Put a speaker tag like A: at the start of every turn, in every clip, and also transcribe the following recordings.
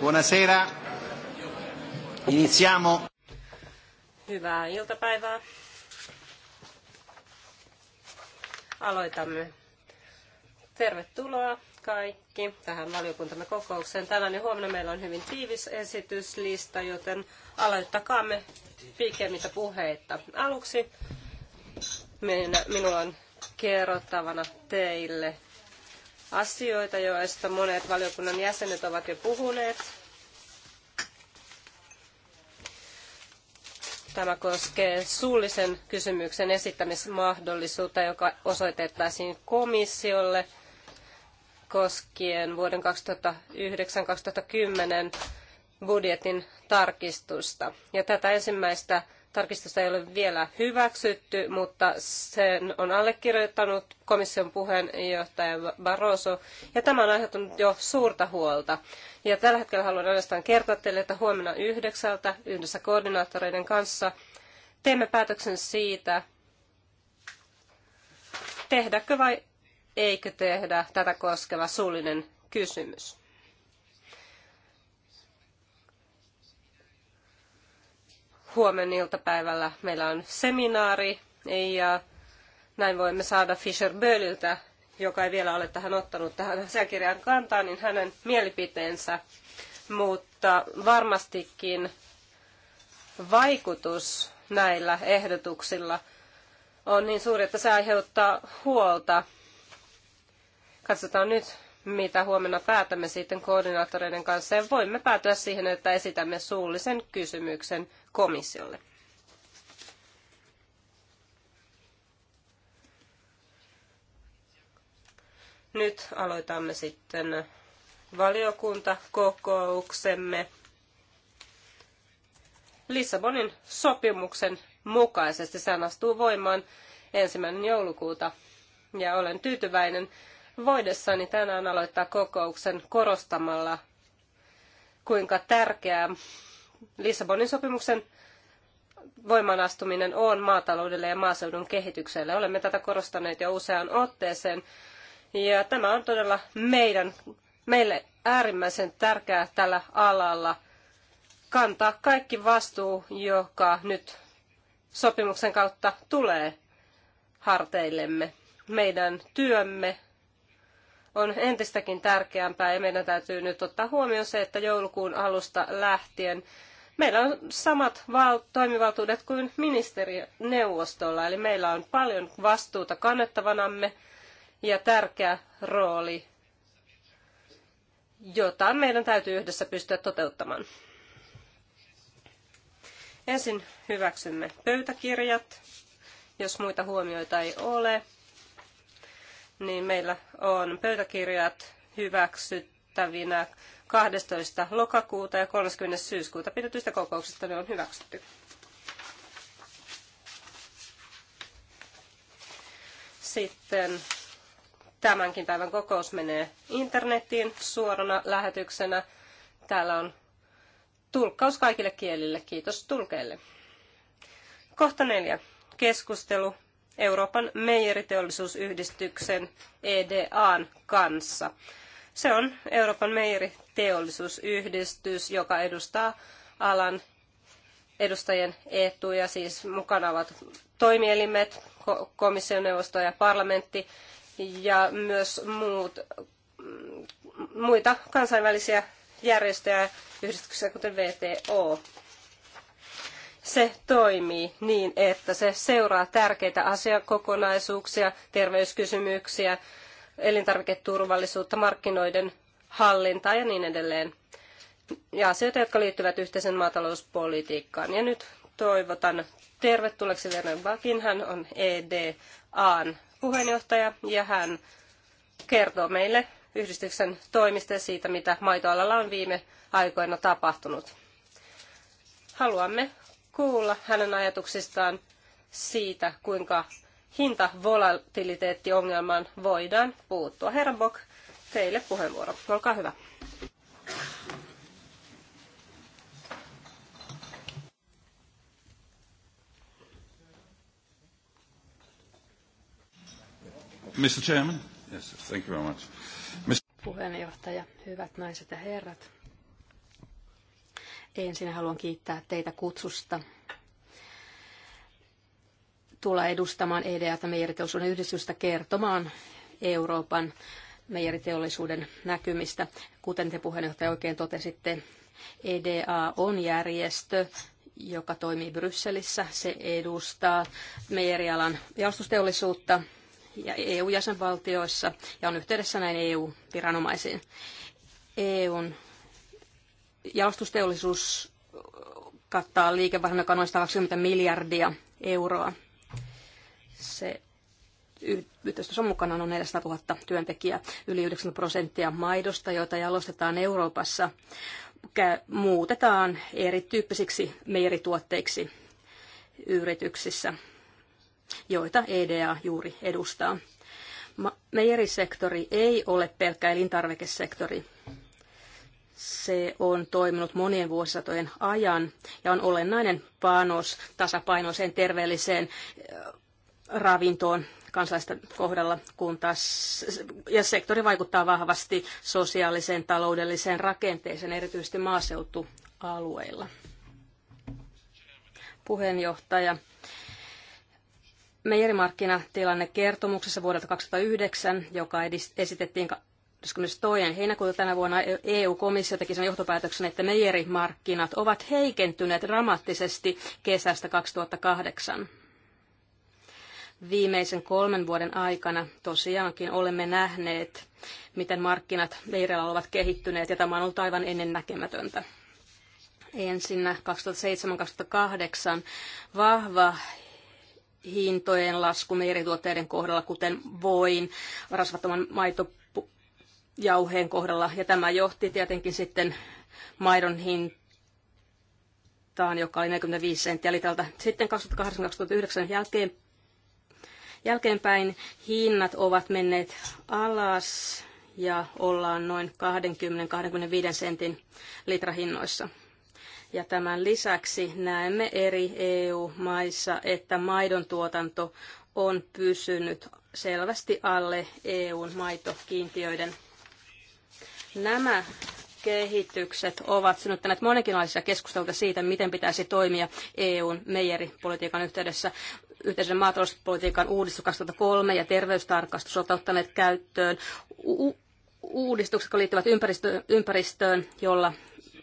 A: Buonasera. Iniziamo.
B: Hyvää iltapäivää. Aloitamme. Tervetuloa kaikki tähän valiokuntamme kokoukseen. Tänään ja huomenna meillä on hyvin tiivis esityslista, joten aloittakaamme pikemmitä puheita. Aluksi minulla on kerrottavana teille asioita, joista monet valiokunnan jäsenet ovat jo puhuneet. Tämä koskee suullisen kysymyksen esittämismahdollisuutta, joka osoitettaisiin komissiolle koskien vuoden 2009-2010 budjetin tarkistusta. Ja tätä ensimmäistä Tarkistusta ei ole vielä hyväksytty, mutta sen on allekirjoittanut komission puheenjohtaja Barroso, ja tämä on aiheuttanut jo suurta huolta. Ja tällä hetkellä haluan ainoastaan kertoa teille, että huomenna yhdeksältä yhdessä koordinaattoreiden kanssa teemme päätöksen siitä, tehdäkö vai eikö tehdä tätä koskeva suullinen kysymys. huomenna iltapäivällä meillä on seminaari ja näin voimme saada Fisher Bölliltä, joka ei vielä ole tähän ottanut tähän asiakirjaan kantaa, niin hänen mielipiteensä. Mutta varmastikin vaikutus näillä ehdotuksilla on niin suuri, että se aiheuttaa huolta. Katsotaan nyt, mitä huomenna päätämme sitten koordinaattoreiden kanssa. Ja voimme päätyä siihen, että esitämme suullisen kysymyksen komissiolle. Nyt aloitamme sitten valiokuntakokouksemme Lissabonin sopimuksen mukaisesti. Se astuu voimaan ensimmäinen joulukuuta ja olen tyytyväinen, voidessani tänään aloittaa kokouksen korostamalla, kuinka tärkeää Lissabonin sopimuksen voimanastuminen on maataloudelle ja maaseudun kehitykselle. Olemme tätä korostaneet jo useaan otteeseen. Ja tämä on todella meidän, meille äärimmäisen tärkeää tällä alalla kantaa kaikki vastuu, joka nyt sopimuksen kautta tulee harteillemme. Meidän työmme on entistäkin tärkeämpää ja meidän täytyy nyt ottaa huomioon se, että joulukuun alusta lähtien meillä on samat val- toimivaltuudet kuin ministerineuvostolla, eli meillä on paljon vastuuta kannettavanamme ja tärkeä rooli, jota meidän täytyy yhdessä pystyä toteuttamaan. Ensin hyväksymme pöytäkirjat, jos muita huomioita ei ole niin meillä on pöytäkirjat hyväksyttävinä 12. lokakuuta ja 30. syyskuuta pidetyistä kokouksista ne on hyväksytty. Sitten tämänkin päivän kokous menee internetiin suorana lähetyksenä. Täällä on tulkkaus kaikille kielille. Kiitos tulkeille. Kohta neljä. Keskustelu Euroopan meijeriteollisuusyhdistyksen EDAn kanssa. Se on Euroopan meijeriteollisuusyhdistys, joka edustaa alan edustajien etuja, siis mukana ovat toimielimet, komission neuvosto ja parlamentti ja myös muut, mm, muita kansainvälisiä järjestöjä, yhdistyksiä kuten VTO se toimii niin, että se seuraa tärkeitä asiakokonaisuuksia, terveyskysymyksiä, elintarviketurvallisuutta, markkinoiden hallintaa ja niin edelleen. Ja asioita, jotka liittyvät yhteisen maatalouspolitiikkaan. Ja nyt toivotan tervetulleeksi Werner Bakin. Hän on EDAn puheenjohtaja ja hän kertoo meille yhdistyksen toimista ja siitä, mitä maitoalalla on viime aikoina tapahtunut. Haluamme kuulla hänen ajatuksistaan siitä, kuinka hintavolatiliteettiongelmaan voidaan puuttua. Herra Bock, teille puheenvuoro. Olkaa hyvä. Mr. Chairman. Yes, thank you very much. Mr.
C: Puheenjohtaja, hyvät naiset ja herrat. Ensin haluan kiittää teitä kutsusta tulla edustamaan EDAta meijeriteollisuuden yhdistystä kertomaan Euroopan meijeriteollisuuden näkymistä. Kuten te puheenjohtaja oikein totesitte, EDA on järjestö, joka toimii Brysselissä. Se edustaa meijerialan jalostusteollisuutta ja EU-jäsenvaltioissa ja on yhteydessä näin EU-viranomaisiin. EUn Jalostusteollisuus kattaa liikevaihdon, joka on noin 120 miljardia euroa. Se yhteistyössä mukana on 400 000 työntekijää, yli 90 prosenttia maidosta, joita jalostetaan Euroopassa, muutetaan erityyppisiksi meirituotteiksi yrityksissä, joita EDA juuri edustaa. Meijerisektori ei ole pelkkä elintarvikesektori. Se on toiminut monien vuosisatojen ajan ja on olennainen panos tasapainoiseen terveelliseen äh, ravintoon kansalaisten kohdalla, kun taas, ja sektori vaikuttaa vahvasti sosiaaliseen, taloudelliseen rakenteeseen, erityisesti maaseutualueilla. Puheenjohtaja. meijerimarkkinatilannekertomuksessa kertomuksessa vuodelta 2009, joka esitettiin 22. heinäkuuta tänä vuonna EU-komissio teki sen johtopäätöksen, että meijerimarkkinat ovat heikentyneet dramaattisesti kesästä 2008. Viimeisen kolmen vuoden aikana tosiaankin olemme nähneet, miten markkinat meijerillä ovat kehittyneet, ja tämä on ollut aivan ennennäkemätöntä. Ensinnä 2007-2008 vahva hintojen lasku meirituotteiden kohdalla, kuten voin, rasvattoman maito jauheen kohdalla. Ja tämä johti tietenkin sitten maidon hintaan, joka oli 45 senttiä litralta. Sitten 2008-2009 jälkeen, jälkeenpäin hinnat ovat menneet alas ja ollaan noin 20-25 sentin litrahinnoissa. Ja tämän lisäksi näemme eri EU-maissa, että maidon tuotanto on pysynyt selvästi alle EUn maitokiintiöiden Nämä kehitykset ovat synnyttäneet monenkinlaisia keskusteluita siitä, miten pitäisi toimia EUn meijeripolitiikan yhteydessä. Yhteisen maatalouspolitiikan uudistus 2003 ja terveystarkastus ovat ottaneet käyttöön u- uudistukset, jotka liittyvät ympäristö- ympäristöön, jolla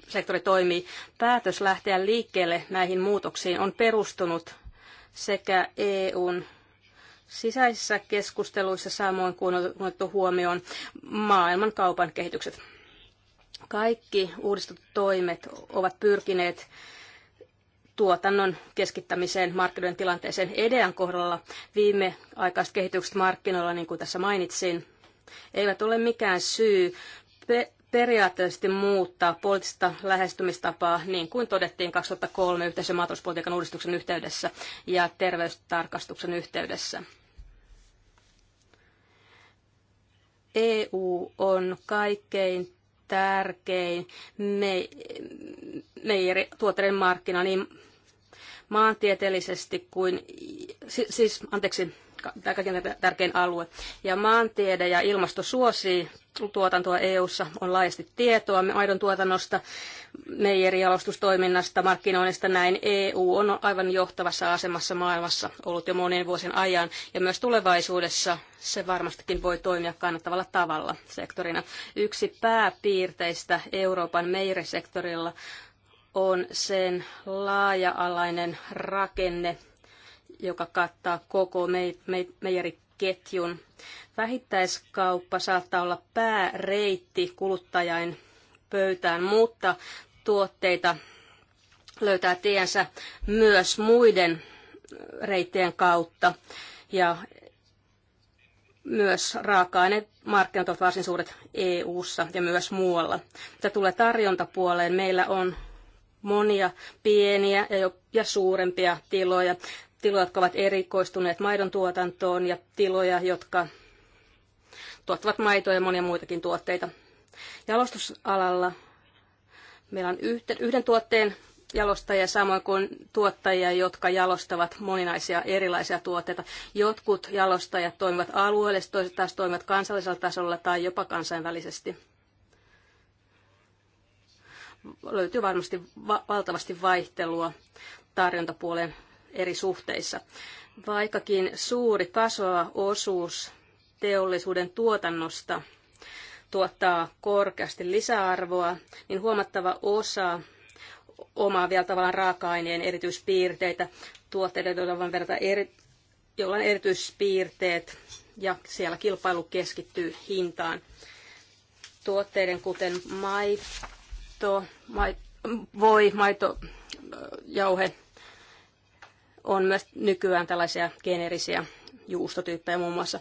C: sektori toimii. Päätös lähteä liikkeelle näihin muutoksiin on perustunut sekä EUn sisäisissä keskusteluissa samoin kuin on otettu huomioon maailman kaupan kehitykset. Kaikki uudistetut toimet ovat pyrkineet tuotannon keskittämiseen markkinoiden tilanteeseen edean kohdalla. Viime aikaiset kehitykset markkinoilla, niin kuin tässä mainitsin, eivät ole mikään syy periaatteellisesti muuttaa poliittista lähestymistapaa, niin kuin todettiin 2003 yhteisen maatalouspolitiikan uudistuksen yhteydessä ja terveystarkastuksen yhteydessä. EU on kaikkein tärkein me, meijeri, markkina niin maantieteellisesti kuin, siis anteeksi, kaikkein tärkein alue. Ja maantiede ja ilmasto suosii tuotantoa EU:ssa on laajasti tietoa maidon tuotannosta, meijerialostustoiminnasta, markkinoinnista näin. EU on aivan johtavassa asemassa maailmassa ollut jo monien vuosien ajan ja myös tulevaisuudessa se varmastikin voi toimia kannattavalla tavalla sektorina. Yksi pääpiirteistä Euroopan meijerisektorilla on sen laaja-alainen rakenne joka kattaa koko me, me, meijeriketjun. Vähittäiskauppa saattaa olla pääreitti kuluttajain pöytään, mutta tuotteita löytää tiensä myös muiden reittien kautta. Ja myös raaka-aineet markkinat ovat varsin suuret EU-ssa ja myös muualla. Mitä tulee tarjontapuoleen, meillä on monia pieniä ja suurempia tiloja tiloja, jotka ovat erikoistuneet maidon tuotantoon ja tiloja, jotka tuottavat maitoa ja monia muitakin tuotteita. Jalostusalalla meillä on yhden, yhden tuotteen jalostajia samoin kuin tuottajia, jotka jalostavat moninaisia erilaisia tuotteita. Jotkut jalostajat toimivat alueellisesti, toiset taas toimivat kansallisella tasolla tai jopa kansainvälisesti. Löytyy varmasti va- valtavasti vaihtelua tarjontapuolen eri suhteissa. Vaikkakin suuri kasvava osuus teollisuuden tuotannosta tuottaa korkeasti lisäarvoa, niin huomattava osa omaa vielä tavallaan raaka-aineen erityispiirteitä, tuotteiden, joilla on verta eri, joilla on erityispiirteet ja siellä kilpailu keskittyy hintaan. Tuotteiden kuten maito, maito voi, maito, jauhe, on myös nykyään tällaisia geneerisiä juustotyyppejä muun muassa.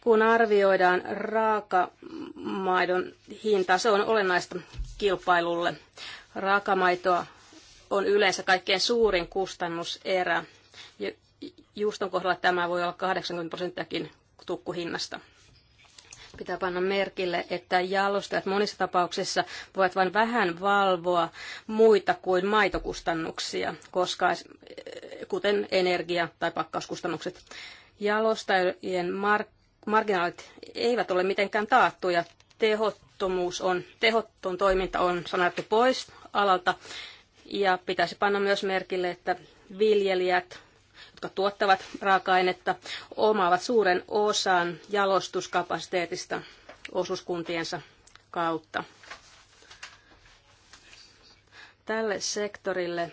C: Kun arvioidaan raakamaidon hintaa, se on olennaista kilpailulle. Raakamaitoa on yleensä kaikkein suurin kustannuserä. Juuston kohdalla tämä voi olla 80 prosenttiakin tukkuhinnasta. Pitää panna merkille, että jalostajat monissa tapauksissa voivat vain vähän valvoa muita kuin maitokustannuksia, koska kuten energia- tai pakkauskustannukset. Jalostajien mark- marginaalit eivät ole mitenkään taattuja. Tehottomuus on, tehoton toiminta on sanottu pois alalta ja pitäisi panna myös merkille, että viljelijät jotka tuottavat raaka-ainetta, omaavat suuren osan jalostuskapasiteetista osuuskuntiensa kautta. Tälle sektorille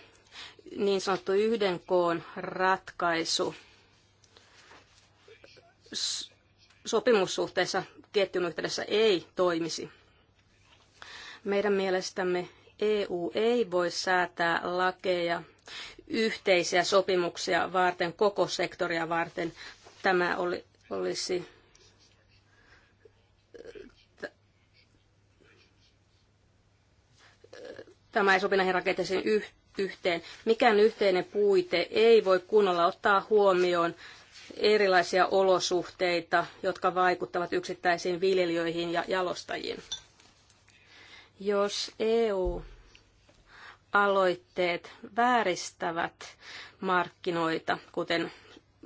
C: niin sanottu yhden koon ratkaisu sopimussuhteessa ketjun yhteydessä ei toimisi. Meidän mielestämme EU ei voi säätää lakeja yhteisiä sopimuksia varten, koko sektoria varten. Tämä oli, olisi tämä ei sopi näihin rakenteisiin yhteen. Mikään yhteinen puite ei voi kunnolla ottaa huomioon erilaisia olosuhteita, jotka vaikuttavat yksittäisiin viljelijöihin ja jalostajiin. Jos EU aloitteet vääristävät markkinoita, kuten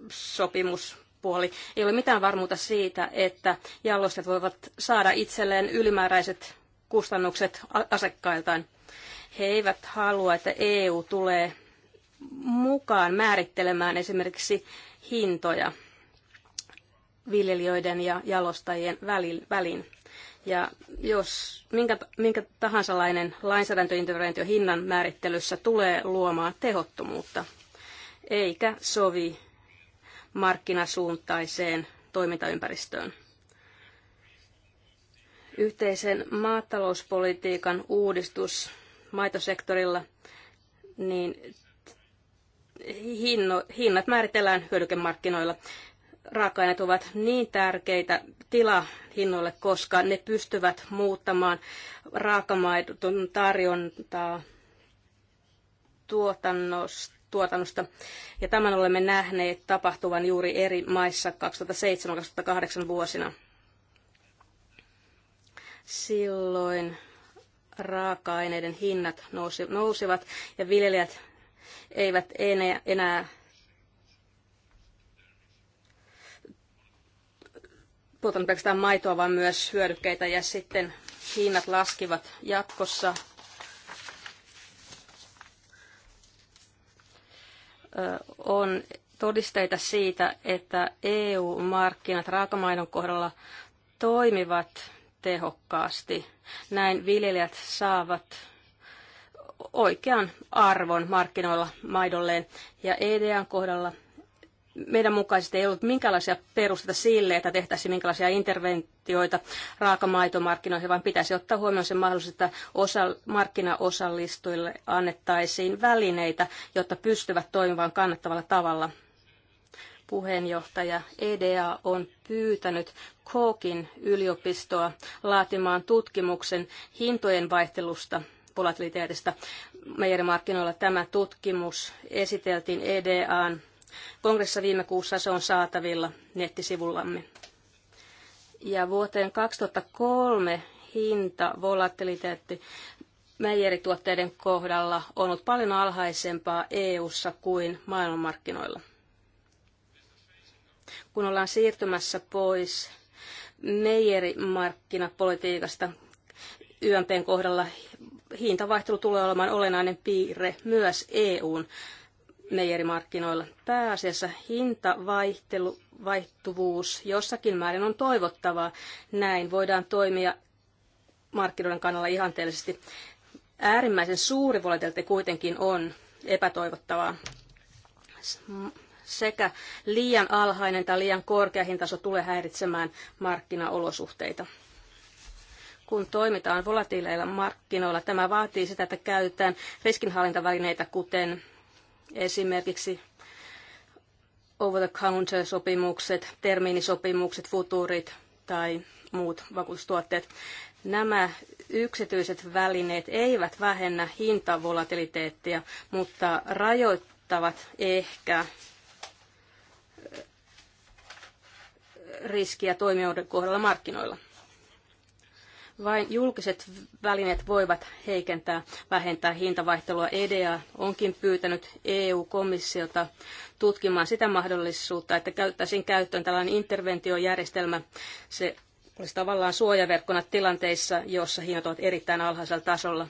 C: sopimuspuoli. Ei ole mitään varmuutta siitä, että jalostajat voivat saada itselleen ylimääräiset kustannukset asekkailtaan. He eivät halua, että EU tulee mukaan määrittelemään esimerkiksi hintoja viljelijöiden ja jalostajien välin. Ja jos minkä, minkä lainen lainsäädäntöinterventio hinnan määrittelyssä tulee luomaan tehottomuutta, eikä sovi markkinasuuntaiseen toimintaympäristöön. Yhteisen maatalouspolitiikan uudistus maitosektorilla, niin hinno, hinnat määritellään hyödykemarkkinoilla. Raaka-aineet ovat niin tärkeitä tila hinnoille, koska ne pystyvät muuttamaan raakamaidon tarjontaa tuotannosta tuotannosta. Ja tämän olemme nähneet tapahtuvan juuri eri maissa 2007-2008 vuosina. Silloin raaka-aineiden hinnat nousivat ja viljelijät eivät enää tuotanut pelkästään maitoa, vaan myös hyödykkeitä ja sitten hinnat laskivat jatkossa. On todisteita siitä, että EU-markkinat raakamaidon kohdalla toimivat tehokkaasti. Näin viljelijät saavat oikean arvon markkinoilla maidolleen ja EDAn kohdalla – meidän mukaisesti ei ollut minkälaisia perusteita sille, että tehtäisiin minkälaisia interventioita raakamaitomarkkinoihin, vaan pitäisi ottaa huomioon se mahdollisuus, että osa, markkinaosallistujille annettaisiin välineitä, jotta pystyvät toimimaan kannattavalla tavalla. Puheenjohtaja EDA on pyytänyt Kookin yliopistoa laatimaan tutkimuksen hintojen vaihtelusta volatiliteetista meidän markkinoilla. Tämä tutkimus esiteltiin EDAan kongressissa viime kuussa se on saatavilla nettisivullamme. Ja vuoteen 2003 hinta, volatiliteetti meijerituotteiden kohdalla on ollut paljon alhaisempaa EU-ssa kuin maailmanmarkkinoilla. Kun ollaan siirtymässä pois meijerimarkkinapolitiikasta YMPn kohdalla, hintavaihtelu tulee olemaan olennainen piirre myös EUn meijerimarkkinoilla. Pääasiassa vaihtelu, vaihtuvuus jossakin määrin on toivottavaa. Näin voidaan toimia markkinoiden kannalla ihanteellisesti. Äärimmäisen suuri volatilite kuitenkin on epätoivottavaa. Sekä liian alhainen tai liian korkea hintaso tulee häiritsemään markkinaolosuhteita kun toimitaan volatiileilla markkinoilla. Tämä vaatii sitä, että käytetään riskinhallintavälineitä, kuten Esimerkiksi over-the-counter-sopimukset, termiinisopimukset, futurit tai muut vakuutustuotteet. Nämä yksityiset välineet eivät vähennä hintavolatiliteettia, mutta rajoittavat ehkä äh, riskiä toimijoiden kohdalla markkinoilla. Vain julkiset välineet voivat heikentää, vähentää hintavaihtelua. EDA onkin pyytänyt EU-komissiota tutkimaan sitä mahdollisuutta, että käyttäisiin käyttöön tällainen interventiojärjestelmä. Se olisi tavallaan suojaverkkona tilanteissa, joissa hinnat ovat erittäin alhaisella tasolla.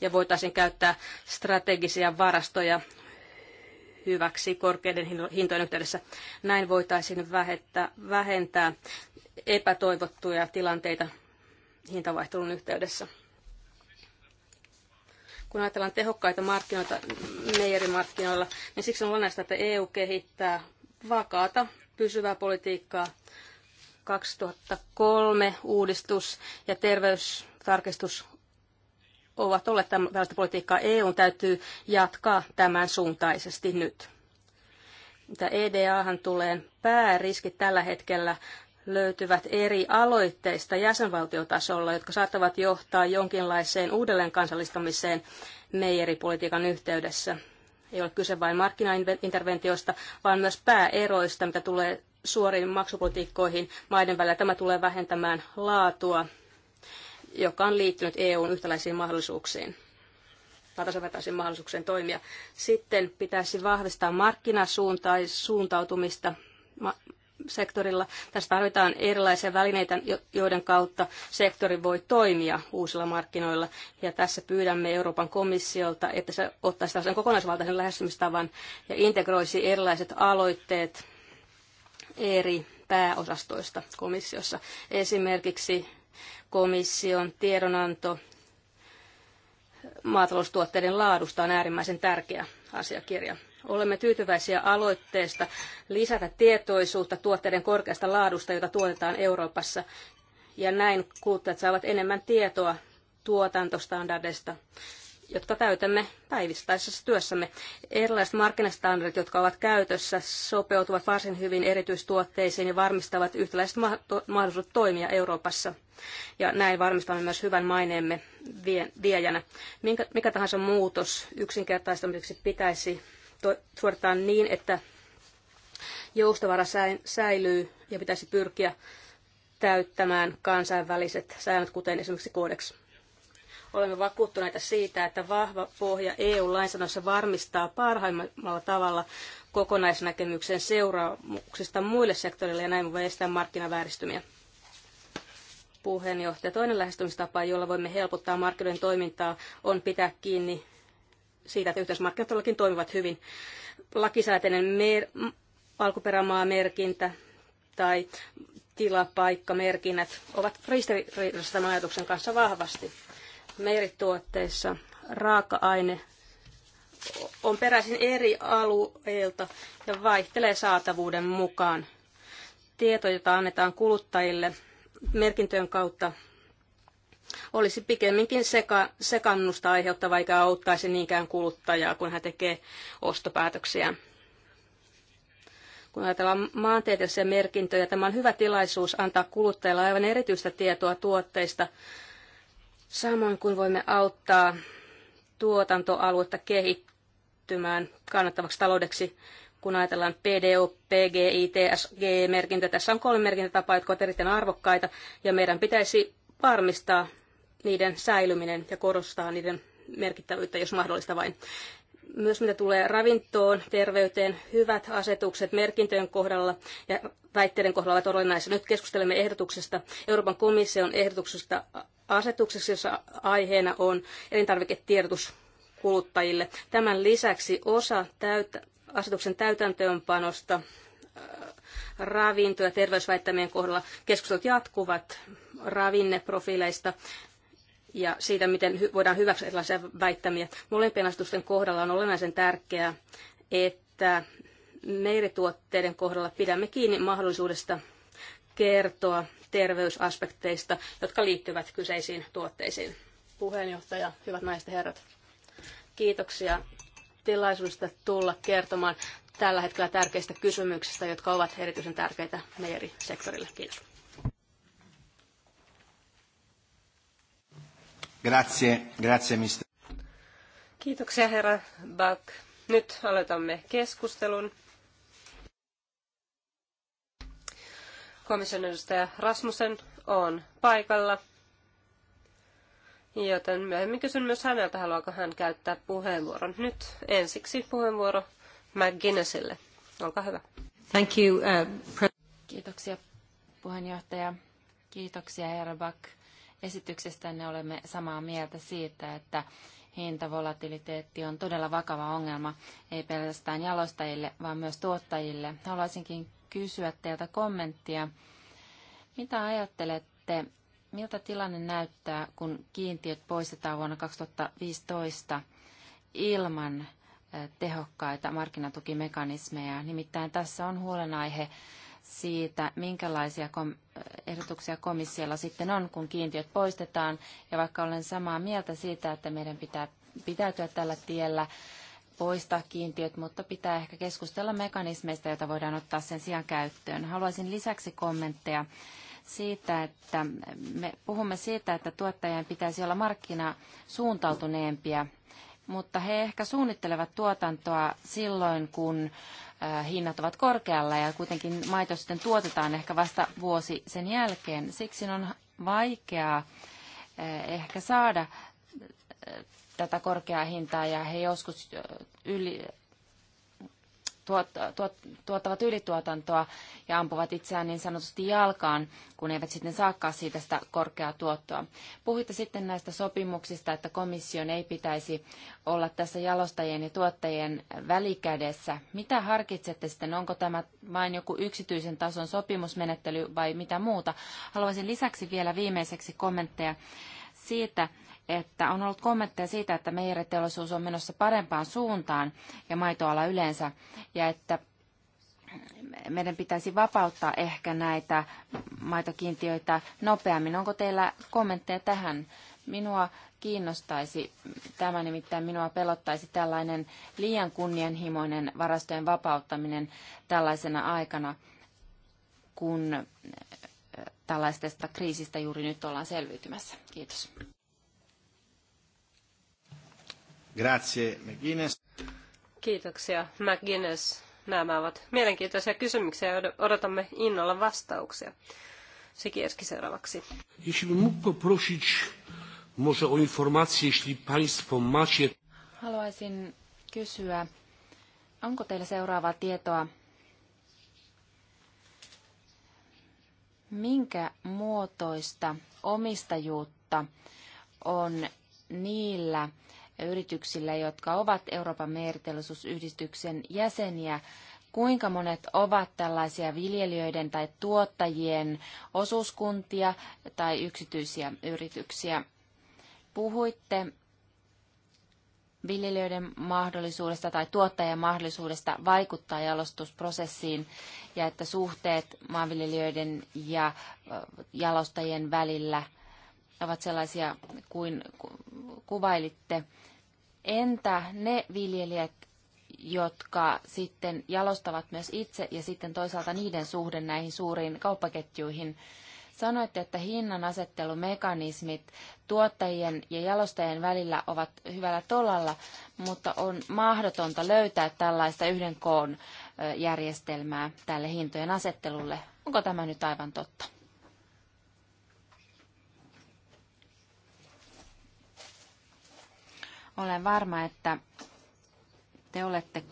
C: Ja voitaisiin käyttää strategisia varastoja hyväksi korkeiden hintojen yhteydessä. Näin voitaisiin vähentää epätoivottuja tilanteita hintavaihtelun yhteydessä. Kun ajatellaan tehokkaita markkinoita meijerimarkkinoilla, niin siksi on olennaista, että EU kehittää vakaata, pysyvää politiikkaa 2003 uudistus ja terveystarkistus ovat olleet tällaista politiikkaa. EU täytyy jatkaa tämän suuntaisesti nyt. Mitä EDAhan tulee, pääriski tällä hetkellä löytyvät eri aloitteista jäsenvaltiotasolla, jotka saattavat johtaa jonkinlaiseen uudelleen kansallistamiseen meijeripolitiikan yhteydessä. Ei ole kyse vain markkinainterventiosta, vaan myös pääeroista, mitä tulee suoriin maksupolitiikkoihin maiden välillä. Tämä tulee vähentämään laatua, joka on liittynyt EUn yhtäläisiin mahdollisuuksiin tai tasavertaisiin mahdollisuuksiin toimia. Sitten pitäisi vahvistaa markkinasuuntautumista sektorilla. Tässä tarvitaan erilaisia välineitä, joiden kautta sektori voi toimia uusilla markkinoilla. Ja tässä pyydämme Euroopan komissiolta, että se ottaisi tällaisen kokonaisvaltaisen lähestymistavan ja integroisi erilaiset aloitteet eri pääosastoista komissiossa. Esimerkiksi komission tiedonanto maataloustuotteiden laadusta on äärimmäisen tärkeä asiakirja. Olemme tyytyväisiä aloitteesta lisätä tietoisuutta tuotteiden korkeasta laadusta, jota tuotetaan Euroopassa. Ja näin kuluttajat saavat enemmän tietoa tuotantostandardeista, jotka täytämme päivittäisessä työssämme. Erilaiset markkinastandardit, jotka ovat käytössä, sopeutuvat varsin hyvin erityistuotteisiin ja varmistavat yhtäläiset mahdollisuudet toimia Euroopassa. Ja näin varmistamme myös hyvän maineemme viejänä. Minkä, mikä tahansa muutos yksinkertaistamiseksi pitäisi suoritetaan niin, että joustovara säilyy ja pitäisi pyrkiä täyttämään kansainväliset säännöt, kuten esimerkiksi kodeksi. Olemme vakuuttuneita siitä, että vahva pohja EU-lainsäädännössä varmistaa parhaimmalla tavalla kokonaisnäkemyksen seuraamuksista muille sektoreille ja näin voi estää markkinavääristymiä. Puheenjohtaja, toinen lähestymistapa, jolla voimme helpottaa markkinoiden toimintaa, on pitää kiinni siitä, että yhteismarkkinat toimivat hyvin. Lakisääteinen mer- alkuperämaamerkintä tai tilapaikkamerkinnät ovat ristiriidassa tämän ajatuksen kanssa vahvasti. Merituotteissa raaka-aine on peräisin eri alueilta ja vaihtelee saatavuuden mukaan. Tieto, jota annetaan kuluttajille merkintöjen kautta, olisi pikemminkin seka, sekannusta aiheuttava eikä auttaisi niinkään kuluttajaa, kun hän tekee ostopäätöksiä. Kun ajatellaan maantieteellisiä merkintöjä, tämä on hyvä tilaisuus antaa kuluttajille aivan erityistä tietoa tuotteista, samoin kuin voimme auttaa tuotantoaluetta kehittymään kannattavaksi taloudeksi, kun ajatellaan PDO, PGI, tsg merkintöjä Tässä on kolme merkintätapaa, jotka ovat erittäin arvokkaita, ja meidän pitäisi varmistaa, niiden säilyminen ja korostaa niiden merkittävyyttä, jos mahdollista vain. Myös mitä tulee ravintoon, terveyteen, hyvät asetukset merkintöjen kohdalla ja väitteiden kohdalla ovat olennaisia. Nyt keskustelemme ehdotuksesta, Euroopan komission ehdotuksesta asetuksessa, jossa aiheena on elintarviketiedotus kuluttajille. Tämän lisäksi osa täyttä, asetuksen täytäntöönpanosta äh, ravinto- ja terveysväittämien kohdalla keskustelut jatkuvat ravinneprofiileista ja siitä, miten voidaan hyväksyä erilaisia väittämiä. Molempien asetusten kohdalla on olennaisen tärkeää, että meirituotteiden kohdalla pidämme kiinni mahdollisuudesta kertoa terveysaspekteista, jotka liittyvät kyseisiin tuotteisiin. Puheenjohtaja, hyvät naiset ja herrat, kiitoksia tilaisuudesta tulla kertomaan tällä hetkellä tärkeistä kysymyksistä, jotka ovat erityisen tärkeitä meirisektorille. Kiitos.
A: Grazie, grazie mister.
B: Kiitoksia herra Bak. Nyt aloitamme keskustelun. Komission edustaja Rasmussen on paikalla. Joten myöhemmin kysyn myös häneltä, haluaako hän käyttää puheenvuoron. Nyt ensiksi puheenvuoro McGuinnessille. Olkaa hyvä.
A: Thank you, uh, Kiitoksia puheenjohtaja. Kiitoksia herra Back esityksestänne olemme samaa mieltä siitä, että hintavolatiliteetti on todella vakava ongelma, ei pelkästään jalostajille, vaan myös tuottajille. Haluaisinkin kysyä teiltä kommenttia. Mitä ajattelette, miltä tilanne näyttää, kun kiintiöt poistetaan vuonna 2015 ilman eh, tehokkaita markkinatukimekanismeja? Nimittäin tässä on huolenaihe siitä, minkälaisia kom- ehdotuksia komissiolla sitten on, kun kiintiöt poistetaan. Ja vaikka olen samaa mieltä siitä, että meidän pitää pitäytyä tällä tiellä, poistaa kiintiöt, mutta pitää ehkä keskustella mekanismeista, joita voidaan ottaa sen sijaan käyttöön. Haluaisin lisäksi kommentteja siitä, että me puhumme siitä, että tuottajien pitäisi olla markkinasuuntautuneempia mutta he ehkä suunnittelevat tuotantoa silloin, kun hinnat ovat korkealla ja kuitenkin maito sitten tuotetaan ehkä vasta vuosi sen jälkeen. Siksi on vaikeaa ehkä saada tätä korkeaa hintaa ja he joskus yli, tuot, tuot, tuottavat ylituotantoa ja ampuvat itseään niin sanotusti jalkaan, kun eivät sitten saakaan siitä sitä korkeaa tuottoa. Puhuitte sitten näistä sopimuksista, että komission ei pitäisi olla tässä jalostajien ja tuottajien välikädessä. Mitä harkitsette sitten? Onko tämä vain joku yksityisen tason sopimusmenettely vai mitä muuta? Haluaisin lisäksi vielä viimeiseksi kommentteja siitä, että on ollut kommentteja siitä, että meijeriteollisuus on menossa parempaan suuntaan ja maitoala yleensä, ja että meidän pitäisi vapauttaa ehkä näitä maitokiintiöitä nopeammin. Onko teillä kommentteja tähän? Minua kiinnostaisi, tämä nimittäin minua pelottaisi tällainen liian kunnianhimoinen varastojen vapauttaminen tällaisena aikana, kun tällaisesta kriisistä juuri nyt ollaan selviytymässä. Kiitos. McGuinness.
B: Kiitoksia, McGuinness. Nämä ovat mielenkiintoisia kysymyksiä, ja odotamme innolla vastauksia. Sikierski seuraavaksi.
A: Haluaisin kysyä, onko teillä seuraavaa tietoa minkä muotoista omistajuutta on niillä ja yrityksillä, jotka ovat Euroopan meriteollisuusyhdistyksen jäseniä, kuinka monet ovat tällaisia viljelijöiden tai tuottajien osuuskuntia tai yksityisiä yrityksiä. Puhuitte viljelijöiden mahdollisuudesta tai tuottajan mahdollisuudesta vaikuttaa jalostusprosessiin ja että suhteet maanviljelijöiden ja jalostajien välillä – ne ovat sellaisia kuin kuvailitte. Entä ne viljelijät, jotka sitten jalostavat myös itse ja sitten toisaalta niiden suhde näihin suuriin kauppaketjuihin? Sanoitte, että hinnan asettelumekanismit tuottajien ja jalostajien välillä ovat hyvällä tolalla, mutta on mahdotonta löytää tällaista yhden koon järjestelmää tälle hintojen asettelulle. Onko tämä nyt aivan totta? Olen varma, että te olette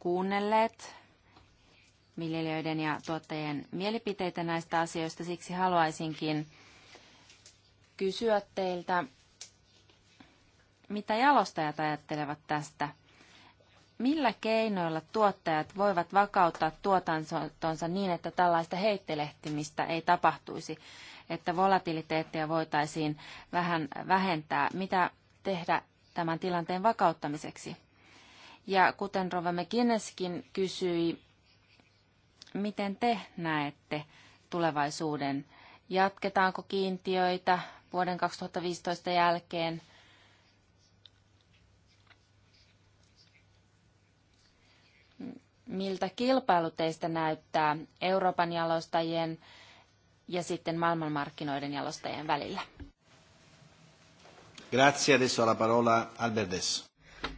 A: kuunnelleet viljelijöiden ja tuottajien mielipiteitä näistä asioista. Siksi haluaisinkin kysyä teiltä, mitä jalostajat ajattelevat tästä? Millä keinoilla tuottajat voivat vakauttaa tuotantonsa niin, että tällaista heittelehtimistä ei tapahtuisi, että volatiliteettia voitaisiin vähän vähentää? Mitä tehdä tämän tilanteen vakauttamiseksi. Ja kuten Rova McGuinnesskin kysyi, miten te näette tulevaisuuden? Jatketaanko kiintiöitä vuoden 2015 jälkeen? Miltä kilpailu teistä näyttää Euroopan jalostajien ja sitten maailmanmarkkinoiden jalostajien välillä? Grazie, adesso la parola Albert Dess.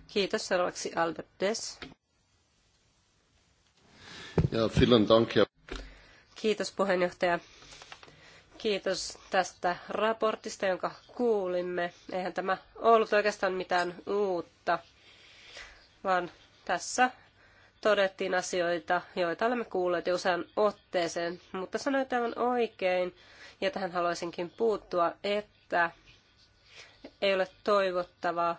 B: Kiitos, seuraavaksi Albert Dess. Ja, vielen Dank. Kiitos puheenjohtaja. Kiitos tästä raportista, jonka kuulimme. Eihän tämä ollut oikeastaan mitään uutta, vaan tässä todettiin asioita, joita olemme kuulleet jo usean otteeseen, mutta sanoit aivan oikein, ja tähän haluaisinkin puuttua, että ei ole toivottavaa,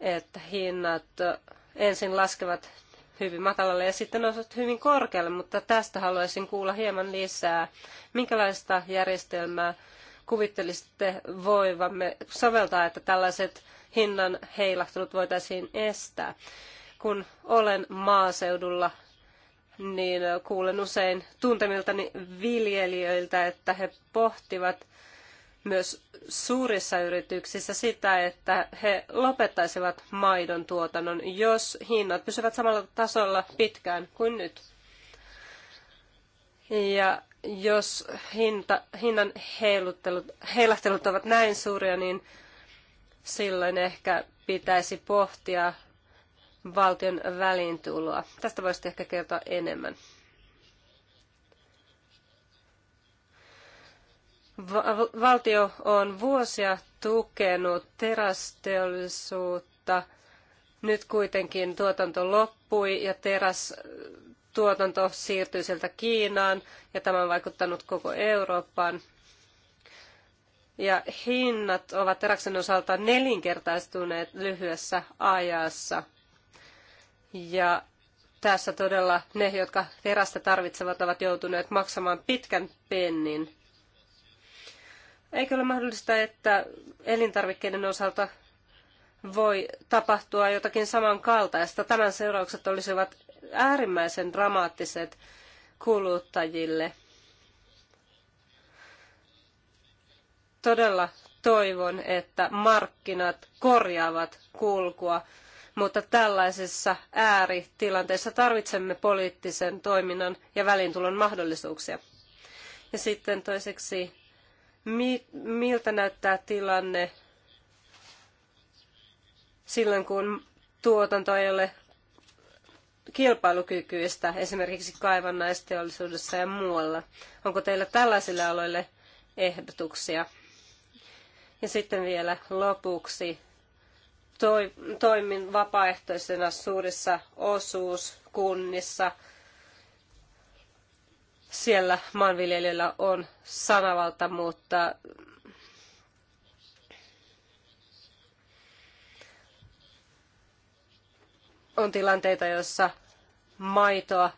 B: että hinnat ensin laskevat hyvin matalalle ja sitten nousevat hyvin korkealle, mutta tästä haluaisin kuulla hieman lisää. Minkälaista järjestelmää kuvittelisitte voivamme soveltaa, että tällaiset hinnan heilahtelut voitaisiin estää? Kun olen maaseudulla, niin kuulen usein tuntemiltani viljelijöiltä, että he pohtivat, myös suurissa yrityksissä sitä, että he lopettaisivat maidon tuotannon, jos hinnat pysyvät samalla tasolla pitkään kuin nyt. Ja jos hinta, hinnan heiluttelut, heilahtelut ovat näin suuria, niin silloin ehkä pitäisi pohtia valtion väliintuloa. Tästä voisi ehkä kertoa enemmän. valtio on vuosia tukenut terästeollisuutta. Nyt kuitenkin tuotanto loppui ja terästuotanto äh, siirtyi sieltä Kiinaan ja tämä on vaikuttanut koko Eurooppaan. Ja hinnat ovat teräksen osalta nelinkertaistuneet lyhyessä ajassa. Ja tässä todella ne, jotka terästä tarvitsevat, ovat joutuneet maksamaan pitkän pennin. Eikö ole mahdollista, että elintarvikkeiden osalta voi tapahtua jotakin samankaltaista? Tämän seuraukset olisivat äärimmäisen dramaattiset kuluttajille. Todella toivon, että markkinat korjaavat kulkua, mutta tällaisissa ääritilanteissa tarvitsemme poliittisen toiminnan ja välintulon mahdollisuuksia. Ja sitten toiseksi miltä näyttää tilanne silloin, kun tuotanto ei ole kilpailukykyistä esimerkiksi kaivannaisteollisuudessa ja muualla. Onko teillä tällaisille aloille ehdotuksia? Ja sitten vielä lopuksi toimin vapaaehtoisena suurissa osuuskunnissa siellä maanviljelijöillä on sanavalta, mutta on tilanteita, joissa maitoa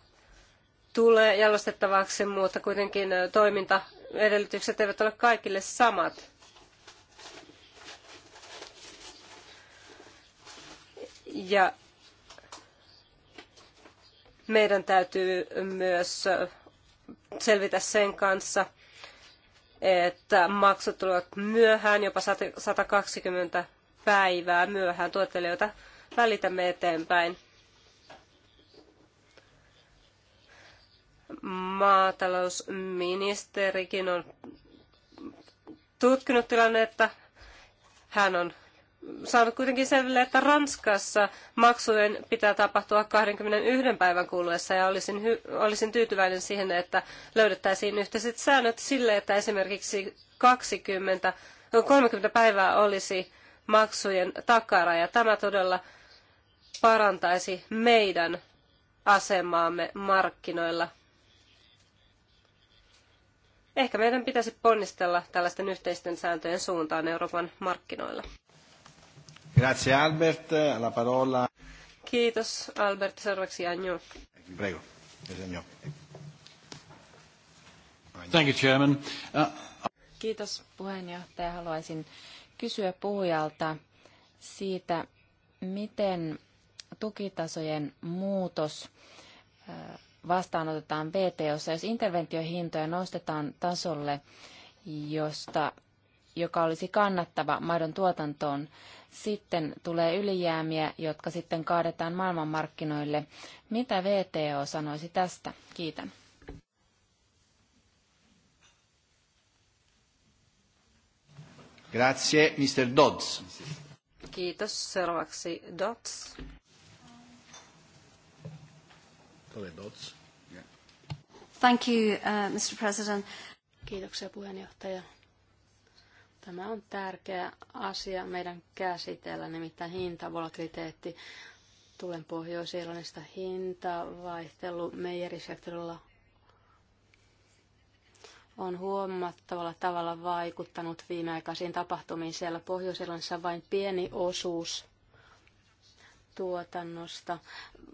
B: tulee jalostettavaksi, mutta kuitenkin toimintaedellytykset eivät ole kaikille samat. Ja meidän täytyy myös selvitä sen kanssa, että maksut tulevat myöhään, jopa 120 päivää myöhään tuottelijoita välitämme eteenpäin. Maatalousministerikin on tutkinut tilannetta. Hän on saanut kuitenkin selville, että Ranskassa maksujen pitää tapahtua 21 päivän kuluessa ja olisin, olisin tyytyväinen siihen, että löydettäisiin yhteiset säännöt sille, että esimerkiksi 20, 30 no, päivää olisi maksujen takaraja. Tämä todella parantaisi meidän asemaamme markkinoilla. Ehkä meidän pitäisi ponnistella tällaisten yhteisten sääntöjen suuntaan Euroopan markkinoilla. Grazie Albert. La parola... Kiitos Albert. Seuraavaksi Anjo.
A: Prego. Thank you, Chairman. Uh, Kiitos puheenjohtaja. Haluaisin kysyä puhujalta siitä, miten tukitasojen muutos äh, vastaanotetaan VTOssa, jos interventiohintoja nostetaan tasolle, josta, joka olisi kannattava maidon tuotantoon, sitten tulee ylijäämiä, jotka sitten kaadetaan maailmanmarkkinoille. Mitä VTO sanoisi tästä? Kiitän. Grazie, Mr. Dodds.
B: Kiitos. Seuraavaksi Dodds. Thank you, uh, Mr. President.
C: Kiitoksia puheenjohtaja. Tämä on tärkeä asia meidän käsitellä, nimittäin hintavolatiliteetti. Tulen Pohjois-Irlannista hintavaihtelu meijerisektorilla on huomattavalla tavalla vaikuttanut viimeaikaisiin tapahtumiin. Siellä Pohjois-Irlannissa vain pieni osuus tuotannosta,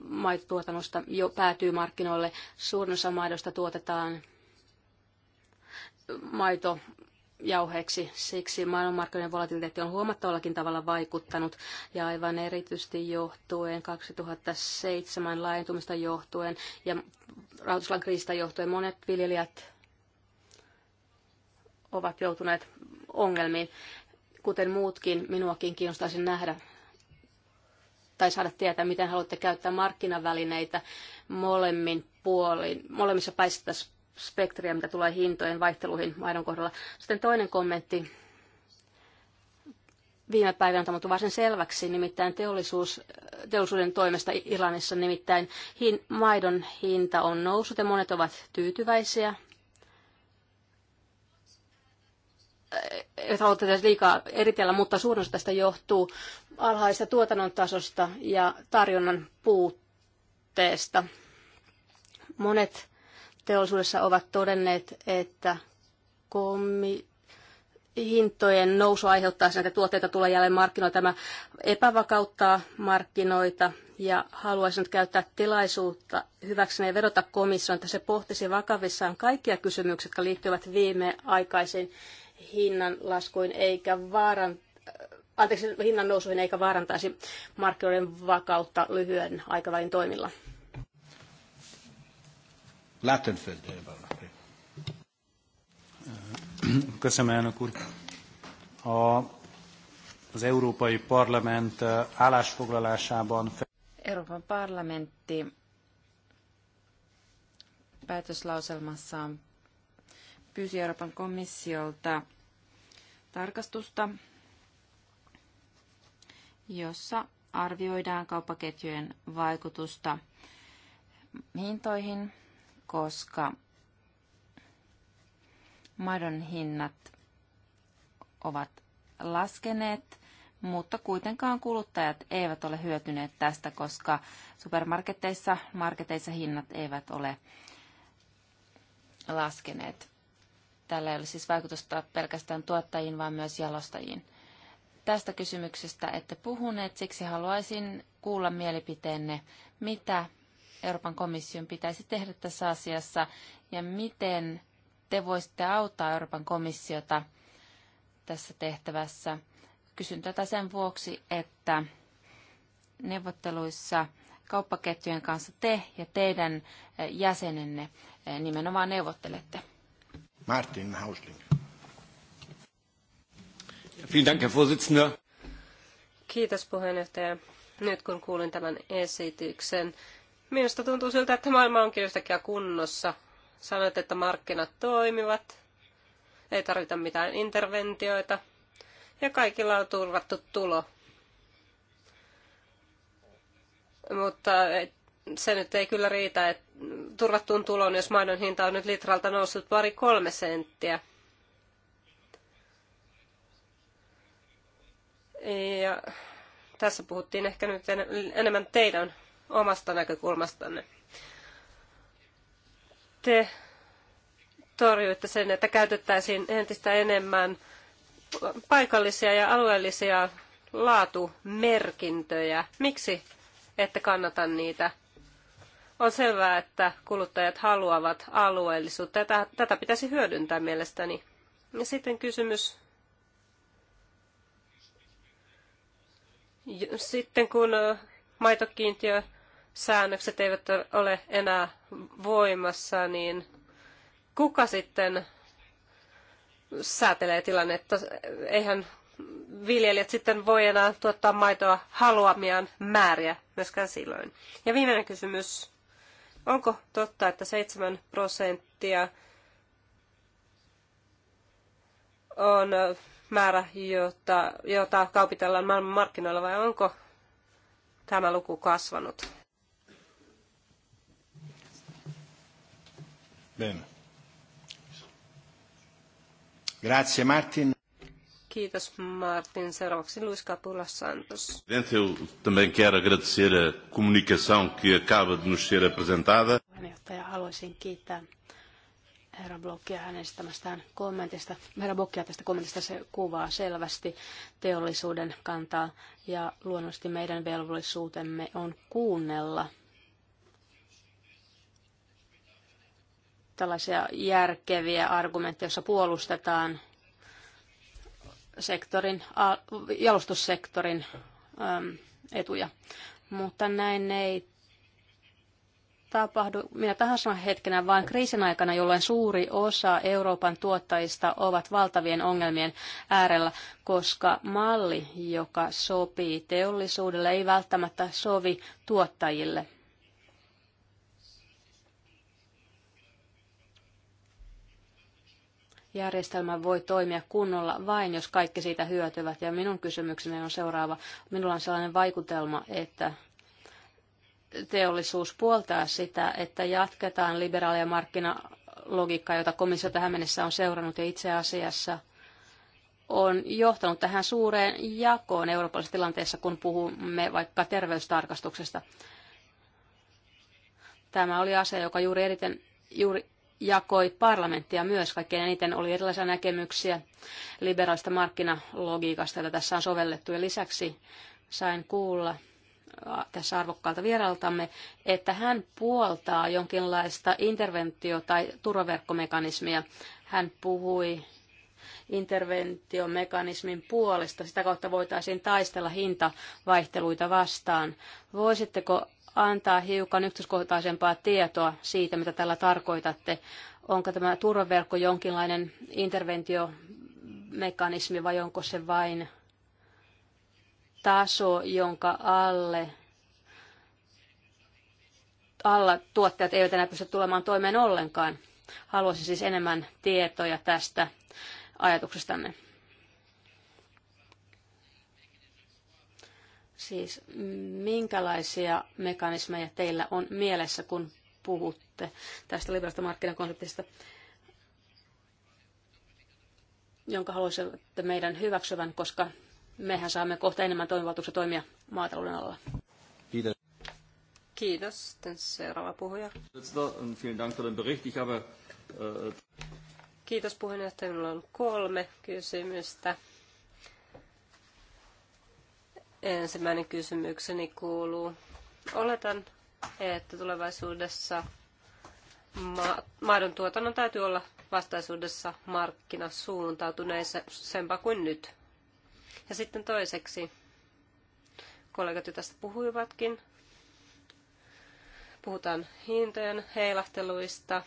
C: maitotuotannosta jo päätyy markkinoille. Suurin osa maidosta tuotetaan maito jauheeksi. Siksi maailmanmarkkinoiden volatiliteetti on huomattavallakin tavalla vaikuttanut ja aivan erityisesti johtuen 2007 laajentumista johtuen ja rahoituslan kriisistä johtuen monet viljelijät ovat joutuneet ongelmiin. Kuten muutkin, minuakin kiinnostaisin nähdä tai saada tietää, miten haluatte käyttää markkinavälineitä molemmin puolin, molemmissa päissä tässä spektriä, mitä tulee hintojen vaihteluihin maidon kohdalla. Sitten toinen kommentti. Viime päivänä on tuli varsin selväksi, nimittäin teollisuus, teollisuuden toimesta Iranissa, nimittäin hin, maidon hinta on noussut ja monet ovat tyytyväisiä. Ei haluta tässä liikaa eritellä, mutta suurin osa tästä johtuu alhaisesta tuotannon tasosta ja tarjonnan puutteesta. Monet teollisuudessa ovat todenneet, että kommi hintojen nousu aiheuttaa sen, että tuotteita tulee jälleen markkinoille. Tämä epävakauttaa markkinoita ja haluaisin nyt käyttää tilaisuutta hyväkseni ja vedota komissioon, että se pohtisi vakavissaan kaikkia kysymyksiä, jotka liittyvät viimeaikaisiin hinnanlaskuihin eikä vaaran, anteeksi, hinnan nousuihin eikä vaarantaisi markkinoiden vakautta lyhyen aikavälin toimilla.
B: Látönföld. Eh, köszönöm, elnök úr.
A: A, az Európai Parlament állásfoglalásában... Euroopan parlamentti päätöslauselmassaan pyysi Euroopan komissiolta tarkastusta, jossa arvioidaan kauppaketjujen vaikutusta hintoihin koska maidon hinnat ovat laskeneet, mutta kuitenkaan kuluttajat eivät ole hyötyneet tästä, koska supermarketeissa marketeissa hinnat eivät ole laskeneet. Tällä ei ole siis vaikutusta pelkästään tuottajiin, vaan myös jalostajiin. Tästä kysymyksestä ette puhuneet, siksi haluaisin kuulla mielipiteenne, mitä Euroopan komission pitäisi tehdä tässä asiassa ja miten te voisitte auttaa Euroopan komissiota tässä tehtävässä. Kysyn tätä sen vuoksi, että neuvotteluissa kauppaketjujen kanssa te ja teidän eh, jäsenenne eh, nimenomaan neuvottelette. Martin Hausling. Vielen Dank, Herr Vorsitzender. Kiitos puheenjohtaja. Nyt
B: kun kuulin tämän esityksen, Minusta tuntuu siltä, että maailma onkin yhtäkkiä kunnossa. Sanoit, että markkinat toimivat, ei tarvita mitään interventioita ja kaikilla on turvattu tulo. Mutta se nyt ei kyllä riitä että turvattuun tuloon, jos maidon hinta on nyt litralta noussut pari kolme senttiä. Ja tässä puhuttiin ehkä nyt enemmän teidän omasta näkökulmastanne. Te torjuitte sen, että käytettäisiin entistä enemmän paikallisia ja alueellisia laatumerkintöjä. Miksi ette kannata niitä? On selvää, että kuluttajat haluavat alueellisuutta Tätä, tätä pitäisi hyödyntää mielestäni. Ja sitten kysymys. Sitten kun maitokiintiö säännökset eivät ole enää voimassa, niin kuka sitten säätelee tilannetta? Eihän viljelijät sitten voi enää tuottaa maitoa haluamiaan määriä myöskään silloin. Ja viimeinen kysymys. Onko totta, että 7 prosenttia on määrä, jota, jota kaupitellaan maailman markkinoilla vai onko tämä luku kasvanut?
A: Bene. Grazie Martin.
B: Kiitos Martin. Seuraavaksi Luis Capula Santos.
A: Presidente, eu também quero
B: agradecer a comunicação que acaba de nos ser apresentada. Puheenjohtaja, haluaisin kiittää
C: herra Blokkia hänen esittämästään kommentista. Herra Blokkia tästä kommentista se kuvaa selvästi teollisuuden kantaa ja luonnollisesti meidän velvollisuutemme on kuunnella tällaisia järkeviä argumentteja, joissa puolustetaan sektorin, jalostussektorin etuja. Mutta näin ei tapahdu minä tahansa hetkenä, vaan kriisin aikana, jolloin suuri osa Euroopan tuottajista ovat valtavien ongelmien äärellä, koska malli, joka sopii teollisuudelle, ei välttämättä sovi tuottajille – järjestelmä voi toimia kunnolla vain, jos kaikki siitä hyötyvät. Ja minun kysymykseni on seuraava. Minulla on sellainen vaikutelma, että teollisuus puoltaa sitä, että jatketaan liberaalia markkinalogiikkaa, jota komissio tähän mennessä on seurannut ja itse asiassa on johtanut tähän suureen jakoon eurooppalaisessa tilanteessa, kun puhumme vaikka terveystarkastuksesta. Tämä oli asia, joka juuri, eriten, juuri jakoi parlamenttia myös. Kaikkein eniten oli erilaisia näkemyksiä liberaalista markkinalogiikasta, jota tässä on sovellettu. Ja lisäksi sain kuulla tässä arvokkaalta vierailtamme, että hän puoltaa jonkinlaista interventio- tai turvaverkkomekanismia. Hän puhui interventiomekanismin puolesta. Sitä kautta voitaisiin taistella hintavaihteluita vastaan. Voisitteko antaa hiukan yksityiskohtaisempaa tietoa siitä, mitä tällä tarkoitatte? Onko tämä turvaverkko jonkinlainen interventiomekanismi vai onko se vain taso, jonka alle alla tuottajat eivät enää pysty tulemaan toimeen ollenkaan. Haluaisin siis enemmän tietoja tästä ajatuksestanne. Siis mm, minkälaisia mekanismeja teillä on mielessä, kun puhutte tästä liberaalista markkinakonseptista, jonka haluaisin että meidän hyväksyvän, koska mehän saamme kohta enemmän toimivaltuuksia toimia maatalouden alalla.
A: Kiitos.
B: Kiitos. Sitten seuraava puhuja. Äh, Kiitos puheenjohtaja. Minulla on kolme kysymystä. Ensimmäinen kysymykseni kuuluu, oletan, että tulevaisuudessa ma- maidon tuotannon täytyy olla vastaisuudessa markkinasuuntautuneisempaa kuin nyt. Ja sitten toiseksi, kollegat jo tästä puhuivatkin, puhutaan hintojen heilahteluista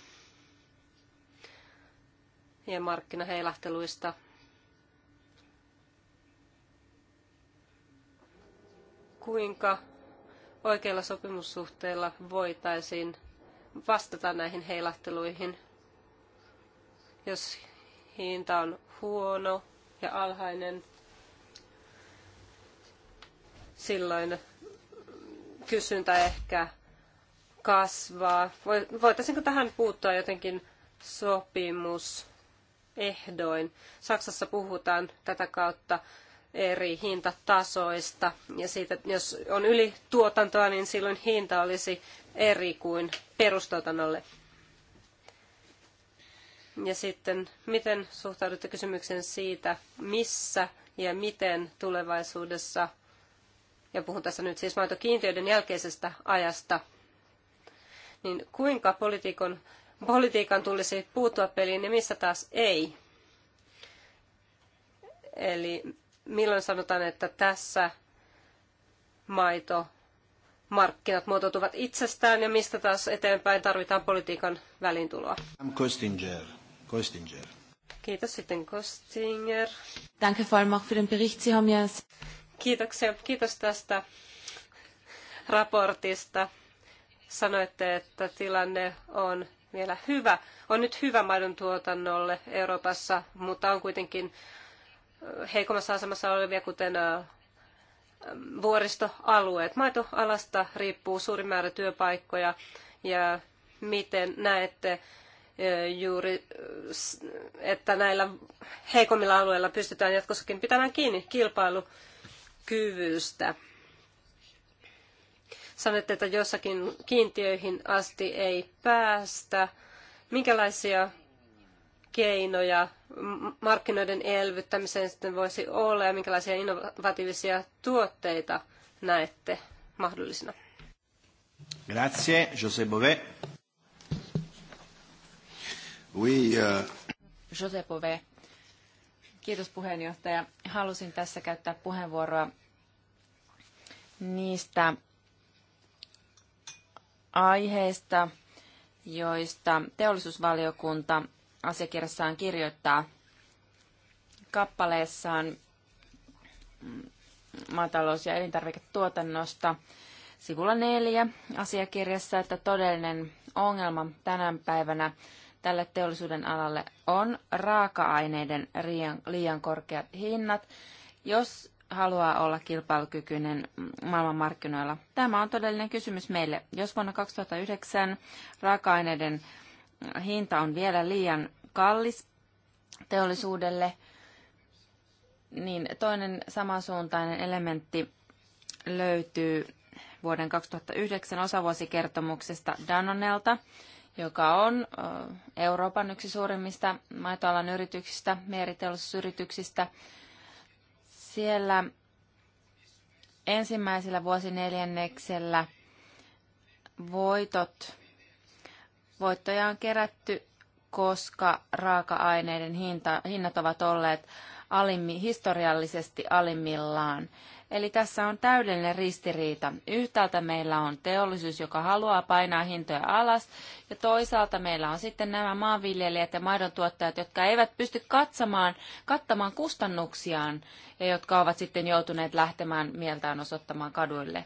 B: ja markkinaheilahteluista kuinka oikeilla sopimussuhteilla voitaisiin vastata näihin heilahteluihin. Jos hinta on huono ja alhainen, silloin kysyntä ehkä kasvaa. Voitaisinko tähän puuttua jotenkin sopimusehdoin? Saksassa puhutaan tätä kautta eri hintatasoista. Ja siitä, jos on yli tuotantoa, niin silloin hinta olisi eri kuin perustuotannolle. Ja sitten, miten suhtaudutte kysymykseen siitä, missä ja miten tulevaisuudessa, ja puhun tässä nyt siis maitokiintiöiden jälkeisestä ajasta, niin kuinka politiikon, politiikan tulisi puuttua peliin ja missä taas ei? Eli milloin sanotaan, että tässä maito markkinat muotoutuvat itsestään ja mistä taas eteenpäin tarvitaan politiikan välintuloa.
A: Kostinger. Kostinger.
B: Kiitos sitten
A: Kostinger. Danke vor allem auch für den Bericht. Sie haben ja...
B: Kiitoksia. Kiitos tästä raportista. Sanoitte, että tilanne on vielä hyvä. On nyt hyvä maidon tuotannolle Euroopassa, mutta on kuitenkin heikommassa asemassa olevia, kuten vuoristoalueet. Maitoalasta riippuu suuri määrä työpaikkoja ja miten näette juuri, että näillä heikommilla alueilla pystytään jatkossakin pitämään kiinni kilpailukyvystä. Sanoitte, että jossakin kiintiöihin asti ei päästä. Minkälaisia keinoja markkinoiden elvyttämiseen sitten voisi olla ja minkälaisia innovatiivisia tuotteita näette
A: mahdollisina? Grazie, José Bové. Oui, uh... José Bové. Kiitos puheenjohtaja. Halusin tässä käyttää puheenvuoroa niistä aiheista, joista teollisuusvaliokunta asiakirjassaan kirjoittaa kappaleessaan mm, maatalous- ja elintarviketuotannosta sivulla neljä asiakirjassa, että todellinen ongelma tänä päivänä tälle teollisuuden alalle on raaka-aineiden liian korkeat hinnat, jos haluaa olla kilpailukykyinen maailmanmarkkinoilla. Tämä on todellinen kysymys meille. Jos vuonna 2009 raaka-aineiden hinta on vielä liian kallis teollisuudelle, niin toinen samansuuntainen elementti löytyy vuoden 2009 osavuosikertomuksesta Danonelta, joka on Euroopan yksi suurimmista maitoalan yrityksistä, meriteollisuusyrityksistä. Siellä ensimmäisellä vuosineljänneksellä voitot Voittoja on kerätty, koska raaka-aineiden hinta, hinnat ovat olleet alimmi, historiallisesti alimmillaan. Eli tässä on täydellinen ristiriita. Yhtäältä meillä on teollisuus, joka haluaa painaa hintoja alas, ja toisaalta meillä on sitten nämä maanviljelijät ja maidontuottajat, jotka eivät pysty katsomaan, kattamaan kustannuksiaan, ja jotka ovat sitten joutuneet lähtemään mieltään osoittamaan kaduille.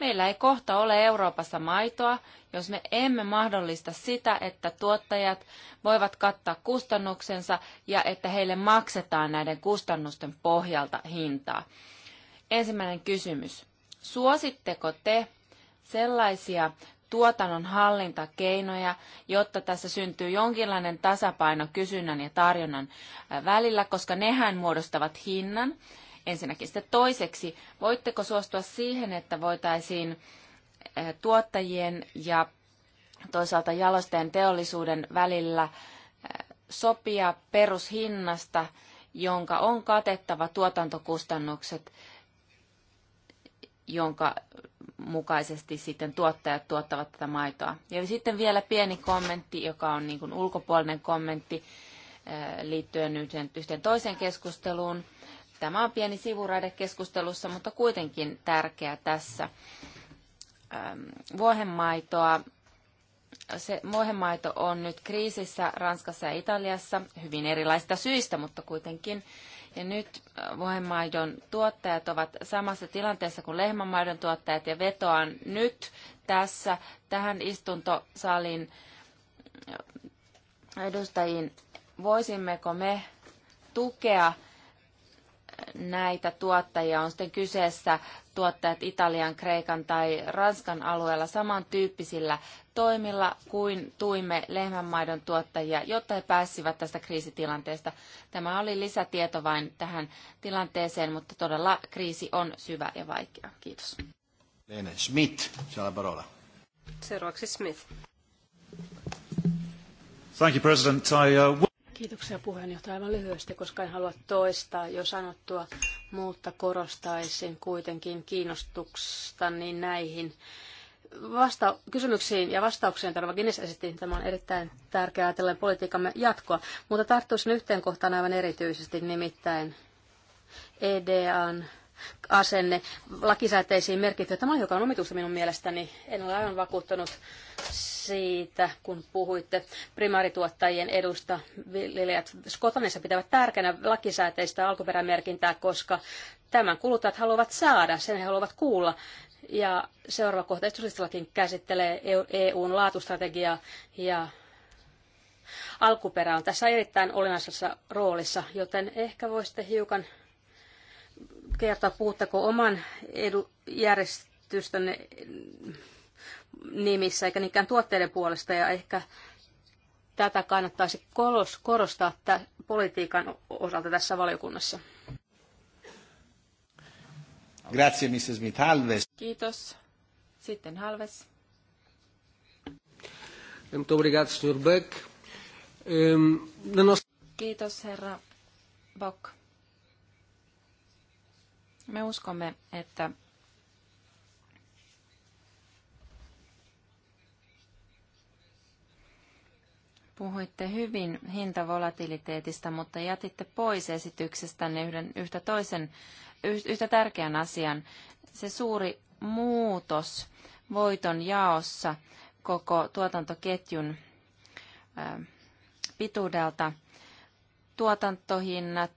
A: Meillä ei kohta ole Euroopassa maitoa, jos me emme mahdollista sitä, että tuottajat voivat kattaa kustannuksensa ja että heille maksetaan näiden kustannusten pohjalta hintaa. Ensimmäinen kysymys. Suositteko te sellaisia tuotannon hallintakeinoja, jotta tässä syntyy jonkinlainen tasapaino kysynnän ja tarjonnan välillä, koska nehän muodostavat hinnan ensinnäkin. Sitten toiseksi, voitteko suostua siihen, että voitaisiin eh, tuottajien ja toisaalta jalosteen teollisuuden välillä eh, sopia perushinnasta, jonka on katettava tuotantokustannukset, jonka mukaisesti sitten tuottajat tuottavat tätä maitoa. Ja sitten vielä pieni kommentti, joka on niin kuin ulkopuolinen kommentti eh, liittyen yhteen toiseen keskusteluun – Tämä on pieni sivuraide keskustelussa, mutta kuitenkin tärkeä tässä. Vuohenmaitoa se vuohenmaito on nyt kriisissä Ranskassa ja Italiassa hyvin erilaista syistä, mutta kuitenkin. Ja nyt vuohenmaidon tuottajat ovat samassa tilanteessa kuin lehmänmaidon tuottajat ja vetoan nyt tässä tähän istuntosalin edustajiin, voisimmeko me tukea näitä tuottajia, on sitten kyseessä tuottajat Italian, Kreikan tai Ranskan alueella samantyyppisillä toimilla kuin tuimme lehmänmaidon tuottajia, jotta he pääsivät tästä kriisitilanteesta. Tämä oli lisätieto vain tähän tilanteeseen, mutta todella kriisi on syvä ja vaikea. Kiitos. Lene Schmidt, siellä parola. Seuraavaksi Smith. Thank you, President. I, uh...
C: Kiitoksia puheenjohtaja. Aivan lyhyesti, koska en halua toistaa jo sanottua, mutta korostaisin kuitenkin kiinnostustani niin näihin vasta- kysymyksiin ja vastauksiin, joita Guinness esitti. Tämä on erittäin tärkeää ajatellen politiikamme jatkoa, mutta tarttuisin yhteen kohtaan aivan erityisesti, nimittäin EDAn asenne lakisääteisiin merkittyä. Tämä on hiukan omituista minun mielestäni. En ole aivan vakuuttunut siitä, kun puhuitte primaarituottajien edusta. Viljelijät Skotlannissa pitävät tärkeänä lakisääteistä alkuperämerkintää, koska tämän kuluttajat haluavat saada, sen he haluavat kuulla. Ja seuraava kohta esityslistallakin käsittelee EUn e laatustrategiaa ja alkuperä on tässä erittäin olennaisessa roolissa, joten ehkä voisitte hiukan kertoa, puhutteko oman edu- järjestystänne nimissä eikä niinkään tuotteiden puolesta ja ehkä tätä kannattaisi korostaa politiikan osalta tässä valiokunnassa.
A: Grazie, Mrs. Smith. Halves. Kiitos. Sitten Halves.
B: Muito obrigado, Sr. Beck. Ehm,
A: Kiitos, herra Bock. Me uskomme, että Puhuitte hyvin hintavolatiliteetista, mutta jätitte pois esityksestänne yhden, yhtä toisen, yhtä tärkeän asian. Se suuri muutos voiton jaossa koko tuotantoketjun pituudelta. Tuotantohinnat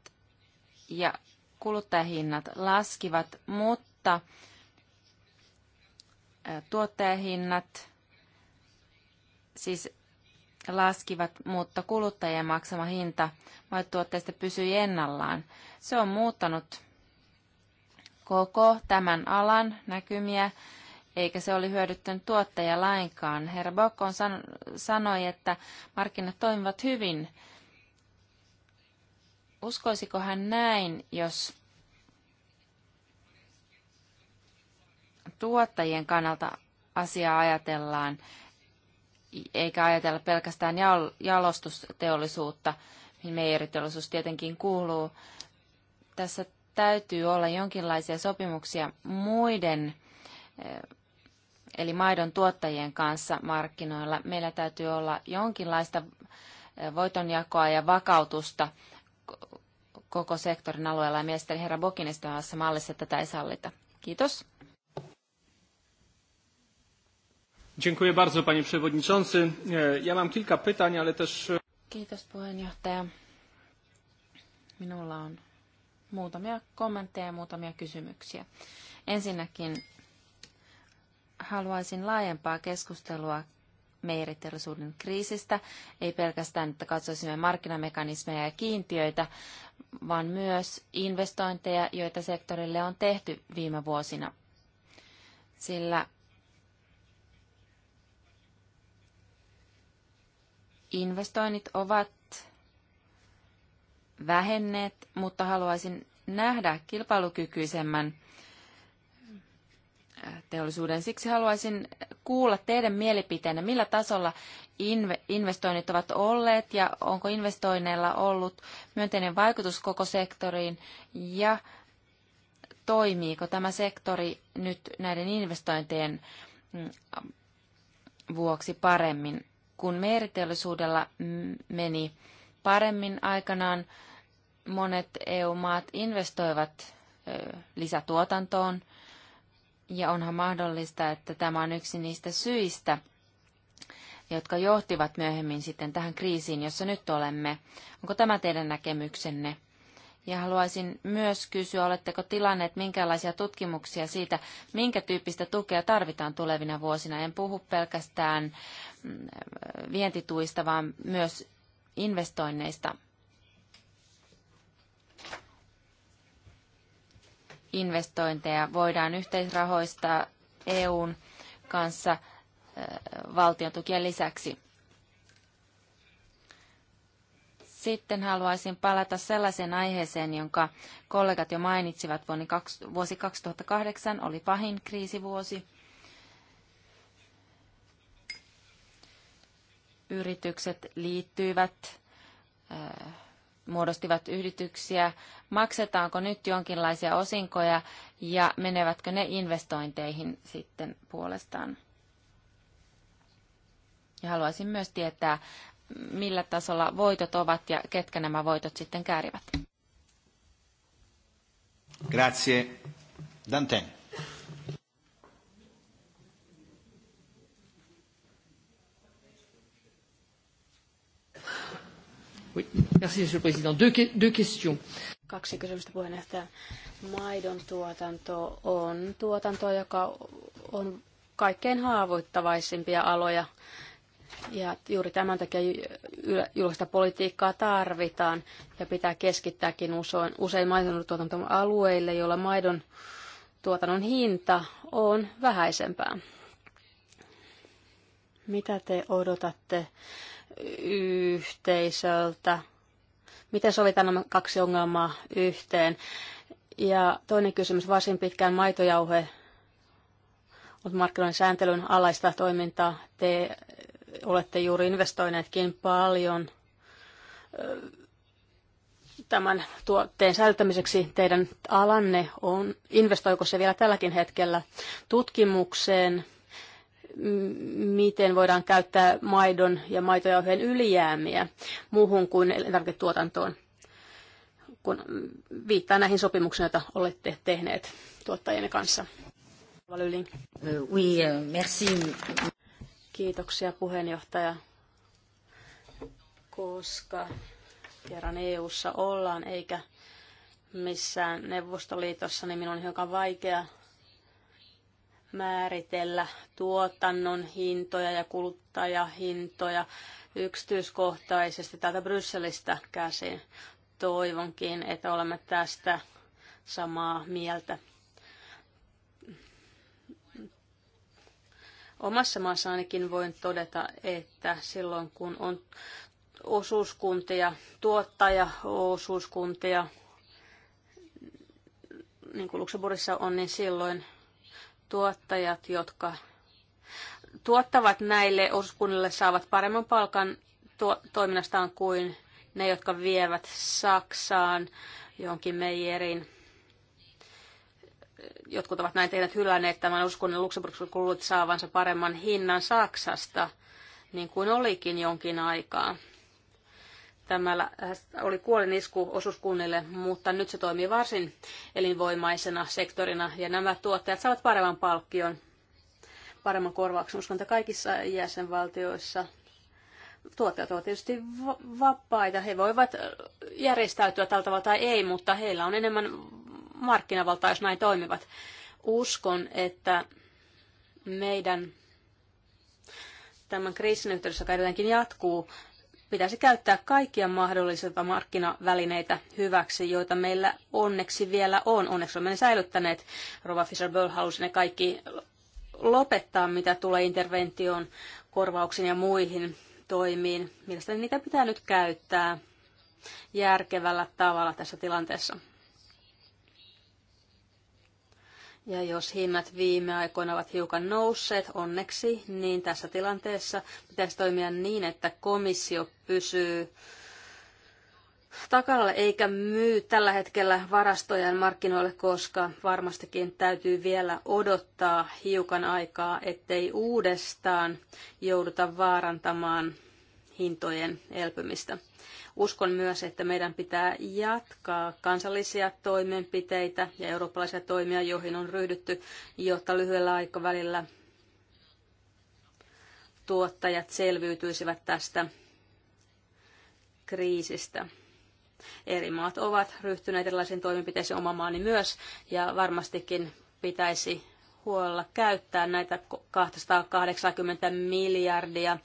A: ja kuluttajahinnat laskivat, mutta tuottajahinnat, siis laskivat, mutta kuluttajien maksama hinta maitotuotteista pysyi ennallaan. Se on muuttanut koko tämän alan näkymiä, eikä se oli hyödyttänyt tuottajia lainkaan. Herra Bokkon san- sanoi, että markkinat toimivat hyvin. Uskoisiko hän näin, jos tuottajien kannalta asiaa ajatellaan? eikä ajatella pelkästään jalostusteollisuutta, mihin meijeriteollisuus tietenkin kuuluu. Tässä täytyy olla jonkinlaisia sopimuksia muiden, eh, eli maidon tuottajien kanssa markkinoilla. Meillä täytyy olla jonkinlaista eh, voitonjakoa ja vakautusta koko sektorin alueella. Ja mielestäni herra Bokinista mallissa tätä ei sallita. Kiitos.
C: Dziękuję bardzo, panie przewodniczący. E, ja mam kilka pytań, ale
B: też... E,
A: Kiitos puheenjohtaja. Minulla on muutamia kommentteja ja muutamia kysymyksiä. Ensinnäkin haluaisin laajempaa keskustelua meriteollisuuden kriisistä, ei pelkästään, että katsoisimme markkinamekanismeja ja kiintiöitä, vaan myös investointeja, joita sektorille on tehty viime vuosina. Sillä investoinnit ovat vähenneet, mutta haluaisin nähdä kilpailukykyisemmän äh, teollisuuden. Siksi haluaisin kuulla teidän mielipiteenne, millä tasolla investoinnit ovat olleet ja onko investoinneilla ollut myönteinen vaikutus koko sektoriin ja toimiiko tämä sektori nyt näiden investointien mm, vuoksi paremmin kun meriteollisuudella meni paremmin aikanaan, monet EU-maat investoivat lisätuotantoon, ja onhan mahdollista, että tämä on yksi niistä syistä, jotka johtivat myöhemmin sitten tähän kriisiin, jossa nyt olemme. Onko tämä teidän näkemyksenne? Ja haluaisin myös kysyä, oletteko tilanneet minkälaisia tutkimuksia siitä, minkä tyyppistä tukea tarvitaan tulevina vuosina. En puhu pelkästään mm, vientituista, vaan myös investoinneista. Investointeja voidaan yhteisrahoista EUn kanssa valtion tukien lisäksi. Sitten haluaisin palata sellaiseen aiheeseen, jonka kollegat jo mainitsivat. Vuosi 2008 oli pahin kriisivuosi. Yritykset liittyivät, muodostivat yrityksiä. Maksetaanko nyt jonkinlaisia osinkoja ja menevätkö ne investointeihin sitten puolestaan? Ja haluaisin myös tietää, millä tasolla voitot ovat ja ketkä nämä voitot sitten käärivät. Grazie. Danten.
B: Oui. Merci, Monsieur le Président. Deux, deux questions.
C: Kaksi kysymystä puheenjohtaja. Maidon tuotanto on tuotanto, joka on kaikkein haavoittavaisimpia aloja ja juuri tämän takia julkista politiikkaa tarvitaan ja pitää keskittääkin usein, usein maidon tuotanton alueille, joilla maidon tuotannon hinta on vähäisempää. Mitä te odotatte yhteisöltä? Miten sovitaan nämä kaksi ongelmaa yhteen? Ja toinen kysymys, varsin pitkään maitojauhe on markkinoiden sääntelyn alaista toimintaa. Te olette juuri investoineetkin paljon tämän tuotteen säilyttämiseksi teidän alanne on, investoiko se vielä tälläkin hetkellä tutkimukseen, miten voidaan käyttää maidon ja maitojauheen ylijäämiä muuhun kuin elintarviketuotantoon, kun viittaa näihin sopimuksiin, joita olette tehneet tuottajien kanssa. Euh,
A: oui, euh, merci.
C: Kiitoksia puheenjohtaja. Koska kerran EU-ssa ollaan eikä missään Neuvostoliitossa, niin minun on hiukan vaikea määritellä tuotannon hintoja ja kuluttajahintoja yksityiskohtaisesti täältä Brysselistä käsin. Toivonkin, että olemme tästä samaa mieltä. Omassa maassa ainakin voin todeta, että silloin kun on osuuskuntia, osuuskuntia, niin kuin Luxemburgissa on, niin silloin tuottajat, jotka tuottavat näille osuuskunnille, saavat paremman palkan tuo- toiminnastaan kuin ne, jotka vievät Saksaan jonkin meijerin jotkut ovat näin tehneet hylänneet tämän uskonnon Luxemburgin kulut saavansa paremman hinnan Saksasta, niin kuin olikin jonkin aikaa. Tämä oli isku osuuskunnille, mutta nyt se toimii varsin elinvoimaisena sektorina ja nämä tuottajat saavat paremman palkkion, paremman korvauksen. Uskon, että kaikissa jäsenvaltioissa tuottajat ovat tietysti vapaita. He voivat järjestäytyä tältä tavalla tai ei, mutta heillä on enemmän markkinavaltaa, jos näin toimivat. Uskon, että meidän tämän kriisin yhteydessä, joka edelleenkin jatkuu, pitäisi käyttää kaikkia mahdollisia markkinavälineitä hyväksi, joita meillä onneksi vielä on. Onneksi olemme ne säilyttäneet. Rova Fischer-Böll halusi ne kaikki lopettaa, mitä tulee interventioon, korvauksiin ja muihin toimiin. Mielestäni niitä pitää nyt käyttää järkevällä tavalla tässä tilanteessa. Ja jos hinnat viime aikoina ovat hiukan nousseet, onneksi, niin tässä tilanteessa pitäisi toimia niin, että komissio pysyy takalla eikä myy tällä hetkellä varastojen markkinoille, koska varmastikin täytyy vielä odottaa hiukan aikaa, ettei uudestaan jouduta vaarantamaan hintojen elpymistä. Uskon myös, että meidän pitää jatkaa kansallisia toimenpiteitä ja eurooppalaisia toimia, joihin on ryhdytty, jotta lyhyellä aikavälillä tuottajat selviytyisivät tästä kriisistä. Eri maat ovat ryhtyneet erilaisiin toimenpiteisiin oma maani myös, ja varmastikin pitäisi huolella käyttää näitä 280 miljardia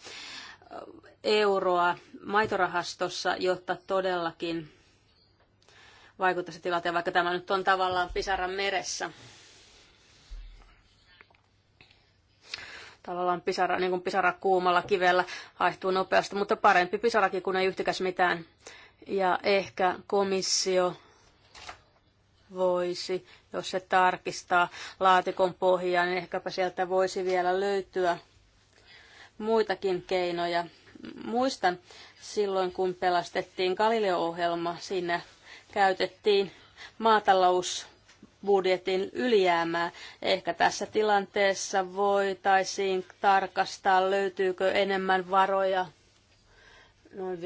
C: euroa maitorahastossa, jotta todellakin vaikuttaisi tilanteen, vaikka tämä nyt on tavallaan pisaran meressä. Tavallaan pisara, niin kuin pisara kuumalla kivellä haihtuu nopeasti, mutta parempi pisarakin kuin ei yhtikäs mitään. Ja ehkä komissio voisi, jos se tarkistaa laatikon pohjaa, niin ehkäpä sieltä voisi vielä löytyä muitakin keinoja Muistan silloin, kun pelastettiin Galileo-ohjelma, siinä käytettiin maatalousbudjetin ylijäämää. Ehkä tässä tilanteessa voitaisiin tarkastaa, löytyykö enemmän varoja noin 500-600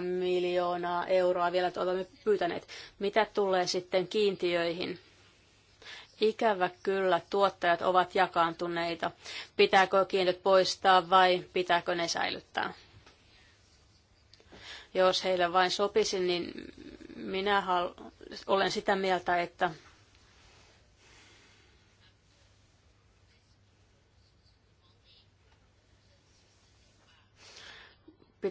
C: miljoonaa euroa vielä tuolta me pyytäneet. Mitä tulee sitten kiintiöihin? Ikävä kyllä tuottajat ovat jakaantuneita. Pitääkö kiintiöt poistaa vai pitääkö ne säilyttää? Jos heille vain sopisi, niin minä olen sitä mieltä, että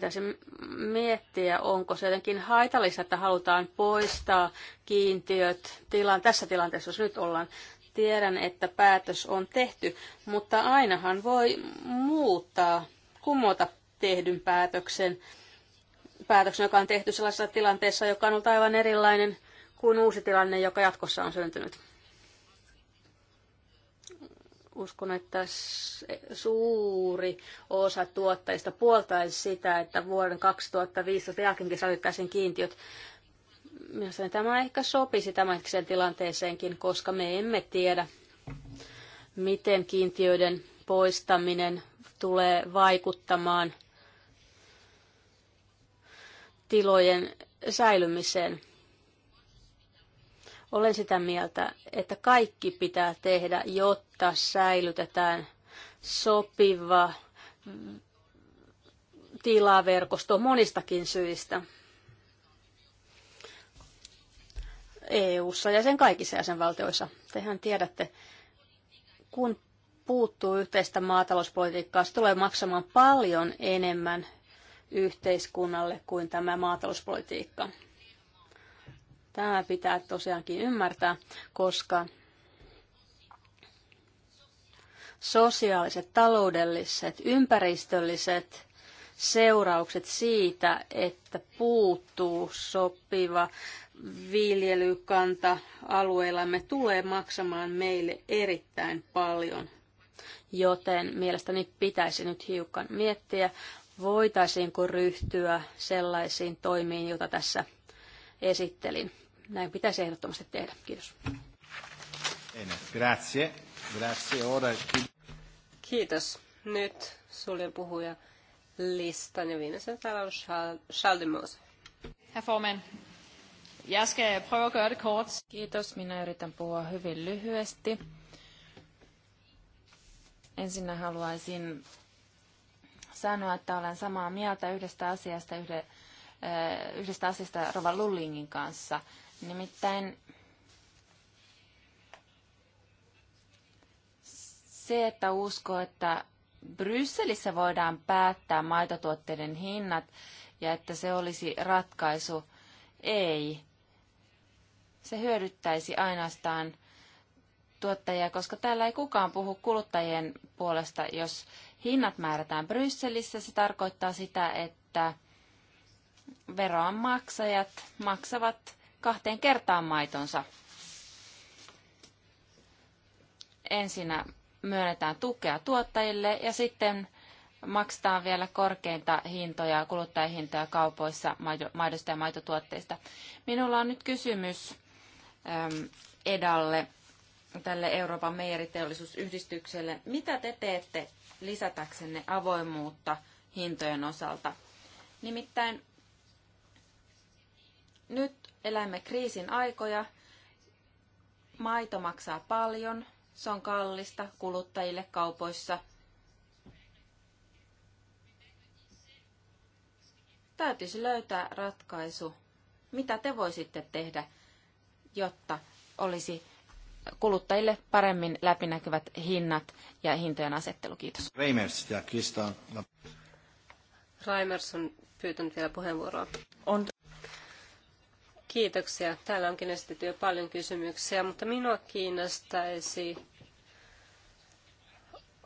C: pitäisi miettiä, onko se jotenkin haitallista, että halutaan poistaa kiintiöt tilan, tässä tilanteessa, jos nyt ollaan. Tiedän, että päätös on tehty, mutta ainahan voi muuttaa, kumota tehdyn päätöksen, päätöksen, joka on tehty sellaisessa tilanteessa, joka on ollut aivan erilainen kuin uusi tilanne, joka jatkossa on syntynyt uskon, että suuri osa tuottajista puoltaisi sitä, että vuoden 2015 jälkeenkin säilyttäisiin kiintiöt. Mielestäni tämä ehkä sopisi tämänhetkiseen tilanteeseenkin, koska me emme tiedä, miten kiintiöiden poistaminen tulee vaikuttamaan tilojen säilymiseen olen sitä mieltä, että kaikki pitää tehdä, jotta säilytetään sopiva tilaverkosto monistakin syistä. EU-ssa ja sen kaikissa jäsenvaltioissa. Tehän tiedätte, kun puuttuu yhteistä maatalouspolitiikkaa, se tulee maksamaan paljon enemmän yhteiskunnalle kuin tämä maatalouspolitiikka. Tämä pitää tosiaankin ymmärtää, koska sosiaaliset, taloudelliset, ympäristölliset seuraukset siitä, että puuttuu sopiva viljelykanta alueillamme tulee maksamaan meille erittäin paljon. Joten mielestäni pitäisi nyt hiukan miettiä, voitaisiinko ryhtyä sellaisiin toimiin, joita tässä esittelin. Näin pitäisi ehdottomasti
B: tehdä. Kiitos.
C: Grazie. Grazie. Ora...
B: Kiitos. Nyt suljen puhuja listan ja viimeisen täällä on
A: Charles Kiitos. Minä yritän puhua hyvin lyhyesti. Ensinnä haluaisin sanoa, että olen samaa mieltä yhdestä asiasta, yhden yhdestä asiasta Rova Lullingin kanssa. Nimittäin se, että usko, että Brysselissä voidaan päättää maitotuotteiden hinnat ja että se olisi ratkaisu, ei. Se hyödyttäisi ainoastaan tuottajia, koska täällä ei kukaan puhu kuluttajien puolesta. Jos hinnat määrätään Brysselissä, se tarkoittaa sitä, että veronmaksajat maksavat kahteen kertaan maitonsa. Ensinnä myönnetään tukea tuottajille ja sitten maksetaan vielä korkeinta hintoja, kuluttajahintoja kaupoissa maidosta ja maitotuotteista. Minulla on nyt kysymys Edalle, tälle Euroopan meijeriteollisuusyhdistykselle. Mitä te teette lisätäksenne avoimuutta hintojen osalta? Nimittäin nyt elämme kriisin aikoja. Maito maksaa paljon, se on kallista kuluttajille kaupoissa. Täytyisi löytää ratkaisu. Mitä te voisitte tehdä, jotta olisi kuluttajille paremmin läpinäkyvät hinnat ja hintojen asettelu. Kiitos. Reimers ja Krista.
B: Reimers on pyytänyt vielä puheenvuoroa. On Kiitoksia. Täällä onkin esitetty jo paljon kysymyksiä, mutta minua kiinnostaisi,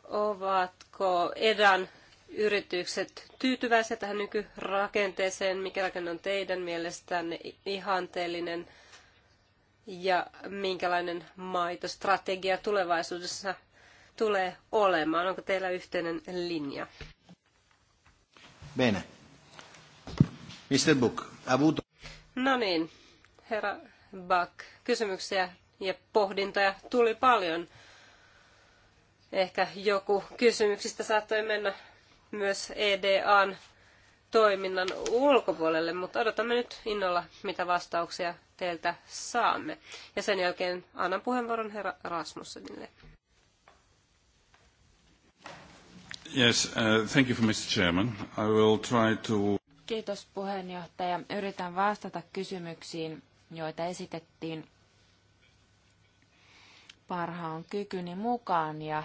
B: ovatko EDAN yritykset tyytyväisiä tähän nykyrakenteeseen, mikä rakenne on teidän mielestänne ihanteellinen ja minkälainen maitostrategia tulevaisuudessa tulee olemaan? Onko teillä yhteinen linja?
C: Bene. Mr. Book, avuto...
B: No niin, herra Buck, kysymyksiä ja pohdintoja tuli paljon. Ehkä joku kysymyksistä saattoi mennä myös EDAn toiminnan ulkopuolelle, mutta odotamme nyt innolla, mitä vastauksia teiltä saamme. Ja sen jälkeen annan puheenvuoron herra Rasmussenille. Yes, uh, thank you for Mr. Chairman. I will try to...
A: Kiitos puheenjohtaja. Yritän vastata kysymyksiin, joita esitettiin parhaan kykyni mukaan ja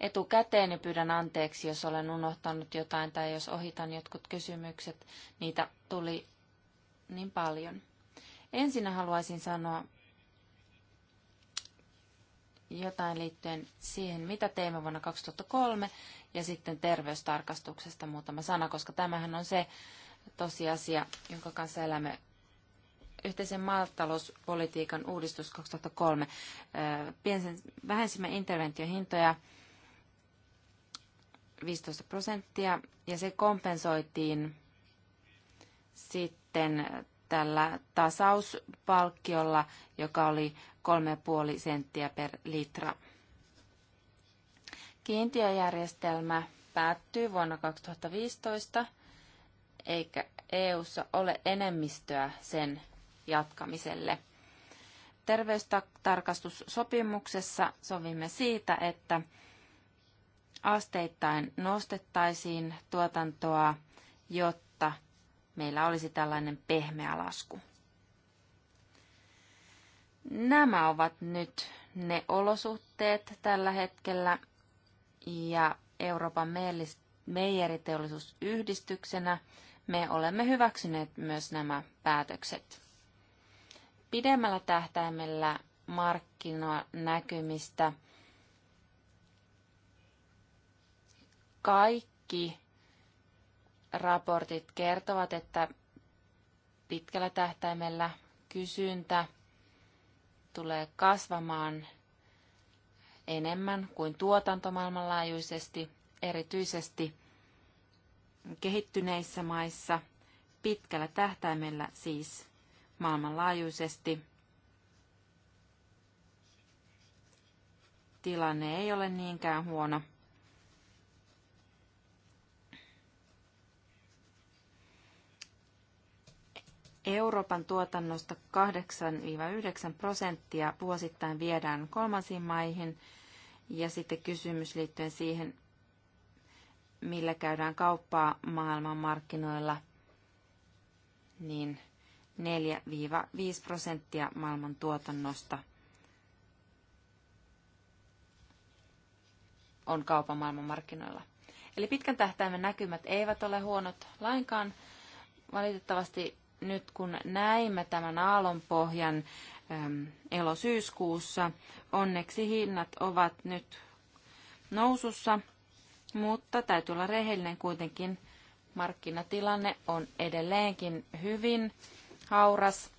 A: etukäteen pyydän anteeksi, jos olen unohtanut jotain tai jos ohitan jotkut kysymykset. Niitä tuli niin paljon. Ensin haluaisin sanoa jotain liittyen siihen, mitä teimme vuonna 2003 ja sitten terveystarkastuksesta muutama sana, koska tämähän on se tosiasia, jonka kanssa elämme. Yhteisen maatalouspolitiikan uudistus 2003. Äh, vähensimme interventiohintoja 15 prosenttia ja se kompensoitiin sitten tällä tasauspalkkiolla, joka oli 3,5 senttiä per litra. Kiintiöjärjestelmä päättyy vuonna 2015 eikä EU:ssa ole enemmistöä sen jatkamiselle. Terveystarkastussopimuksessa sovimme siitä, että asteittain nostettaisiin tuotantoa, jotta meillä olisi tällainen pehmeä lasku. Nämä ovat nyt ne olosuhteet tällä hetkellä ja Euroopan meijeriteollisuusyhdistyksenä me olemme hyväksyneet myös nämä päätökset. Pidemmällä tähtäimellä markkinanäkymistä kaikki raportit kertovat, että pitkällä tähtäimellä kysyntä tulee kasvamaan enemmän kuin tuotanto maailmanlaajuisesti, erityisesti kehittyneissä maissa pitkällä tähtäimellä siis maailmanlaajuisesti. Tilanne ei ole niinkään huono. Euroopan tuotannosta 8-9 prosenttia vuosittain viedään kolmansiin maihin. Ja sitten kysymys liittyen siihen, millä käydään kauppaa maailmanmarkkinoilla, niin 4-5 prosenttia maailman tuotannosta on kaupan maailmanmarkkinoilla. Eli pitkän tähtäimen näkymät eivät ole huonot lainkaan. Valitettavasti nyt kun näimme tämän aallonpohjan elosyyskuussa, onneksi hinnat ovat nyt nousussa mutta täytyy olla rehellinen kuitenkin. Markkinatilanne on edelleenkin hyvin hauras.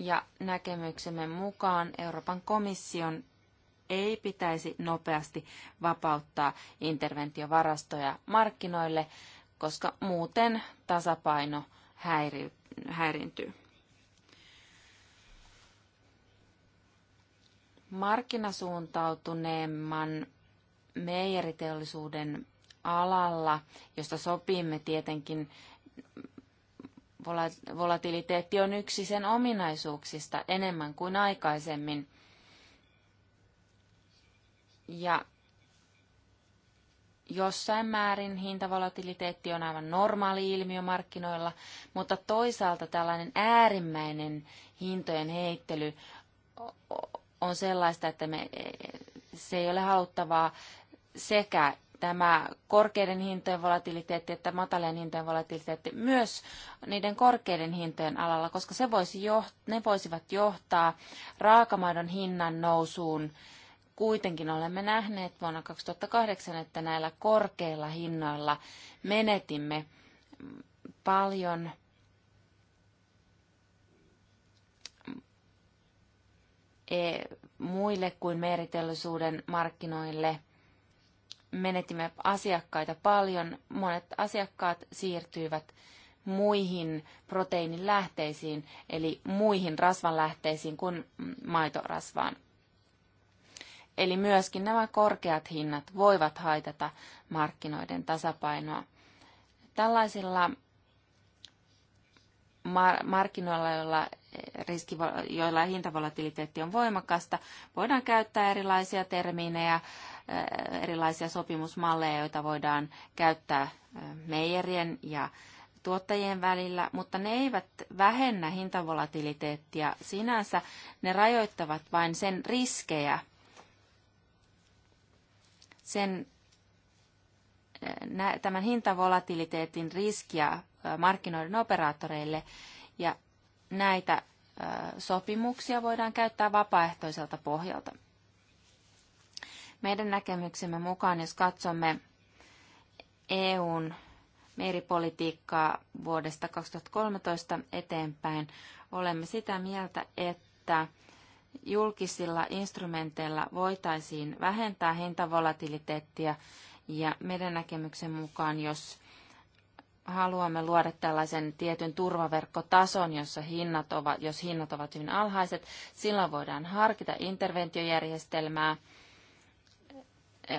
A: Ja näkemyksemme mukaan Euroopan komission ei pitäisi nopeasti vapauttaa interventiovarastoja markkinoille, koska muuten tasapaino häiriy, häirintyy. markkinasuuntautuneemman meijeriteollisuuden alalla, josta sopimme tietenkin, volatiliteetti on yksi sen ominaisuuksista enemmän kuin aikaisemmin. Ja jossain määrin hintavolatiliteetti on aivan normaali ilmiö markkinoilla, mutta toisaalta tällainen äärimmäinen hintojen heittely on sellaista, että me, se ei ole haluttavaa sekä tämä korkeiden hintojen volatiliteetti että matalien hintojen volatiliteetti myös niiden korkeiden hintojen alalla, koska se voisi joht- ne voisivat johtaa raakamaidon hinnan nousuun. Kuitenkin olemme nähneet vuonna 2008, että näillä korkeilla hinnoilla menetimme paljon E, muille kuin meriteollisuuden markkinoille. Menetimme asiakkaita paljon. Monet asiakkaat siirtyivät muihin proteiinilähteisiin, eli muihin rasvanlähteisiin kuin maitorasvaan. Eli myöskin nämä korkeat hinnat voivat haitata markkinoiden tasapainoa. Tällaisilla mar- markkinoilla, joilla riski, joilla hintavolatiliteetti on voimakasta. Voidaan käyttää erilaisia terminejä, eh, erilaisia sopimusmalleja, joita voidaan käyttää eh, meijerien ja tuottajien välillä, mutta ne eivät vähennä hintavolatiliteettia sinänsä. Ne rajoittavat vain sen riskejä, sen, eh, tämän hintavolatiliteetin riskiä markkinoiden operaattoreille. Ja näitä sopimuksia voidaan käyttää vapaaehtoiselta pohjalta. Meidän näkemyksemme mukaan, jos katsomme EUn meripolitiikkaa vuodesta 2013 eteenpäin, olemme sitä mieltä, että julkisilla instrumenteilla voitaisiin vähentää hintavolatiliteettia ja meidän näkemyksen mukaan, jos haluamme luoda tällaisen tietyn turvaverkkotason, jossa hinnat ovat, jos hinnat ovat hyvin alhaiset, silloin voidaan harkita interventiojärjestelmää. Eh,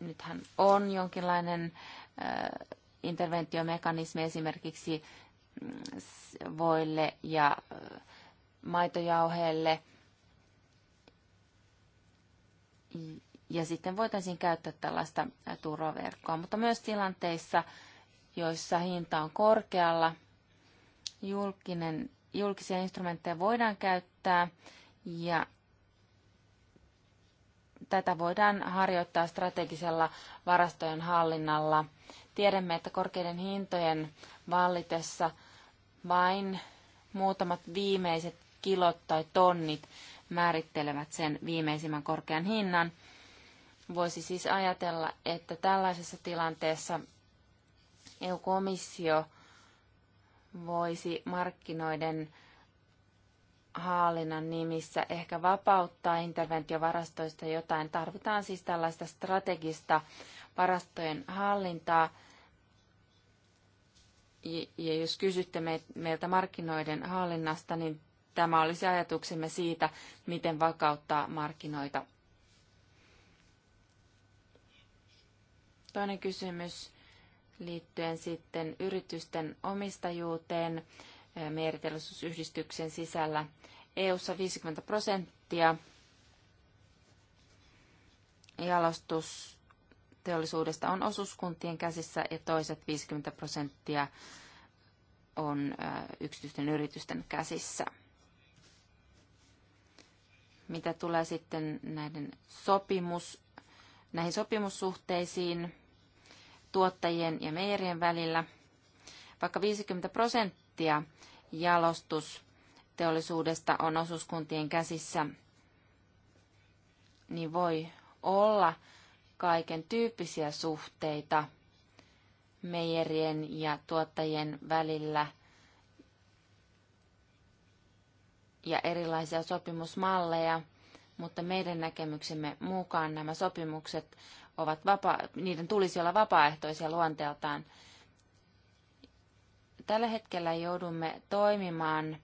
A: nythän on jonkinlainen eh, interventiomekanismi esimerkiksi mm, voille ja eh, maitojauheelle. Ja sitten voitaisiin käyttää tällaista turvaverkkoa, mutta myös tilanteissa, joissa hinta on korkealla. Julkinen, julkisia instrumentteja voidaan käyttää ja tätä voidaan harjoittaa strategisella varastojen hallinnalla. Tiedämme, että korkeiden hintojen vallitessa vain muutamat viimeiset kilot tai tonnit määrittelevät sen viimeisimmän korkean hinnan. Voisi siis ajatella, että tällaisessa tilanteessa EU-komissio voisi markkinoiden hallinnan nimissä ehkä vapauttaa interventiovarastoista jotain. Tarvitaan siis tällaista strategista varastojen hallintaa. Ja jos kysytte meiltä markkinoiden hallinnasta, niin tämä olisi ajatuksemme siitä, miten vakauttaa markkinoita. Toinen kysymys liittyen sitten yritysten omistajuuteen eh, meriteollisuusyhdistyksen sisällä EU-ssa 50 prosenttia jalostusteollisuudesta on osuuskuntien käsissä ja toiset 50 prosenttia on eh, yksityisten yritysten käsissä. Mitä tulee sitten näiden sopimus, näihin sopimussuhteisiin, tuottajien ja meijerien välillä. Vaikka 50 prosenttia jalostusteollisuudesta on osuuskuntien käsissä, niin voi olla kaiken tyyppisiä suhteita meijerien ja tuottajien välillä ja erilaisia sopimusmalleja, mutta meidän näkemyksemme mukaan nämä sopimukset ovat vapa- niiden tulisi olla vapaaehtoisia luonteeltaan. Tällä hetkellä joudumme toimimaan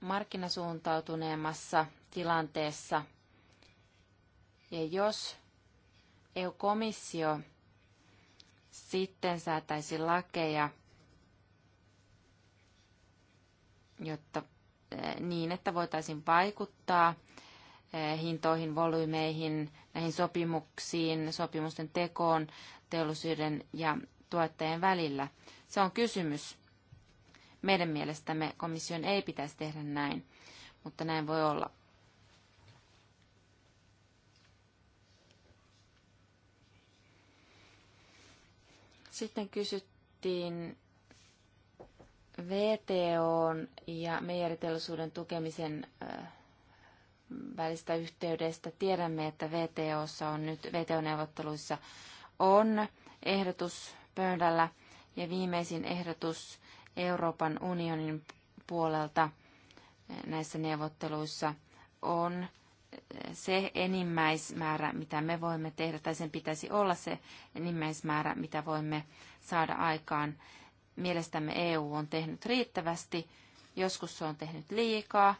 A: markkinasuuntautuneemmassa tilanteessa. Ja jos EU-komissio sitten säätäisi lakeja, jotta eh, niin, että voitaisiin vaikuttaa eh, hintoihin, volyymeihin, näihin sopimuksiin, sopimusten tekoon teollisuuden ja tuottajien välillä. Se on kysymys. Meidän mielestämme komission ei pitäisi tehdä näin, mutta näin voi olla. Sitten kysyttiin VTOn ja meijeriteollisuuden tukemisen äh, välistä yhteydestä. Tiedämme, että VTOssa on nyt, VTO-neuvotteluissa on ehdotus pöydällä ja viimeisin ehdotus Euroopan unionin puolelta näissä neuvotteluissa on se enimmäismäärä, mitä me voimme tehdä, tai sen pitäisi olla se enimmäismäärä, mitä voimme saada aikaan. Mielestämme EU on tehnyt riittävästi, joskus se on tehnyt liikaa,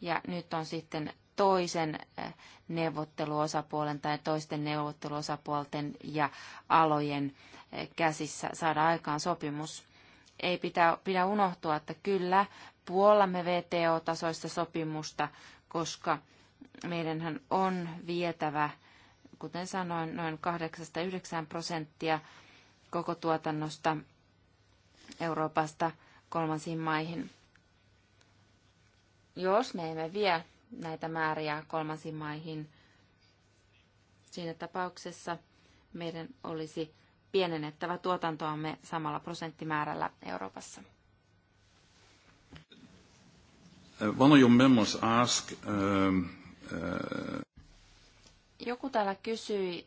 A: ja nyt on sitten toisen eh, neuvotteluosapuolen tai toisten neuvotteluosapuolten ja alojen eh, käsissä saada aikaan sopimus. Ei pitää, pidä unohtua, että kyllä puollamme VTO-tasoista sopimusta, koska meidänhän on vietävä, kuten sanoin, noin 8-9 prosenttia koko tuotannosta Euroopasta kolmansiin maihin. Jos me emme vie näitä määriä kolmansiin maihin. Siinä tapauksessa meidän olisi pienennettävä tuotantoamme samalla prosenttimäärällä Euroopassa.
B: Uh, one of your members uh, uh...
A: Joku täällä kysyi,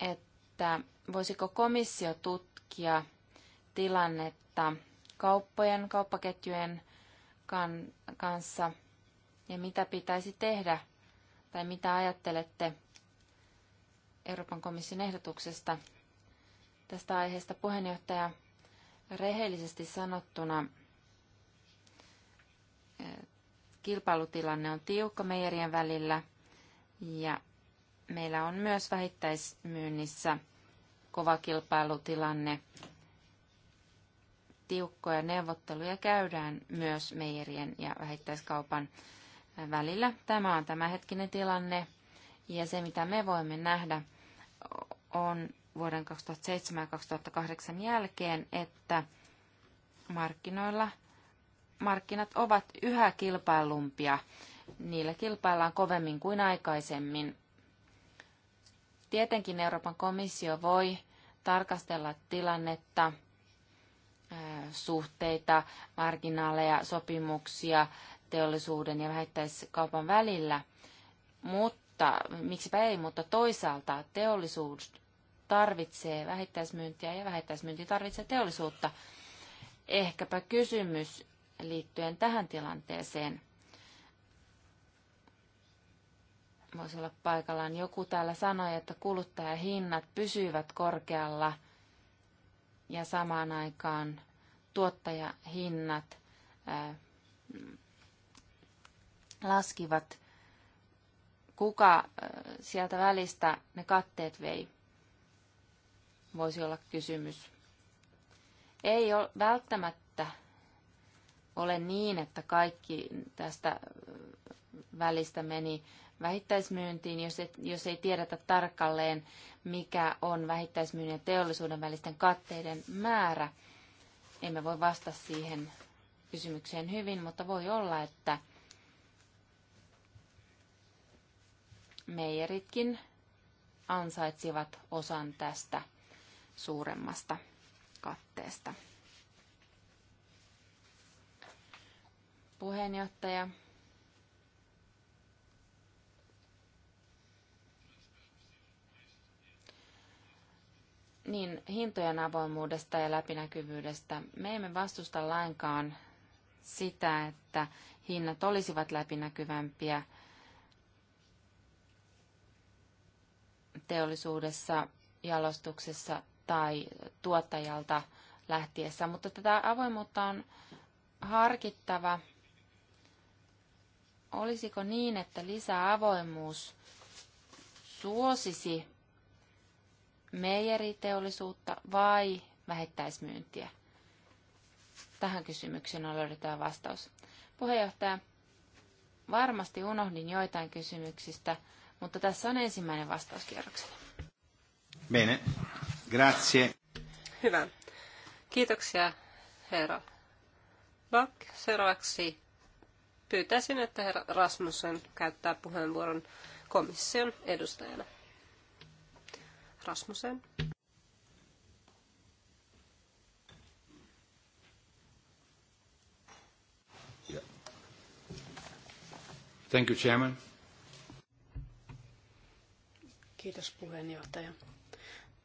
A: että voisiko komissio tutkia tilannetta kauppojen, kauppaketjujen kan- kanssa ja mitä pitäisi tehdä tai mitä ajattelette Euroopan komission ehdotuksesta tästä aiheesta puheenjohtaja rehellisesti sanottuna eh, kilpailutilanne on tiukka meijerien välillä ja meillä on myös vähittäismyynnissä kova kilpailutilanne tiukkoja neuvotteluja käydään myös meijerien ja vähittäiskaupan välillä. Tämä on tämänhetkinen tilanne ja se mitä me voimme nähdä on vuoden 2007 ja 2008 jälkeen, että markkinoilla markkinat ovat yhä kilpailumpia. Niillä kilpaillaan kovemmin kuin aikaisemmin. Tietenkin Euroopan komissio voi tarkastella tilannetta – suhteita, marginaaleja, sopimuksia teollisuuden ja vähittäiskaupan välillä. Mutta, miksipä ei, mutta toisaalta teollisuus tarvitsee vähittäismyyntiä ja vähittäismyynti tarvitsee teollisuutta. Ehkäpä kysymys liittyen tähän tilanteeseen voisi olla paikallaan. Joku täällä sanoi, että kuluttajahinnat pysyvät korkealla – ja samaan aikaan tuottajahinnat laskivat, kuka sieltä välistä ne katteet vei, voisi olla kysymys. Ei ole välttämättä ole niin, että kaikki tästä välistä meni vähittäismyyntiin, jos, et, jos ei tiedetä tarkalleen, mikä on vähittäismyynnin ja teollisuuden välisten katteiden määrä. Emme voi vastata siihen kysymykseen hyvin, mutta voi olla, että meijeritkin ansaitsivat osan tästä suuremmasta katteesta. Puheenjohtaja Niin, hintojen avoimuudesta ja läpinäkyvyydestä. Me emme vastusta lainkaan sitä, että hinnat olisivat läpinäkyvämpiä teollisuudessa, jalostuksessa tai tuottajalta lähtiessä, mutta tätä avoimuutta on harkittava. Olisiko niin, että lisäavoimuus suosisi meijeriteollisuutta vai vähittäismyyntiä? Tähän kysymykseen on löydetään vastaus. Puheenjohtaja, varmasti unohdin joitain kysymyksistä, mutta tässä on ensimmäinen vastauskierroksella. Bene,
C: grazie.
A: Hyvä. Kiitoksia, herra
B: Bak. Seuraavaksi pyytäisin, että herra Rasmussen käyttää puheenvuoron komission edustajana. Rasmusen.
C: Thank you, Chairman. Kiitos puheenjohtaja.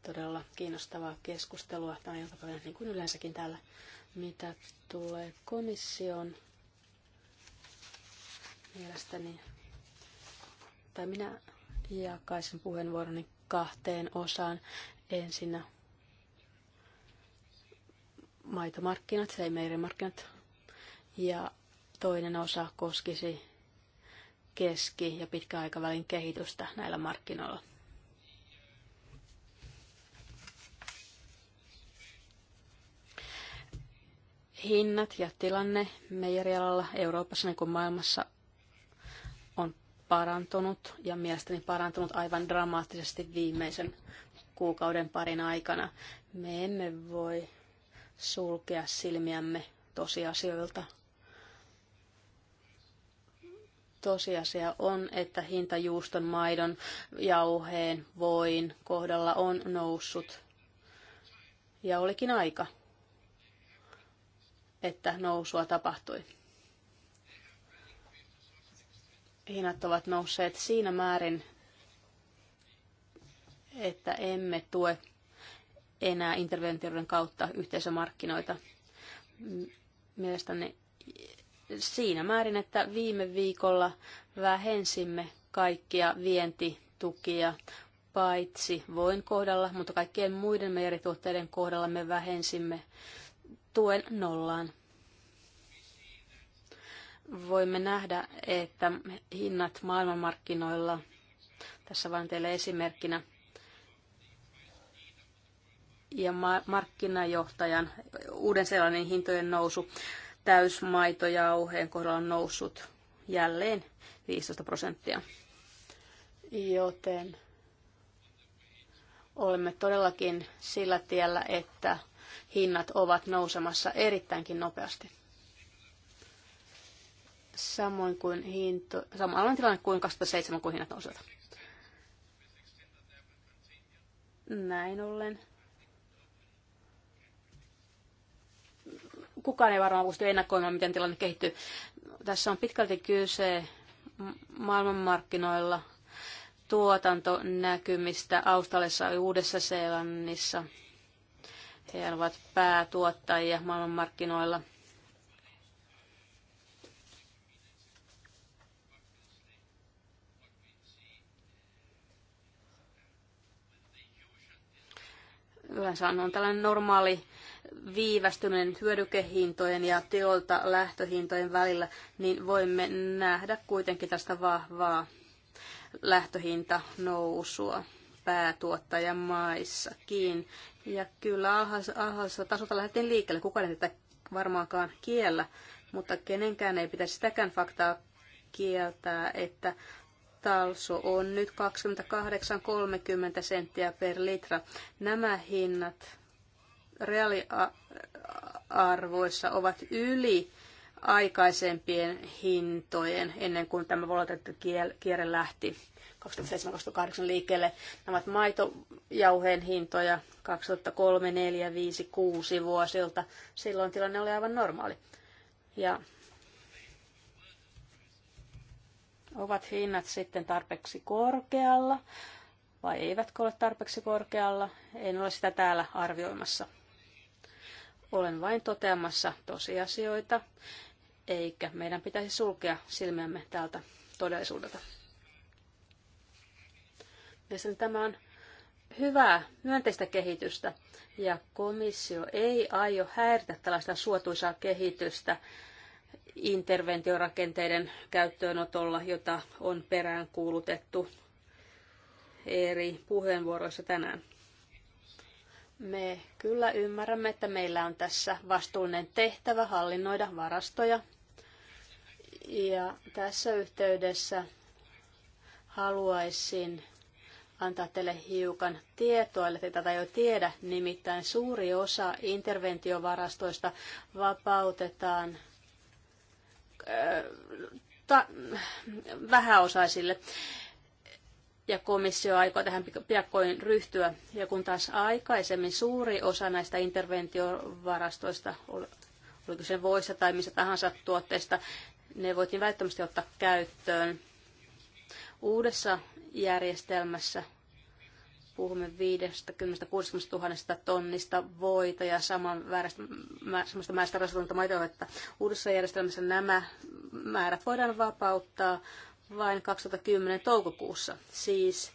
C: Todella kiinnostavaa keskustelua tänä iltapäivänä, niin kuin yleensäkin täällä. Mitä tulee komission mielestäni, tai minä jakaisin puheenvuoroni kahteen osaan. Ensinnä maitomarkkinat, seimeirinmarkkinat, siis ja toinen osa koskisi keski- ja pitkäaikavälin kehitystä näillä markkinoilla. Hinnat ja tilanne meijerialalla Euroopassa niin kuin maailmassa parantunut ja mielestäni parantunut aivan dramaattisesti viimeisen kuukauden parin aikana. Me emme voi sulkea silmiämme tosiasioilta. Tosiasia on, että hinta juuston, maidon, jauheen, voin kohdalla on noussut. Ja olikin aika, että nousua tapahtui hinnat ovat nousseet siinä määrin, että emme tue enää interventioiden kautta yhteisömarkkinoita. Mielestäni siinä määrin, että viime viikolla vähensimme kaikkia vientitukia paitsi voin kohdalla, mutta kaikkien muiden meirituotteiden kohdalla me vähensimme tuen nollaan voimme nähdä, että hinnat maailmanmarkkinoilla, tässä vain teille esimerkkinä, ja markkinajohtajan uuden sellainen hintojen nousu, täysmaito ja auheen kohdalla on noussut jälleen 15 prosenttia. Joten olemme todellakin sillä tiellä, että hinnat ovat nousemassa erittäinkin nopeasti samoin kuin hinto, samanlainen tilanne kuin 2007, kun hinnat nousivat. Näin ollen. Kukaan ei varmaan pysty ennakoimaan, miten tilanne kehittyy. Tässä on pitkälti kyse maailmanmarkkinoilla tuotantonäkymistä Australiassa ja Uudessa-Seelannissa. He ovat päätuottajia maailmanmarkkinoilla – yleensä on tällainen normaali viivästyminen hyödykehintojen ja teolta lähtöhintojen välillä, niin voimme nähdä kuitenkin tästä vahvaa nousua päätuottajamaissakin. Ja kyllä alhaisessa tasolta lähdettiin liikkeelle, kukaan ei tätä varmaankaan kiellä, mutta kenenkään ei pitäisi sitäkään faktaa kieltää, että talso on nyt 28-30 senttiä per litra. Nämä hinnat reaaliarvoissa ovat yli aikaisempien hintojen ennen kuin tämä volatiliteetti kierre lähti 2007 28 liikkeelle. Nämä ovat maitojauheen hintoja 2003, 4, 5, 6 vuosilta. Silloin tilanne oli aivan normaali. Ja Ovat hinnat sitten tarpeeksi korkealla vai eivätkö ole tarpeeksi korkealla? En ole sitä täällä arvioimassa. Olen vain toteamassa tosiasioita, eikä meidän pitäisi sulkea silmiämme tältä todellisuudelta. Mielestäni tämä on hyvää, myönteistä kehitystä, ja komissio ei aio häiritä tällaista suotuisaa kehitystä interventiorakenteiden käyttöönotolla, jota on peräänkuulutettu eri puheenvuoroissa tänään. Me kyllä ymmärrämme, että meillä on tässä vastuullinen tehtävä hallinnoida varastoja. Ja tässä yhteydessä haluaisin antaa teille hiukan tietoa, että tätä jo tiedä. Nimittäin suuri osa interventiovarastoista vapautetaan Äh, ta- vähäosaisille. Ja komissio aikoo tähän piakkoin ryhtyä. Ja kun taas aikaisemmin suuri osa näistä interventiovarastoista, oliko se voissa tai missä tahansa tuotteista, ne voitiin välttämättä ottaa käyttöön. Uudessa järjestelmässä puhumme 50-60 000 tonnista voita ja saman väärästä, samasta määrästä rasvatonta maitovettä. Uudessa järjestelmässä nämä määrät voidaan vapauttaa vain 2010 toukokuussa. Siis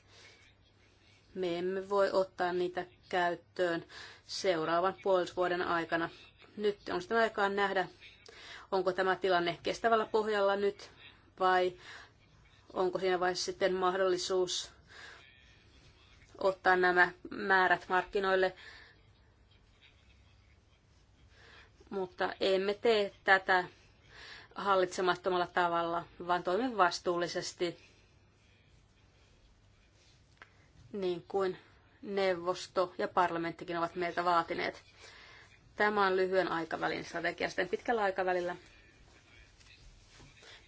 C: me emme voi ottaa niitä käyttöön seuraavan puolisvuoden aikana. Nyt on sitten aikaa nähdä, onko tämä tilanne kestävällä pohjalla nyt vai onko siinä vaiheessa sitten mahdollisuus ottaa nämä määrät markkinoille. Mutta emme tee tätä hallitsemattomalla tavalla, vaan toimimme vastuullisesti, niin kuin neuvosto ja parlamenttikin ovat meiltä vaatineet. Tämä on lyhyen aikavälin strategia. Sitten pitkällä aikavälillä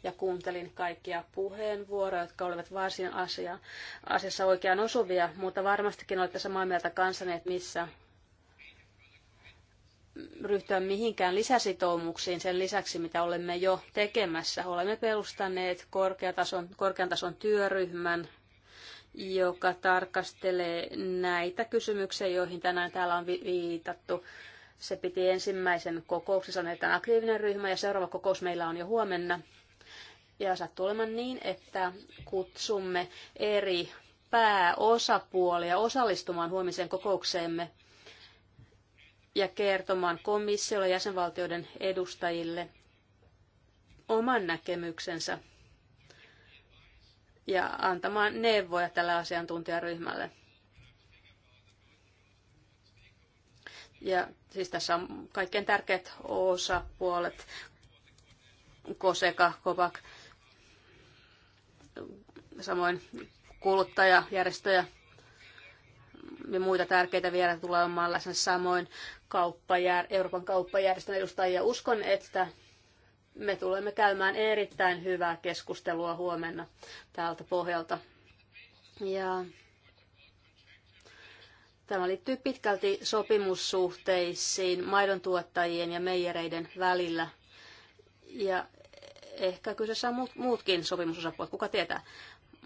C: ja kuuntelin kaikkia puheenvuoroja, jotka olivat varsin asia, asiassa oikean osuvia, mutta varmastikin olette samaa mieltä kanssani, että missä ryhtyä mihinkään lisäsitoumuksiin sen lisäksi, mitä olemme jo tekemässä. Olemme perustaneet korkeatason, korkean tason työryhmän, joka tarkastelee näitä kysymyksiä, joihin tänään täällä on viitattu. Se piti ensimmäisen kokouksen, sanotaan aktiivinen ryhmä ja seuraava kokous meillä on jo huomenna. Ja sattuu olemaan niin, että kutsumme eri pääosapuolia osallistumaan huomiseen kokoukseemme ja kertomaan komissiolle ja jäsenvaltioiden edustajille oman näkemyksensä ja antamaan neuvoja tälle asiantuntijaryhmälle. Ja siis tässä on kaikkein tärkeät osapuolet, Koseka, Kovak, samoin kuluttajajärjestöjä ja muita tärkeitä vielä tulee olemaan läsnä samoin kauppajär, Euroopan kauppajärjestön edustajia. Uskon, että me tulemme käymään erittäin hyvää keskustelua huomenna täältä pohjalta. Ja tämä liittyy pitkälti sopimussuhteisiin maidon tuottajien ja meijereiden välillä. Ja ehkä kyseessä on muutkin sopimusosapuolet, kuka tietää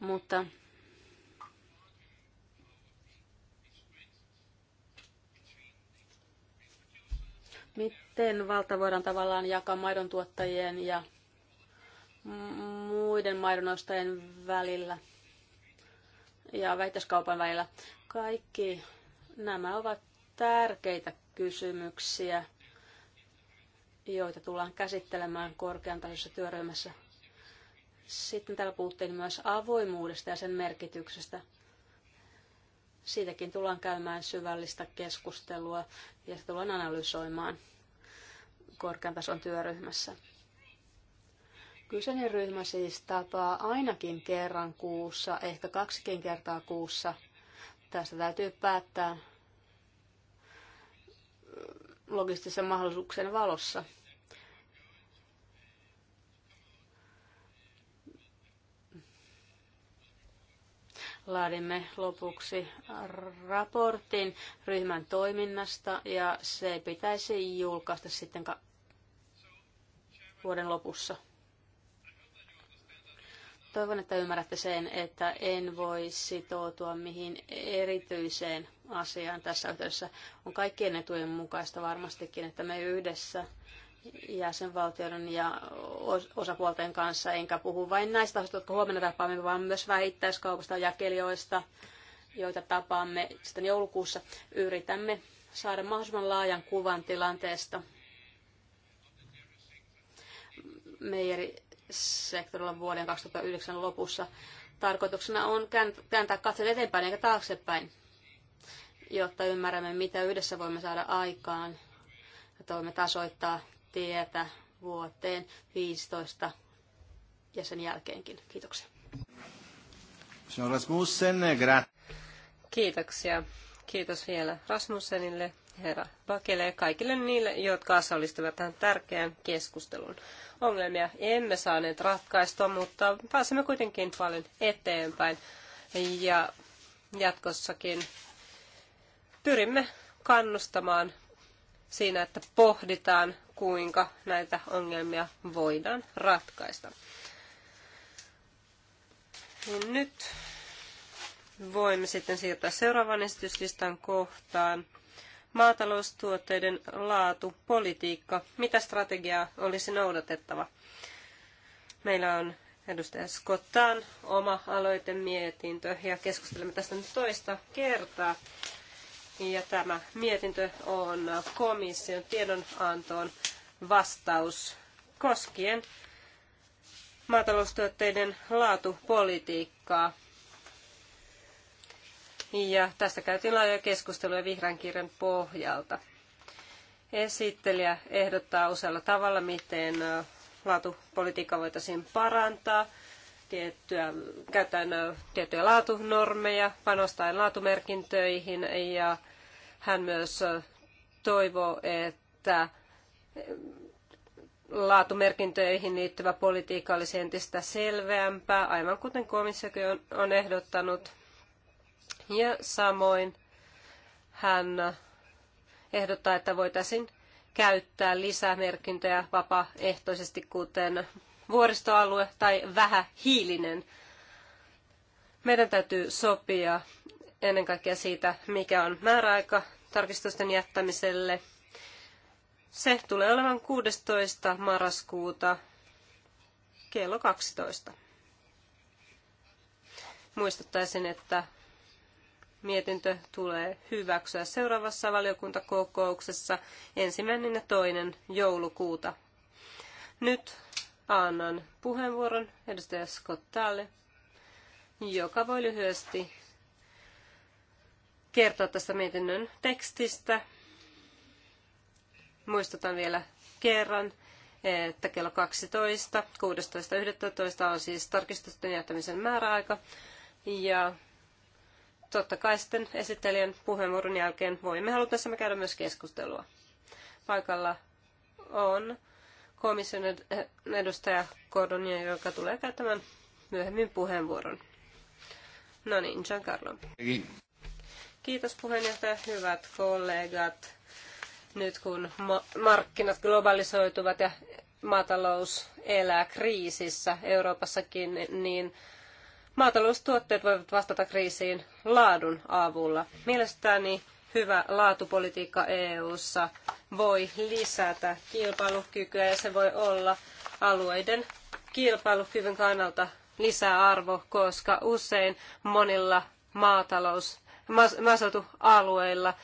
C: mutta miten valta voidaan tavallaan jakaa maidon tuottajien ja muiden maidonostajien välillä ja väitöskaupan välillä. Kaikki nämä ovat tärkeitä kysymyksiä, joita tullaan käsittelemään korkean tasoisessa työryhmässä. Sitten täällä puhuttiin myös avoimuudesta ja sen merkityksestä. Siitäkin tullaan käymään syvällistä keskustelua ja se tullaan analysoimaan korkean tason työryhmässä. Kyseinen ryhmä siis tapaa ainakin kerran kuussa, ehkä kaksikin kertaa kuussa. Tästä täytyy päättää logistisen mahdollisuuksien valossa – Laadimme lopuksi raportin ryhmän toiminnasta ja se pitäisi julkaista sitten vuoden lopussa. Toivon, että ymmärrätte sen, että en voi sitoutua mihin erityiseen asiaan tässä yhteydessä. On kaikkien etujen mukaista varmastikin, että me yhdessä jäsenvaltioiden ja osapuolten kanssa, enkä puhu vain näistä asioista, jotka huomenna tapaamme, vaan myös vähittäiskaupasta ja jakelijoista, joita tapaamme sitten joulukuussa. Yritämme saada mahdollisimman laajan kuvan tilanteesta. Meijerisektorilla vuoden 2009 lopussa tarkoituksena on kääntää katse eteenpäin eikä taaksepäin, jotta ymmärrämme, mitä yhdessä voimme saada aikaan ja toimme tasoittaa tietä vuoteen 15 ja sen jälkeenkin. Kiitoksia.
A: Rasmussen,
B: Kiitoksia. Kiitos vielä Rasmussenille, herra Bakele ja kaikille niille, jotka osallistuivat tähän tärkeään keskusteluun. Ongelmia emme saaneet ratkaistua, mutta pääsemme kuitenkin paljon eteenpäin. Ja jatkossakin pyrimme kannustamaan siinä, että pohditaan kuinka näitä ongelmia voidaan ratkaista. Niin nyt voimme sitten siirtää seuraavan esityslistan kohtaan. Maataloustuotteiden laatu, politiikka, mitä strategiaa olisi noudatettava? Meillä on edustaja Scottan oma aloitemietintö ja keskustelemme tästä nyt toista kertaa. Ja tämä mietintö on komission tiedonantoon vastaus koskien maataloustuotteiden laatupolitiikkaa. Ja tästä käytiin laajoja keskusteluja vihreän kirjan pohjalta. Esittelijä ehdottaa usealla tavalla, miten laatupolitiikkaa voitaisiin parantaa – tiettyä, käyttäen tiettyjä laatunormeja, panostaen laatumerkintöihin ja hän myös toivoo, että laatumerkintöihin liittyvä politiikka olisi entistä selveämpää, aivan kuten komissiokin on, on ehdottanut. Ja samoin hän ehdottaa, että voitaisiin käyttää lisämerkintöjä vapaaehtoisesti, kuten vuoristoalue tai vähähiilinen. Meidän täytyy sopia ennen kaikkea siitä, mikä on määräaika tarkistusten jättämiselle. Se tulee olevan 16. marraskuuta kello 12. Muistuttaisin, että mietintö tulee hyväksyä seuraavassa valiokuntakokouksessa ensimmäinen ja toinen joulukuuta. Nyt annan puheenvuoron edustaja Scottalle, joka voi lyhyesti kertoa tästä mietinnön tekstistä. Muistutan vielä kerran, että kello 12, 16.11 on siis tarkistusten jättämisen määräaika. Ja totta kai sitten esittelijän puheenvuoron jälkeen voimme halutessamme käydä myös keskustelua. Paikalla on komission eh, edustaja Cordonia, joka tulee käyttämään myöhemmin puheenvuoron. No niin, Giancarlo. Kiitos puheenjohtaja, hyvät kollegat. Nyt kun ma- markkinat globalisoituvat ja maatalous elää kriisissä Euroopassakin, niin maataloustuotteet voivat vastata kriisiin laadun avulla. Mielestäni hyvä laatupolitiikka EU:ssa voi lisätä kilpailukykyä ja se voi olla alueiden kilpailukyvyn kannalta lisäarvo, koska usein monilla maatalous, maaseutualueilla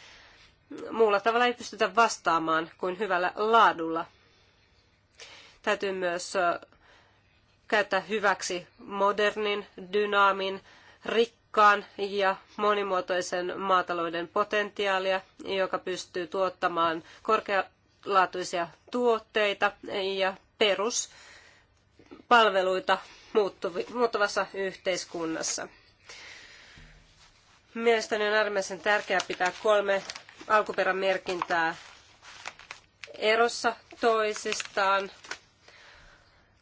B: muulla tavalla ei pystytä vastaamaan kuin hyvällä laadulla. Täytyy myös käyttää hyväksi modernin, dynaamin, rikkaan rikkaan ja monimuotoisen maatalouden potentiaalia, joka pystyy tuottamaan korkealaatuisia tuotteita ja peruspalveluita muuttuvassa yhteiskunnassa. Mielestäni on äärimmäisen tärkeää pitää kolme alkuperämerkintää erossa toisistaan,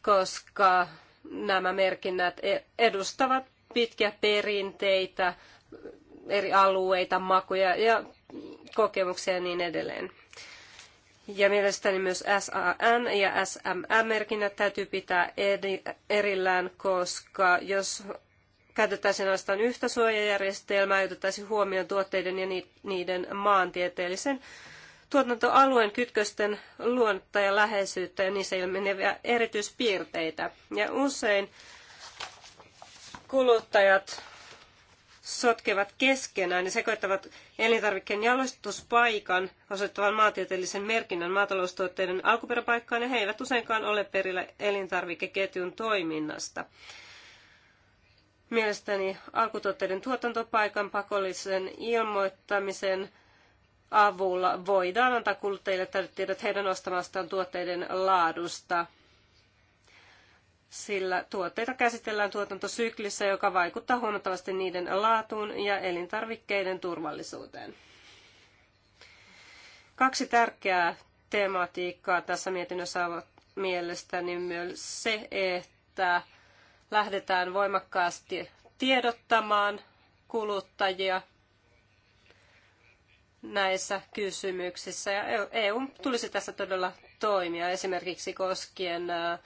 B: koska nämä merkinnät e-, edustavat pitkiä perinteitä, eri alueita, makuja ja kokemuksia ja niin edelleen. Ja mielestäni myös SAN ja SMM-merkinnät täytyy pitää erillään, koska jos käytettäisiin ainoastaan yhtä suojajärjestelmää, ei otettaisiin huomioon tuotteiden ja niiden maantieteellisen tuotantoalueen kytkösten luonnetta ja läheisyyttä ja niissä ilmeneviä erityispiirteitä. Ja usein kuluttajat sotkevat keskenään ja sekoittavat elintarvikkeen jalostuspaikan osoittavan maantieteellisen merkinnän maataloustuotteiden alkuperäpaikkaan ja he eivät useinkaan ole perillä elintarvikeketjun toiminnasta. Mielestäni alkutuotteiden tuotantopaikan pakollisen ilmoittamisen avulla voidaan antaa kuluttajille täydet tiedot heidän ostamastaan tuotteiden laadusta – sillä tuotteita käsitellään tuotantosyklissä, joka vaikuttaa huomattavasti niiden laatuun ja elintarvikkeiden turvallisuuteen. Kaksi tärkeää tematiikkaa tässä mietinnössä ovat mielestäni myös se, että lähdetään voimakkaasti tiedottamaan kuluttajia näissä kysymyksissä. Ja EU e tulisi tässä todella toimia esimerkiksi koskien äh,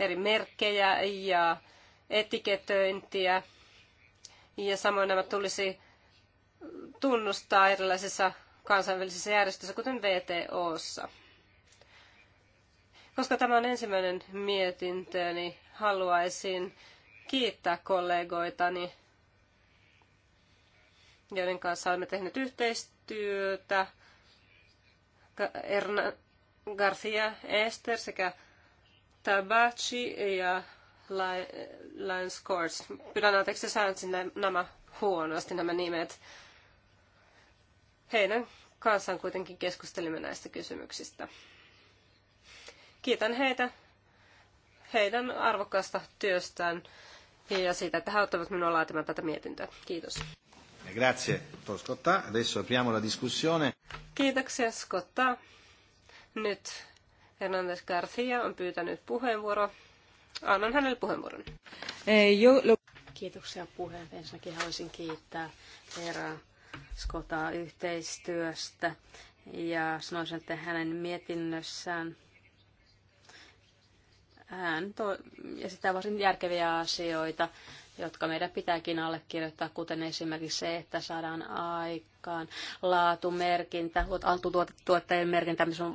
B: eri merkkejä ja etiketöintiä. Ja samoin nämä tulisi tunnustaa erilaisissa kansainvälisissä järjestöissä, kuten VTOssa. Koska tämä on ensimmäinen mietintö, niin haluaisin kiittää kollegoitani, joiden kanssa olemme tehneet yhteistyötä. Erna Garcia Ester sekä Tabaci ja Lions Courts. Pyydän anteeksi, säänsin nämä huonosti, nämä nimet. Heidän kanssaan kuitenkin keskustelimme näistä kysymyksistä. Kiitän heitä heidän arvokkaasta työstään ja siitä, että he auttavat minua laatimaan tätä mietintöä. Kiitos.
A: Grazie Toscotta. Adesso apriamo la discussione.
B: Kiitoksia Scotta. Nyt Hernandez Garcia on pyytänyt puheenvuoro. Annan hänelle puheenvuoron. Eh, Kiitoksia puheenjohtaja.
C: Ensinnäkin haluaisin kiittää Vera Skotaa yhteistyöstä ja sanoisin, että hänen mietinnössään hän to- ja sitä varsin järkeviä asioita jotka meidän pitääkin allekirjoittaa, kuten esimerkiksi se, että saadaan aikaan laatumerkintä, altutuottajien merkintä, missä on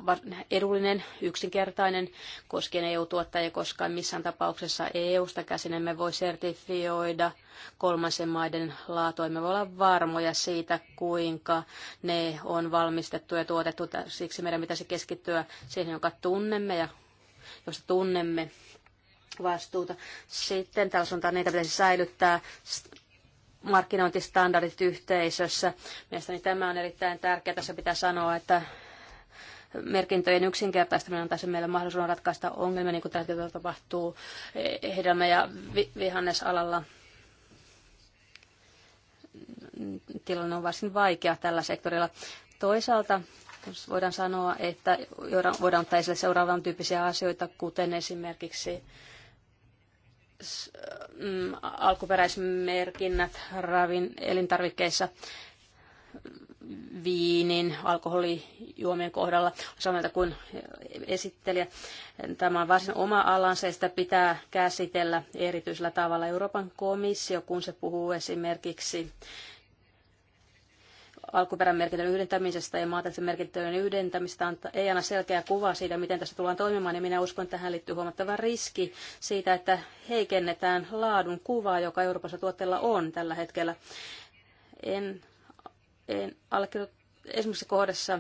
C: edullinen, yksinkertainen, koskien EU-tuottajia, koska missään tapauksessa EU-sta käsin emme voi sertifioida kolmansien maiden laatua. Me voi olla varmoja siitä, kuinka ne on valmistettu ja tuotettu. Siksi meidän pitäisi keskittyä siihen, jonka tunnemme ja josta tunnemme vastuuta. Sitten täällä sanotaan, niitä pitäisi säilyttää markkinointistandardit yhteisössä. Mielestäni tämä on erittäin tärkeää. Tässä pitää sanoa, että merkintöjen yksinkertaistaminen on tässä meillä mahdollisuus ratkaista ongelmia, niin kuin tällä tapahtuu hedelmä- ja vihannesalalla. Tilanne on varsin vaikea tällä sektorilla. Toisaalta voidaan sanoa, että voidaan ottaa esille seuraavan tyyppisiä asioita, kuten esimerkiksi Mm, alkuperäismerkinnät ravin elintarvikkeissa viinin, alkoholijuomien kohdalla, samalta kuin esittelijä. Tämä on varsin oma alansa ja sitä pitää käsitellä erityisellä tavalla. Euroopan komissio, kun se puhuu esimerkiksi alkuperän merkintöjen yhdentämisestä ja maatallisen merkintöjen yhdentämistä ei anna selkeää kuvaa siitä, miten tässä tullaan toimimaan, ja minä uskon, että tähän liittyy huomattava riski siitä, että heikennetään laadun kuvaa, joka Euroopassa tuotteella on tällä hetkellä. En, en esimerkiksi kohdassa,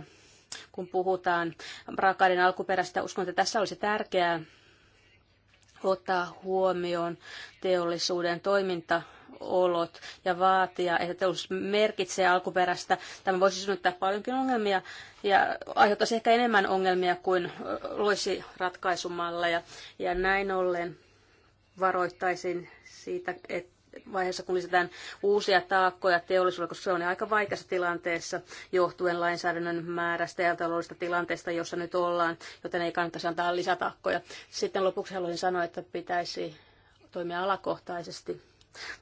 C: kun puhutaan raakaiden alkuperästä, uskon, että tässä olisi tärkeää ottaa huomioon teollisuuden toiminta olot ja vaatia, että teollisuus merkitsee alkuperästä. Tämä voisi synnyttää paljonkin ongelmia ja aiheuttaisi ehkä enemmän ongelmia kuin loisi ratkaisumalla Ja näin ollen varoittaisin siitä, että vaiheessa, kun lisätään uusia taakkoja teollisuudelle, koska se on aika vaikeassa tilanteessa johtuen lainsäädännön määrästä ja taloudellisesta tilanteesta, jossa nyt ollaan, joten ei kannattaisi antaa lisätaakkoja. Sitten lopuksi haluaisin sanoa, että pitäisi toimia alakohtaisesti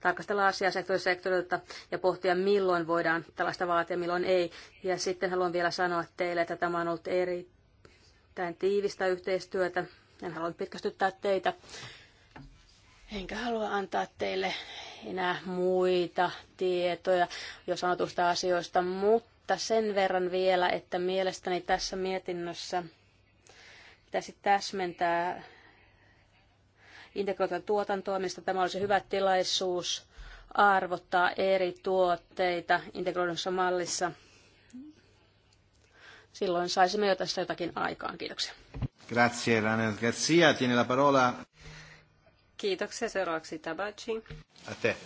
C: tarkastella asiaa sektori sektorilta ja pohtia, milloin voidaan tällaista vaatia, milloin ei. Ja sitten haluan vielä sanoa teille, että tämä on ollut erittäin tiivistä yhteistyötä. En halua pitkästyttää teitä. Enkä halua antaa teille enää muita tietoja jo sanotusta asioista, mutta sen verran vielä, että mielestäni tässä mietinnössä pitäisi täsmentää integroitua tuotantoa, mistä tämä olisi hyvä tilaisuus arvottaa eri tuotteita integroidussa mallissa. Silloin saisimme jo tässä jotakin aikaan. Kiitoksia. Grazie, Rainer Garcia. Tiene la parola.
A: Kiitoksia. Seuraavaksi Tabaci.
C: A te.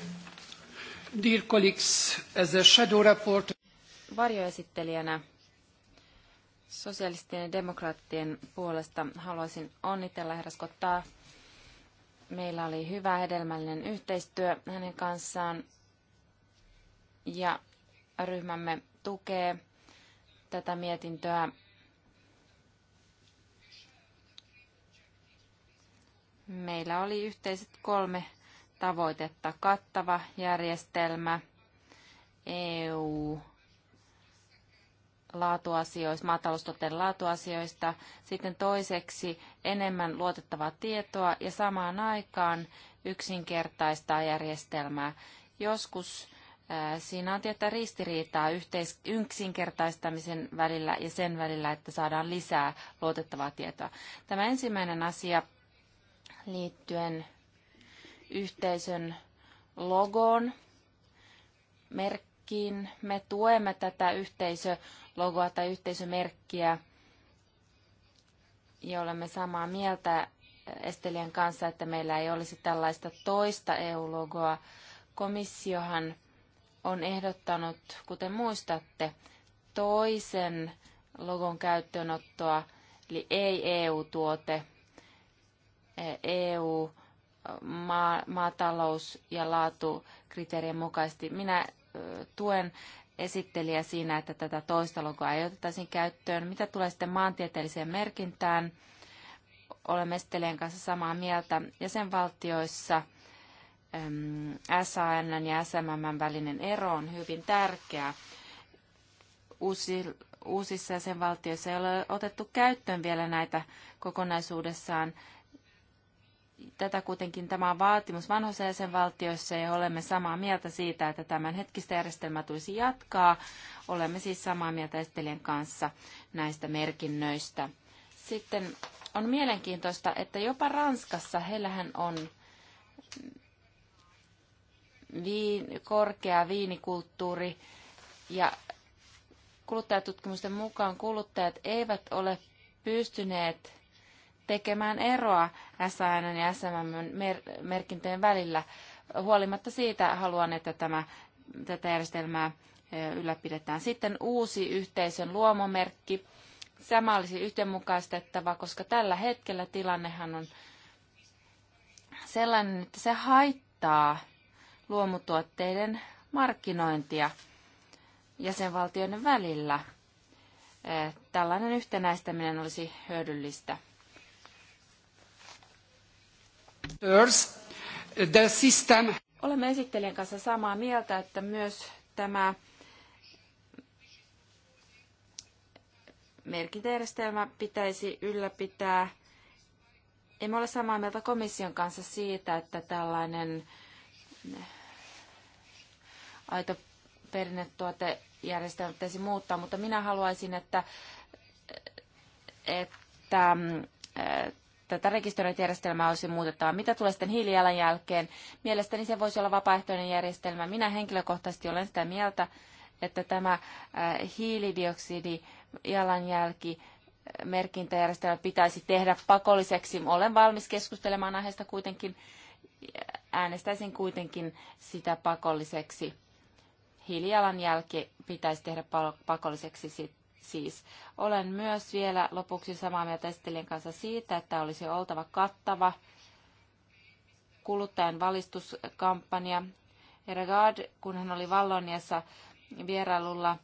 C: Dear colleagues, as a shadow report...
A: Varjoesittelijänä sosialistien ja demokraattien puolesta haluaisin onnitella herra Skottaa Meillä oli hyvä hedelmällinen yhteistyö hänen kanssaan ja ryhmämme tukee tätä mietintöä. Meillä oli yhteiset kolme tavoitetta. Kattava järjestelmä, EU, laatuasioista, maataloustuotteiden laatuasioista, sitten toiseksi enemmän luotettavaa tietoa ja samaan aikaan yksinkertaistaa järjestelmää. Joskus Siinä on tietää ristiriitaa yhteis- yksinkertaistamisen välillä ja sen välillä, että saadaan lisää luotettavaa tietoa. Tämä ensimmäinen asia liittyen yhteisön logoon, merk- kuitenkin me tuemme tätä yhteisölogoa tai yhteisömerkkiä ja olemme samaa mieltä Estelien kanssa, että meillä ei olisi tällaista toista EU-logoa. Komissiohan on ehdottanut, kuten muistatte, toisen logon käyttöönottoa, eli ei-EU-tuote, EU, maatalous- ja laatukriteerien mukaisesti. Minä tuen esittelijä siinä, että tätä toista logoa ei otettaisiin käyttöön. Mitä tulee sitten maantieteelliseen merkintään, olemme esittelijän kanssa samaa mieltä. Jäsenvaltioissa SAN ja SMM välinen ero on hyvin tärkeä. Uusi, uusissa jäsenvaltioissa ei ole otettu käyttöön vielä näitä kokonaisuudessaan Tätä kuitenkin tämä on vaatimus vanhoissa jäsenvaltioissa ja olemme samaa mieltä siitä, että tämän hetkistä järjestelmää tulisi jatkaa. Olemme siis samaa mieltä esittelijän kanssa näistä merkinnöistä. Sitten on mielenkiintoista, että jopa Ranskassa heillähän on viin, korkea viinikulttuuri ja kuluttajatutkimusten mukaan kuluttajat eivät ole pystyneet tekemään eroa SAN ja SMM-merkintöjen välillä. Huolimatta siitä haluan, että tämä, tätä järjestelmää ylläpidetään. Sitten uusi yhteisön luomomerkki. Sama olisi yhdenmukaistettava, koska tällä hetkellä tilannehan on sellainen, että se haittaa luomutuotteiden markkinointia jäsenvaltioiden välillä. Tällainen yhtenäistäminen olisi hyödyllistä. Olemme esittelijän kanssa samaa mieltä, että myös tämä merkintäjärjestelmä pitäisi ylläpitää. Emme ole samaa mieltä komission kanssa siitä, että tällainen aito perinnetuotejärjestelmä pitäisi muuttaa, mutta minä haluaisin, että, että tätä rekisteröintijärjestelmää olisi muutettava. Mitä tulee sitten hiilijalanjälkeen? Mielestäni se voisi olla vapaaehtoinen järjestelmä. Minä henkilökohtaisesti olen sitä mieltä, että tämä äh, hiilidioksidijalanjälki äh, merkintäjärjestelmä pitäisi tehdä pakolliseksi. Olen valmis keskustelemaan aiheesta kuitenkin. Äänestäisin kuitenkin sitä pakolliseksi. Hiilijalanjälki pitäisi tehdä pakolliseksi sitten siis. Olen myös vielä lopuksi samaa mieltä Estelin kanssa siitä, että olisi oltava kattava kuluttajan valistuskampanja. Regard, kun hän oli Valloniassa vierailulla,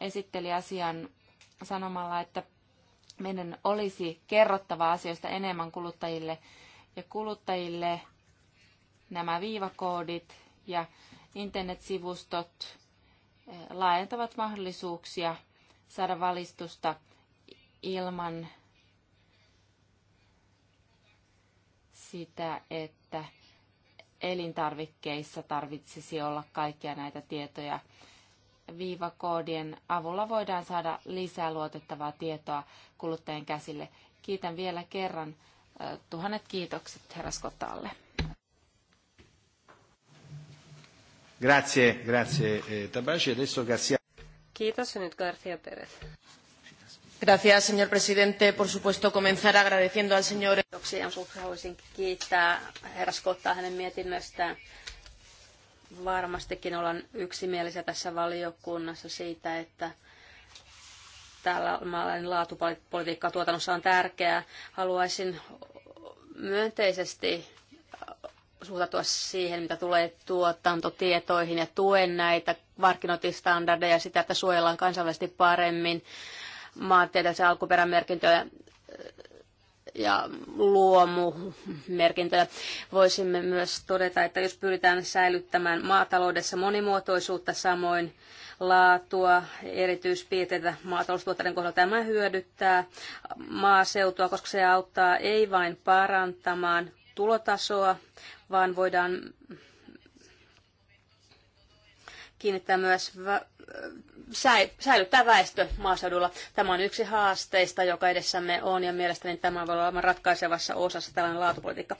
A: esitteli asian sanomalla, että meidän olisi kerrottava asioista enemmän kuluttajille ja kuluttajille nämä viivakoodit ja internetsivustot eh, laajentavat mahdollisuuksia saada valistusta ilman sitä, että elintarvikkeissa tarvitsisi olla kaikkia näitä tietoja. Viivakoodien avulla voidaan saada lisää luotettavaa tietoa kuluttajien käsille. Kiitän vielä kerran tuhannet kiitokset herra Skottaalle.
C: Grazie, grazie eh, Tabaci. Adesso
B: Kiitos ja nyt García Pérez. Gracias, señor presidente. Por supuesto, comenzar agradeciendo al señor... Kiitoksia, haluaisin
C: kiittää herra Scotta hänen mietinnöstään. Varmastikin ollaan yksimielisiä tässä valiokunnassa siitä, että tällainen laatupolitiikka tuotannossa on tärkeää. Haluaisin myönteisesti suhtautua siihen, mitä tulee tuotantotietoihin ja tuen näitä markkinointistandardeja, sitä, että suojellaan kansainvälisesti paremmin maantieteellisiä alkuperämerkintöjä ja luomumerkintöjä. Voisimme myös todeta, että jos pyritään säilyttämään maataloudessa monimuotoisuutta samoin laatua, erityispiirteitä maataloustuotteiden kohdalla. Tämä hyödyttää maaseutua, koska se auttaa ei vain parantamaan tulotasoa, vaan voidaan kiinnittää myös säilyttää väestö maaseudulla. Tämä on yksi haasteista, joka edessämme on, ja mielestäni tämä voi olla ratkaisevassa osassa tällainen laatupolitiikka.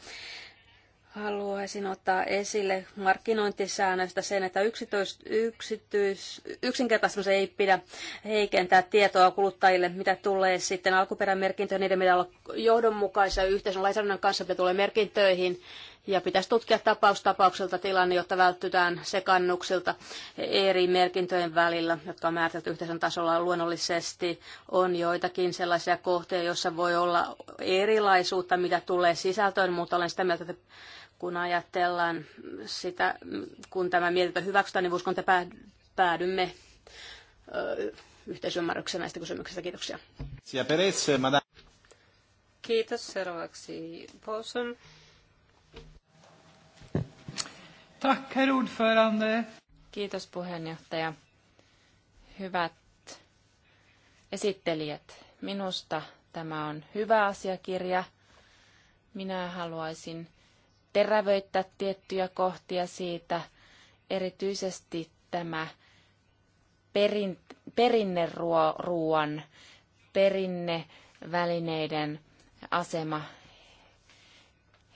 C: Haluaisin ottaa esille markkinointisäännöistä sen, että yksityis, yksityis, yksinkertaistamisen ei pidä heikentää tietoa kuluttajille, mitä tulee sitten alkuperämerkintöihin. Niiden pitää olla johdonmukaisia yhteisön lainsäädännön kanssa, mitä tulee merkintöihin ja pitäisi tutkia tapaus tapaukselta tilanne, jotta välttytään sekannuksilta eri merkintöjen välillä, jotka on määritelty yhteisön tasolla luonnollisesti. On joitakin sellaisia kohteita, joissa voi olla erilaisuutta, mitä tulee sisältöön, mutta olen sitä mieltä, että kun ajatellaan sitä, kun tämä mietintö hyväksytään, niin uskon, että päädymme yhteisymmärrykseen näistä kysymyksistä.
B: Kiitoksia. Kiitos. Seuraavaksi Paulson.
A: Tack, herr ordförande. Kiitos puheenjohtaja. Hyvät esittelijät, minusta tämä on hyvä asiakirja. Minä haluaisin terävöittää tiettyjä kohtia siitä, erityisesti tämä perin, perinneruoan, perinnevälineiden asema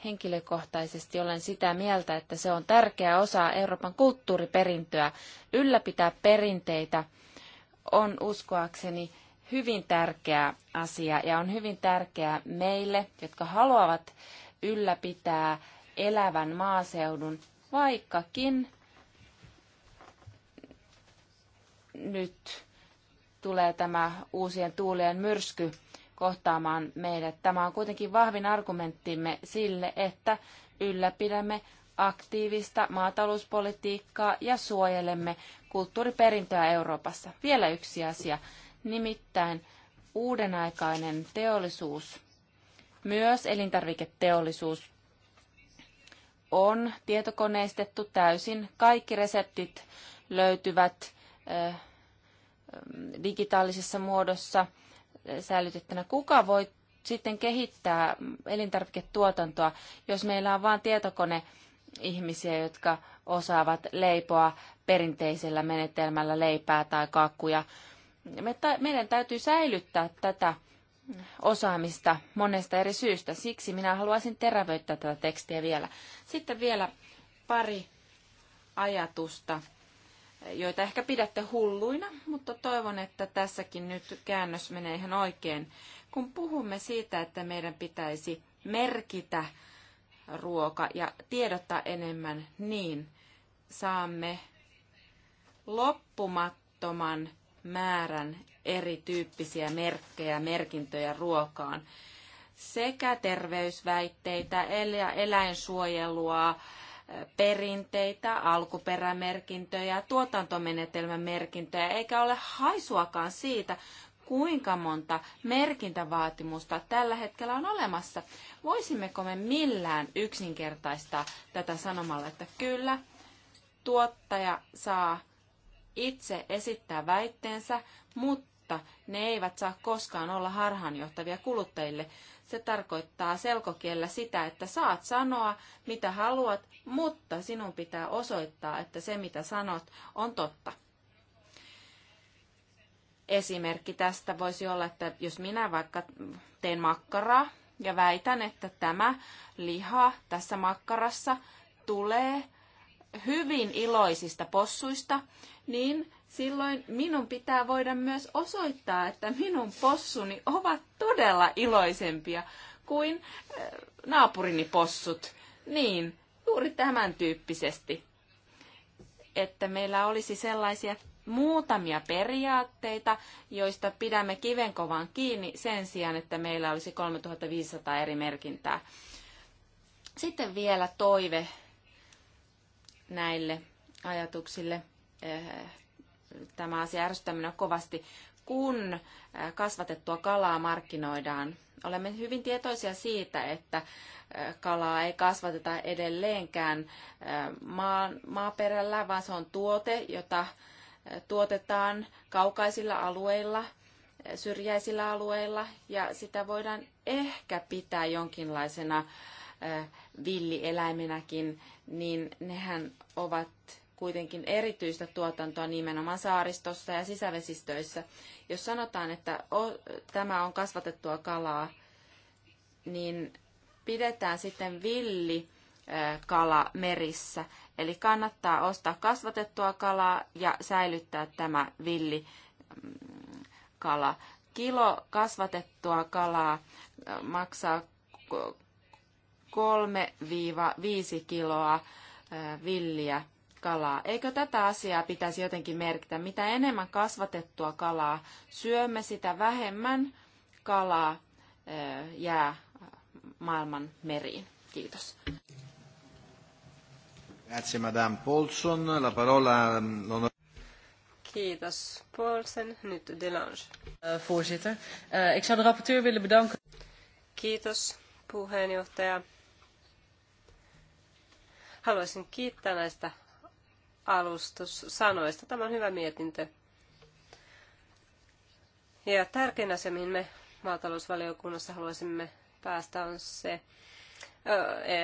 A: Henkilökohtaisesti olen sitä mieltä, että se on tärkeä osa Euroopan kulttuuriperintöä. Ylläpitää perinteitä on uskoakseni hyvin tärkeä asia ja on hyvin tärkeää meille, jotka haluavat ylläpitää elävän maaseudun, vaikkakin nyt tulee tämä uusien tuulien myrsky kohtaamaan meidät. Tämä on kuitenkin vahvin argumenttimme sille, että ylläpidämme aktiivista maatalouspolitiikkaa ja suojelemme kulttuuriperintöä Euroopassa. Vielä yksi asia, nimittäin uudenaikainen teollisuus, myös elintarviketeollisuus, on tietokoneistettu täysin. Kaikki reseptit löytyvät digitaalisessa muodossa – säilytettynä. Kuka voi sitten kehittää elintarviketuotantoa, jos meillä on vain tietokone ihmisiä, jotka osaavat leipoa perinteisellä menetelmällä leipää tai kakkuja. Me ta- meidän täytyy säilyttää tätä osaamista monesta eri syystä. Siksi minä haluaisin terävöittää tätä tekstiä vielä. Sitten vielä pari ajatusta joita ehkä pidätte hulluina, mutta toivon, että tässäkin nyt käännös menee ihan oikein. Kun puhumme siitä, että meidän pitäisi merkitä ruoka ja tiedottaa enemmän, niin saamme loppumattoman määrän erityyppisiä merkkejä, merkintöjä ruokaan. Sekä terveysväitteitä, eläinsuojelua, perinteitä, alkuperämerkintöjä, tuotantomenetelmämerkintöjä, eikä ole haisuakaan siitä, kuinka monta merkintävaatimusta tällä hetkellä on olemassa. Voisimmeko me millään yksinkertaistaa tätä sanomalla, että kyllä, tuottaja saa itse esittää väitteensä, mutta ne eivät saa koskaan olla harhaanjohtavia kuluttajille. Se tarkoittaa selkokiellä sitä, että saat sanoa, mitä haluat, mutta sinun pitää osoittaa, että se, mitä sanot, on totta. Esimerkki tästä voisi olla, että jos minä vaikka teen makkaraa ja väitän, että tämä liha tässä makkarassa tulee hyvin iloisista possuista, niin silloin minun pitää voida myös osoittaa, että minun possuni ovat todella iloisempia kuin eh, naapurini possut. Niin, juuri tämän tyyppisesti. Että meillä olisi sellaisia muutamia periaatteita, joista pidämme kivenkovan kiinni sen sijaan, että meillä olisi 3500 eri merkintää. Sitten vielä toive näille ajatuksille eh, tämä asia ärsyttää minua kovasti, kun kasvatettua kalaa markkinoidaan. Olemme hyvin tietoisia siitä, että kalaa ei kasvateta edelleenkään maa, maaperällä, vaan se on tuote, jota tuotetaan kaukaisilla alueilla, syrjäisillä alueilla, ja sitä voidaan ehkä pitää jonkinlaisena villieläimenäkin, niin nehän ovat kuitenkin erityistä tuotantoa nimenomaan saaristossa ja sisävesistöissä. Jos sanotaan, että tämä on kasvatettua kalaa, niin pidetään sitten villi kala merissä. Eli kannattaa ostaa kasvatettua kalaa ja säilyttää tämä villi mm, kala. Kilo kasvatettua kalaa maksaa 3-5 kiloa villiä kalaa. Eikö tätä asiaa pitäisi jotenkin merkitä? Mitä enemmän kasvatettua kalaa syömme, sitä vähemmän kalaa jää maailman meriin. Kiitos. Grazie Madame Paulson. La parola mm,
B: Kiitos Paulsen. Nyt Delange. Uh, voorzitter, uh, ik zou de rapporteur willen bedanken. Kiitos puheenjohtaja. Haluaisin kiittää näistä alustussanoista. Tämä on hyvä mietintö. Ja tärkein asia, mihin me maatalousvaliokunnassa haluaisimme päästä, on se,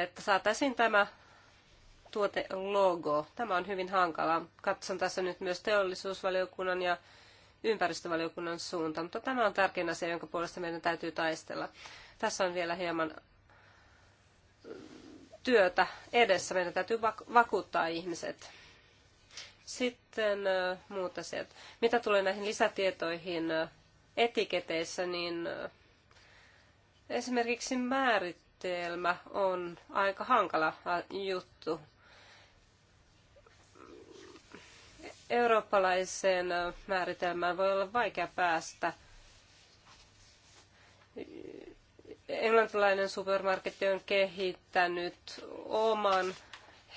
B: että saataisiin tämä tuotelogo. Tämä on hyvin hankalaa. Katson tässä nyt myös teollisuusvaliokunnan ja ympäristövaliokunnan suunta, mutta tämä on tärkein asia, jonka puolesta meidän täytyy taistella. Tässä on vielä hieman työtä edessä. Meidän täytyy vakuuttaa ihmiset. Sitten muut asiat. Mitä tulee näihin lisätietoihin etiketeissä, niin esimerkiksi määritelmä on aika hankala juttu. Eurooppalaiseen määritelmään voi olla vaikea päästä. Englantilainen supermarketti on kehittänyt oman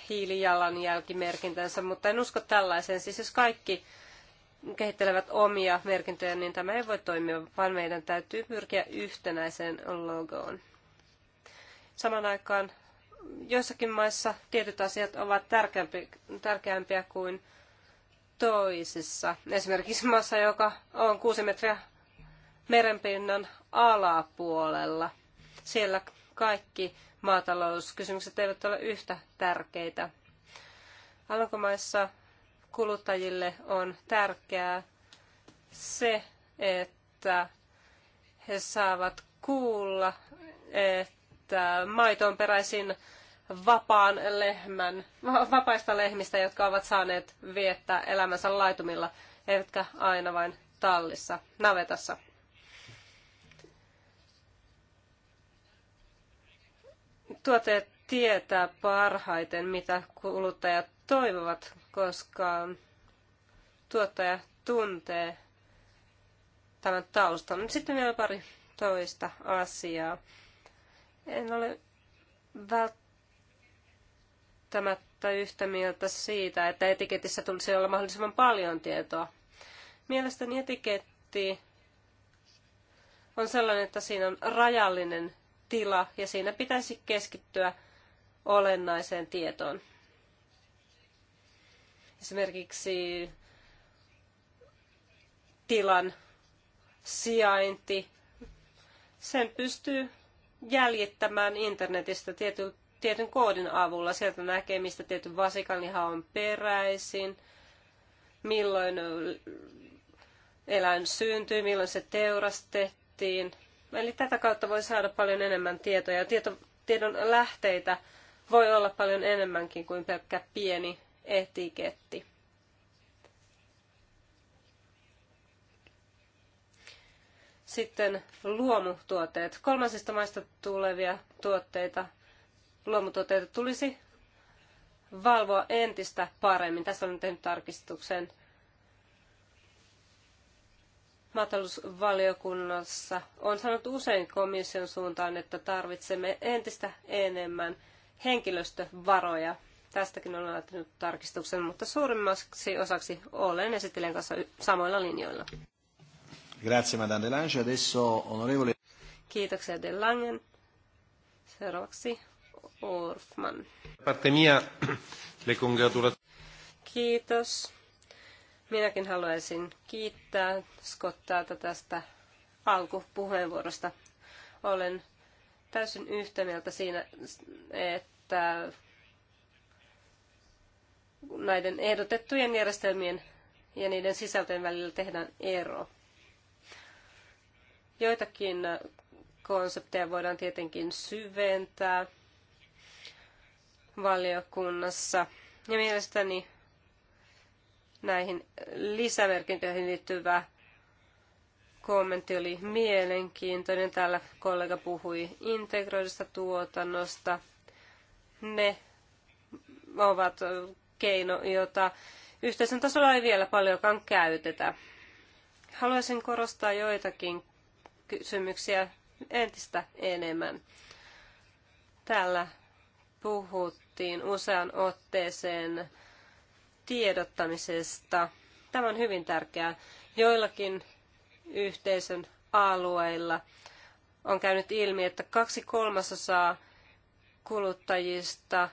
B: hiilijalanjälkimerkintänsä, mutta en usko tällaiseen. Siis jos kaikki kehittelevät omia merkintöjä, niin tämä ei voi toimia, vaan meidän täytyy pyrkiä yhtenäiseen logoon. Saman aikaan joissakin maissa tietyt asiat ovat tärkeämpi, tärkeämpiä kuin toisissa. Esimerkiksi maassa, joka on 6 metriä merenpinnan alapuolella. Siellä kaikki maatalouskysymykset eivät ole yhtä tärkeitä. Alankomaissa kuluttajille on tärkeää se, että he saavat kuulla, että maito on peräisin vapaan lehmän, vapaista lehmistä, jotka ovat saaneet viettää elämänsä laitumilla, eivätkä aina vain tallissa, navetassa. tuote tietää parhaiten, mitä kuluttajat toivovat, koska tuottaja tuntee tämän taustan. Sitten vielä pari toista asiaa. En ole välttämättä yhtä mieltä siitä, että etiketissä tulisi olla mahdollisimman paljon tietoa. Mielestäni etiketti on sellainen, että siinä on rajallinen tila ja siinä pitäisi keskittyä olennaiseen tietoon. Esimerkiksi tilan sijainti, sen pystyy jäljittämään internetistä tietyn, tietyn koodin avulla. Sieltä näkee, mistä tietyn vasikanliha on peräisin, milloin eläin syntyi, milloin se teurastettiin – Eli tätä kautta voi saada paljon enemmän tietoja. Ja tieto, tiedon lähteitä voi olla paljon enemmänkin kuin pelkkä pieni etiketti. Sitten luomutuotteet. Kolmansista maista tulevia tuotteita, luomutuotteita tulisi valvoa entistä paremmin. Tässä olen tehnyt tarkistuksen maatalousvaliokunnassa on sanottu usein komission suuntaan, että tarvitsemme entistä enemmän henkilöstövaroja. Tästäkin olen laatinut tarkistuksen, mutta suurimmaksi osaksi olen esittelen kanssa samoilla linjoilla.
C: Grazie, Madame Delange.
B: Adesso, onorevole... Kiitoksia Delangen. Seuraavaksi Orfman. Parte mia, le congratulazioni. Kiitos. Minäkin haluaisin kiittää Scottaata tästä alkupuheenvuorosta. Olen täysin yhtä mieltä siinä, että näiden ehdotettujen järjestelmien ja niiden sisältöjen välillä tehdään ero. Joitakin konsepteja voidaan tietenkin syventää valiokunnassa. Ja mielestäni näihin lisämerkintöihin liittyvä kommentti oli mielenkiintoinen. Täällä kollega puhui integroidusta tuotannosta. Ne ovat keino, jota yhteisön tasolla ei vielä paljonkaan käytetä. Haluaisin korostaa joitakin kysymyksiä entistä enemmän. Täällä puhuttiin usean otteeseen tiedottamisesta. Tämä on hyvin tärkeää. Joillakin yhteisön alueilla on käynyt ilmi, että kaksi kolmasosaa kuluttajista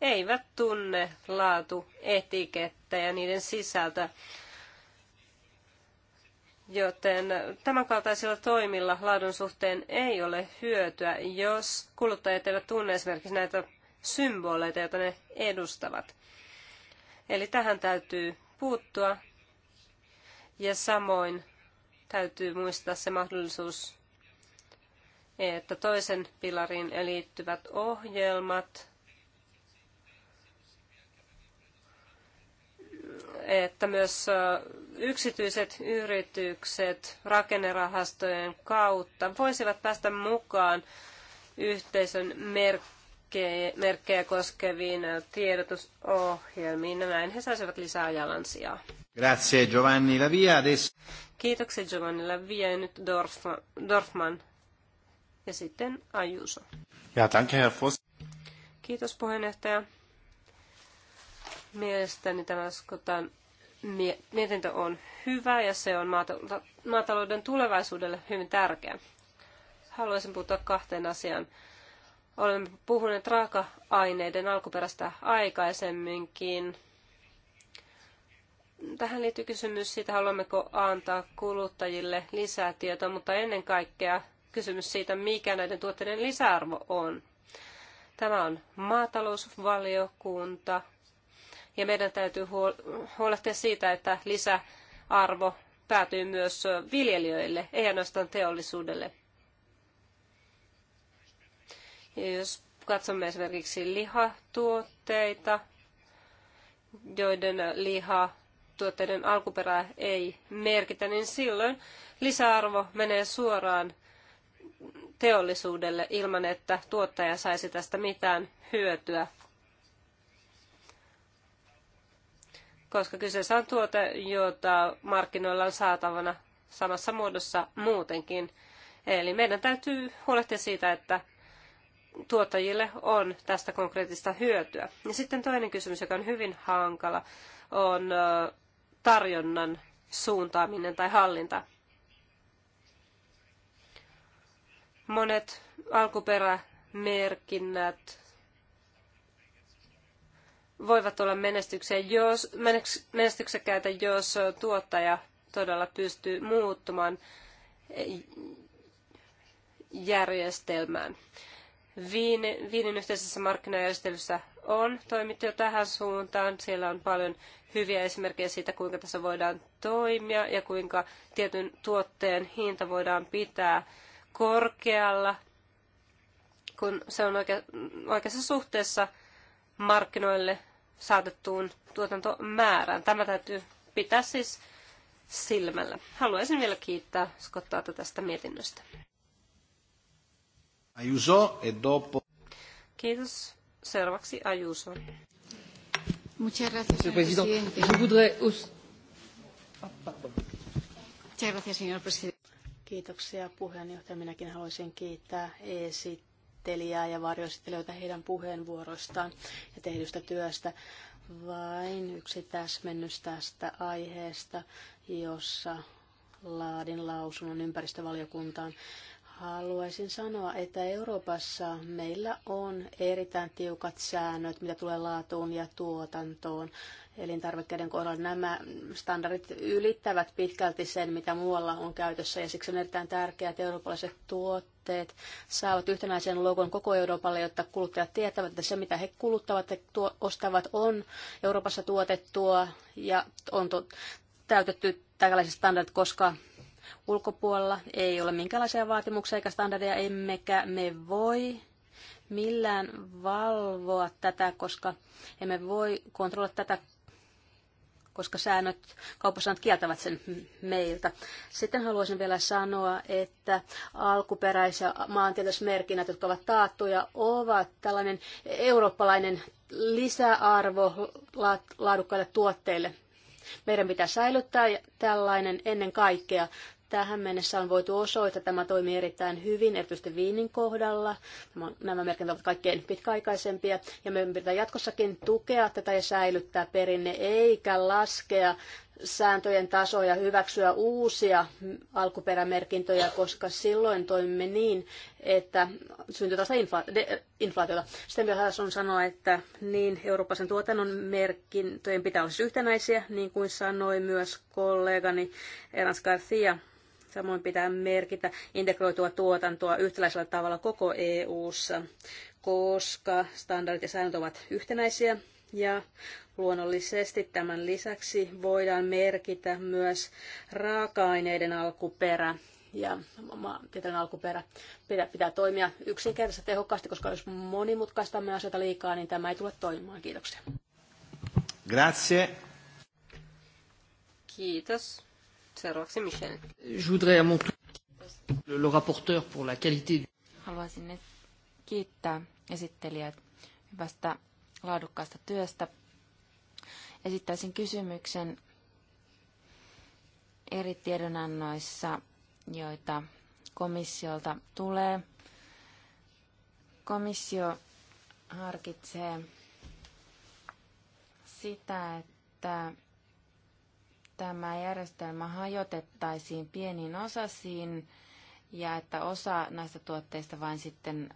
B: eivät tunne laatuetikettejä niiden sisältä. Joten tämänkaltaisilla toimilla laadun suhteen ei ole hyötyä, jos kuluttajat eivät tunne esimerkiksi näitä symboleita, joita ne edustavat. Eli tähän täytyy puuttua ja samoin täytyy muistaa se mahdollisuus, että toisen pilariin liittyvät ohjelmat, että myös yksityiset yritykset rakennerahastojen kautta voisivat päästä mukaan yhteisön merkkiin merkkejä koskeviin tiedotusohjelmiin. Näin niin he saisivat lisää jalansijaa.
A: Grazie Giovanni Lavia. Adesso...
B: Kiitoksia Giovanni Lavia ja nyt Dorfman, Dorfman. ja sitten Ajuso.
A: Ja, danke, Herr Voss.
B: Kiitos puheenjohtaja. Mielestäni tämä Skotan mietintö on hyvä ja se on maatalouden tulevaisuudelle hyvin tärkeä. Haluaisin puuttua kahteen asiaan. Olemme puhuneet raaka-aineiden alkuperästä aikaisemminkin. Tähän liittyy kysymys siitä, haluammeko antaa kuluttajille lisää tietoa, mutta ennen kaikkea kysymys siitä, mikä näiden tuotteiden lisäarvo on. Tämä on maatalousvaliokunta ja meidän täytyy huolehtia siitä, että lisäarvo päätyy myös viljelijöille, ei ainoastaan teollisuudelle. Ja jos katsomme esimerkiksi lihatuotteita, joiden liha tuotteiden alkuperää ei merkitä, niin silloin lisäarvo menee suoraan teollisuudelle ilman, että tuottaja saisi tästä mitään hyötyä. Koska kyseessä on tuote, jota markkinoilla on saatavana samassa muodossa muutenkin. Eli meidän täytyy huolehtia siitä, että tuottajille on tästä konkreettista hyötyä. Ja sitten toinen kysymys, joka on hyvin hankala, on tarjonnan suuntaaminen tai hallinta. Monet alkuperämerkinnät voivat olla jos, menestyksekkäitä, jos tuottaja todella pystyy muuttumaan järjestelmään. Viinin, viinin yhteisessä markkinajärjestelyssä on toimittu jo tähän suuntaan. Siellä on paljon hyviä esimerkkejä siitä, kuinka tässä voidaan toimia ja kuinka tietyn tuotteen hinta voidaan pitää korkealla, kun se on oikeassa suhteessa markkinoille saatettuun tuotantomäärään. Tämä täytyy pitää siis silmällä. Haluaisin vielä kiittää Skottaata tästä mietinnöstä. Ayuso e dopo... Kiitos. Seuraavaksi Ayuso. Muchas
A: gracias, señor presidente. Je
B: voudrais... Muchas gracias, señor presidente. Kiitoksia
C: puheenjohtaja. Minäkin haluaisin kiittää esittelijää ja varjoesittelijöitä heidän puheenvuoroistaan ja tehdystä työstä. Vain yksi täsmennys tästä aiheesta, jossa laadin lausunnon ympäristövaliokuntaan. Haluaisin sanoa, että Euroopassa meillä on erittäin tiukat säännöt, mitä tulee laatuun ja tuotantoon. Elintarvikkeiden kohdalla nämä standardit ylittävät pitkälti sen, mitä muualla on käytössä, ja siksi on erittäin tärkeää, että eurooppalaiset tuotteet saavat yhtenäisen logon koko Euroopalle, jotta kuluttajat tietävät, että se, mitä he kuluttavat ja ostavat, on Euroopassa tuotettua ja on to- täytetty tällaiset standardit, koska ulkopuolella ei ole minkälaisia vaatimuksia eikä standardeja, emmekä me voi millään valvoa tätä, koska emme voi kontrolloida tätä, koska säännöt, kauppasäännöt kieltävät sen meiltä. Sitten haluaisin vielä sanoa, että alkuperäis- ja maantieteellismerkinnät, jotka ovat taattuja, ovat tällainen eurooppalainen lisäarvo laadukkaille tuotteille. Meidän pitää säilyttää tällainen ennen kaikkea. Tähän mennessä on voitu osoittaa, että tämä toimii erittäin hyvin, erityisesti viinin kohdalla. Nämä merkinnät ovat kaikkein pitkäaikaisempia ja me pitää jatkossakin tukea tätä ja säilyttää perinne eikä laskea sääntöjen tasoja hyväksyä uusia alkuperämerkintöjä, koska silloin toimimme niin, että syntyy tästä infla- de- inflaatiota. Sitten vielä on sanoa, että niin Euroopan tuotannon merkintöjen pitää olla siis yhtenäisiä, niin kuin sanoi myös kollegani Erans Garcia. Samoin pitää merkitä integroitua tuotantoa yhtäläisellä tavalla koko EU-ssa, koska standardit ja säännöt ovat yhtenäisiä ja luonnollisesti tämän lisäksi voidaan merkitä myös raaka-aineiden alkuperä ja maantieteellinen alkuperä pitää, pitää toimia yksinkertaisesti tehokkaasti, koska jos monimutkaistamme asioita liikaa, niin tämä ei tule toimimaan. Kiitoksia.
A: Grazie. Kiitos. Seuraavaksi Michel. Je
B: voudrais à mon tour le rapporteur pour la qualité.
A: Haluaisin kiittää esittelijää hyvästä laadukkaasta työstä. Esittäisin kysymyksen eri tiedonannoissa, joita komissiolta tulee. Komissio harkitsee sitä, että tämä järjestelmä hajotettaisiin pieniin osasiin ja että osa näistä tuotteista vain sitten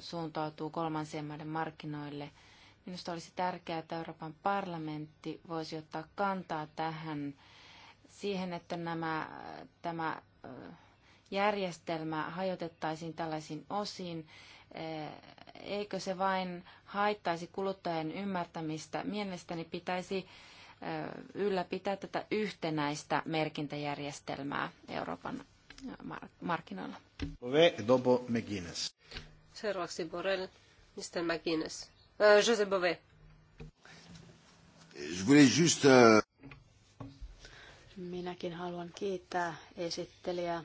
A: suuntautuu kolmansien maiden markkinoille – Minusta olisi tärkeää, että Euroopan parlamentti voisi ottaa kantaa tähän siihen, että nämä, tämä järjestelmä hajotettaisiin tällaisiin osiin, eikö se vain haittaisi kuluttajien ymmärtämistä? Mielestäni pitäisi ylläpitää tätä yhtenäistä merkintäjärjestelmää Euroopan markkinoilla. Seuraavaksi
B: Borrell, Mr. McGuinness. Eh, José Bové.
A: Euh,
C: Minäkin haluan kiittää esittelijää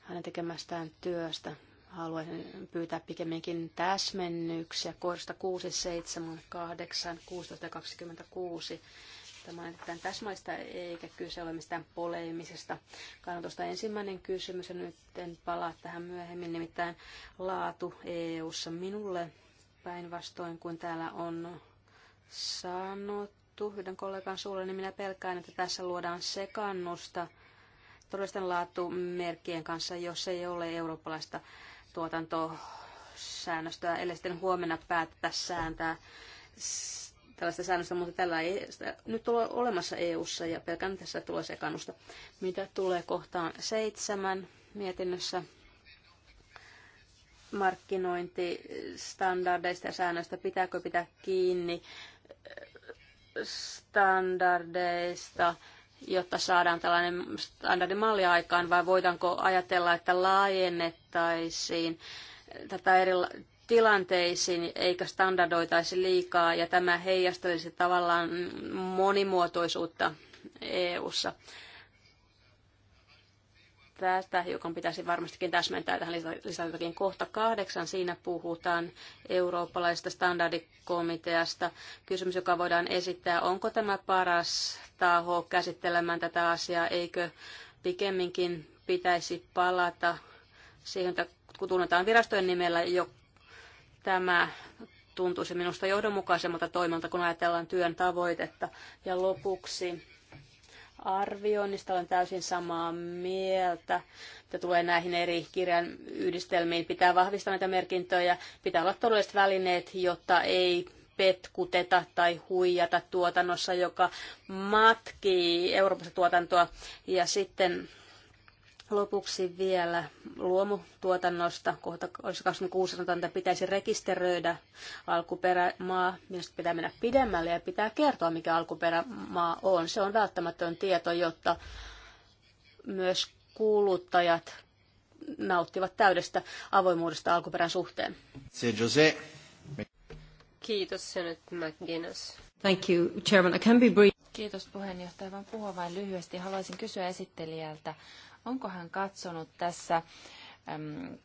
C: hänen tekemästään työstä. Haluaisin pyytää pikemminkin täsmennyksiä kohdasta 6, 7, 8, 16 ja 26. Tämä on erittäin täsmällistä eikä kyse ole mistään poleimisesta. kannatusta. Ensimmäinen kysymys, ja nyt en palaa tähän myöhemmin, nimittäin laatu EU-ssa minulle päinvastoin kuin täällä on sanottu yhden kollegan suulla, niin minä pelkään, että tässä luodaan sekannusta todellisten laatumerkkien kanssa, jos ei ole eurooppalaista tuotantosäännöstöä, ellei sitten huomenna päätetä sääntää tällaista säännöstä, mutta tällä ei sitä nyt ole olemassa EU-ssa ja pelkään tässä tulee sekannusta. Mitä tulee kohtaan seitsemän mietinnössä, markkinointistandardeista ja säännöistä, pitääkö pitää kiinni eh, standardeista, jotta saadaan tällainen standardimalli aikaan, vai voidaanko ajatella, että laajennettaisiin eh, tätä eri tilanteisiin eikä standardoitaisi liikaa, ja tämä heijastelisi tavallaan monimuotoisuutta EU:ssa. ssa tätä hiukan pitäisi varmastikin täsmentää tähän lisätäkin Kohta kahdeksan siinä puhutaan eurooppalaisesta standardikomiteasta. Kysymys, joka voidaan esittää, onko tämä paras taho käsittelemään tätä asiaa, eikö pikemminkin pitäisi palata siihen, että kun tunnetaan virastojen nimellä jo tämä tuntuisi minusta johdonmukaisemmalta toimelta, kun ajatellaan työn tavoitetta. Ja lopuksi arvioinnista olen täysin samaa mieltä. Mitä tulee näihin eri kirjan yhdistelmiin, pitää vahvistaa näitä merkintöjä, pitää olla todelliset välineet, jotta ei petkuteta tai huijata tuotannossa, joka matkii Euroopassa tuotantoa. Ja sitten Lopuksi vielä luomutuotannosta. Kohta 26 sanotaan, että pitäisi rekisteröidä alkuperämaa. Minusta pitää mennä pidemmälle ja pitää kertoa, mikä alkuperämaa on. Se on välttämätön tieto, jotta myös kuluttajat nauttivat täydestä avoimuudesta alkuperän suhteen.
B: Se Jose.
A: Kiitos, Senet McGuinness.
B: Thank you, Chairman. I can be brief.
A: Kiitos puheenjohtaja. Vain puhua vain lyhyesti. Haluaisin kysyä esittelijältä, Onko hän katsonut tässä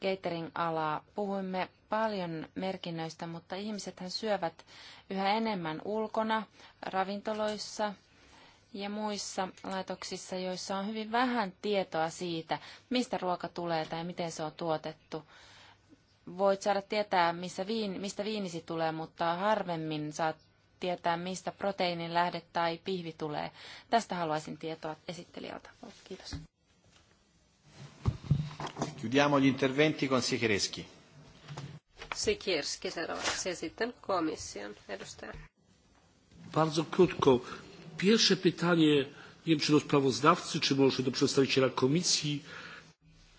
A: catering-alaa? Puhuimme paljon merkinnöistä, mutta ihmisethän syövät yhä enemmän ulkona, ravintoloissa, ja muissa laitoksissa, joissa on hyvin vähän tietoa siitä, mistä ruoka tulee tai miten se on tuotettu. Voit saada tietää, missä viini, mistä viinisi tulee, mutta harvemmin saat tietää, mistä proteiinin lähde tai pihvi tulee. Tästä haluaisin tietoa esittelijältä. Kiitos. Chiudiamo gli interventi con Sikirski. Sikirski seuraavaksi ja sitten
B: komission edustaja.
A: Bardzo krótko. Pierwsze pytanie,
B: nie wiem czy do sprawozdawcy, czy może do przedstawiciela komisji.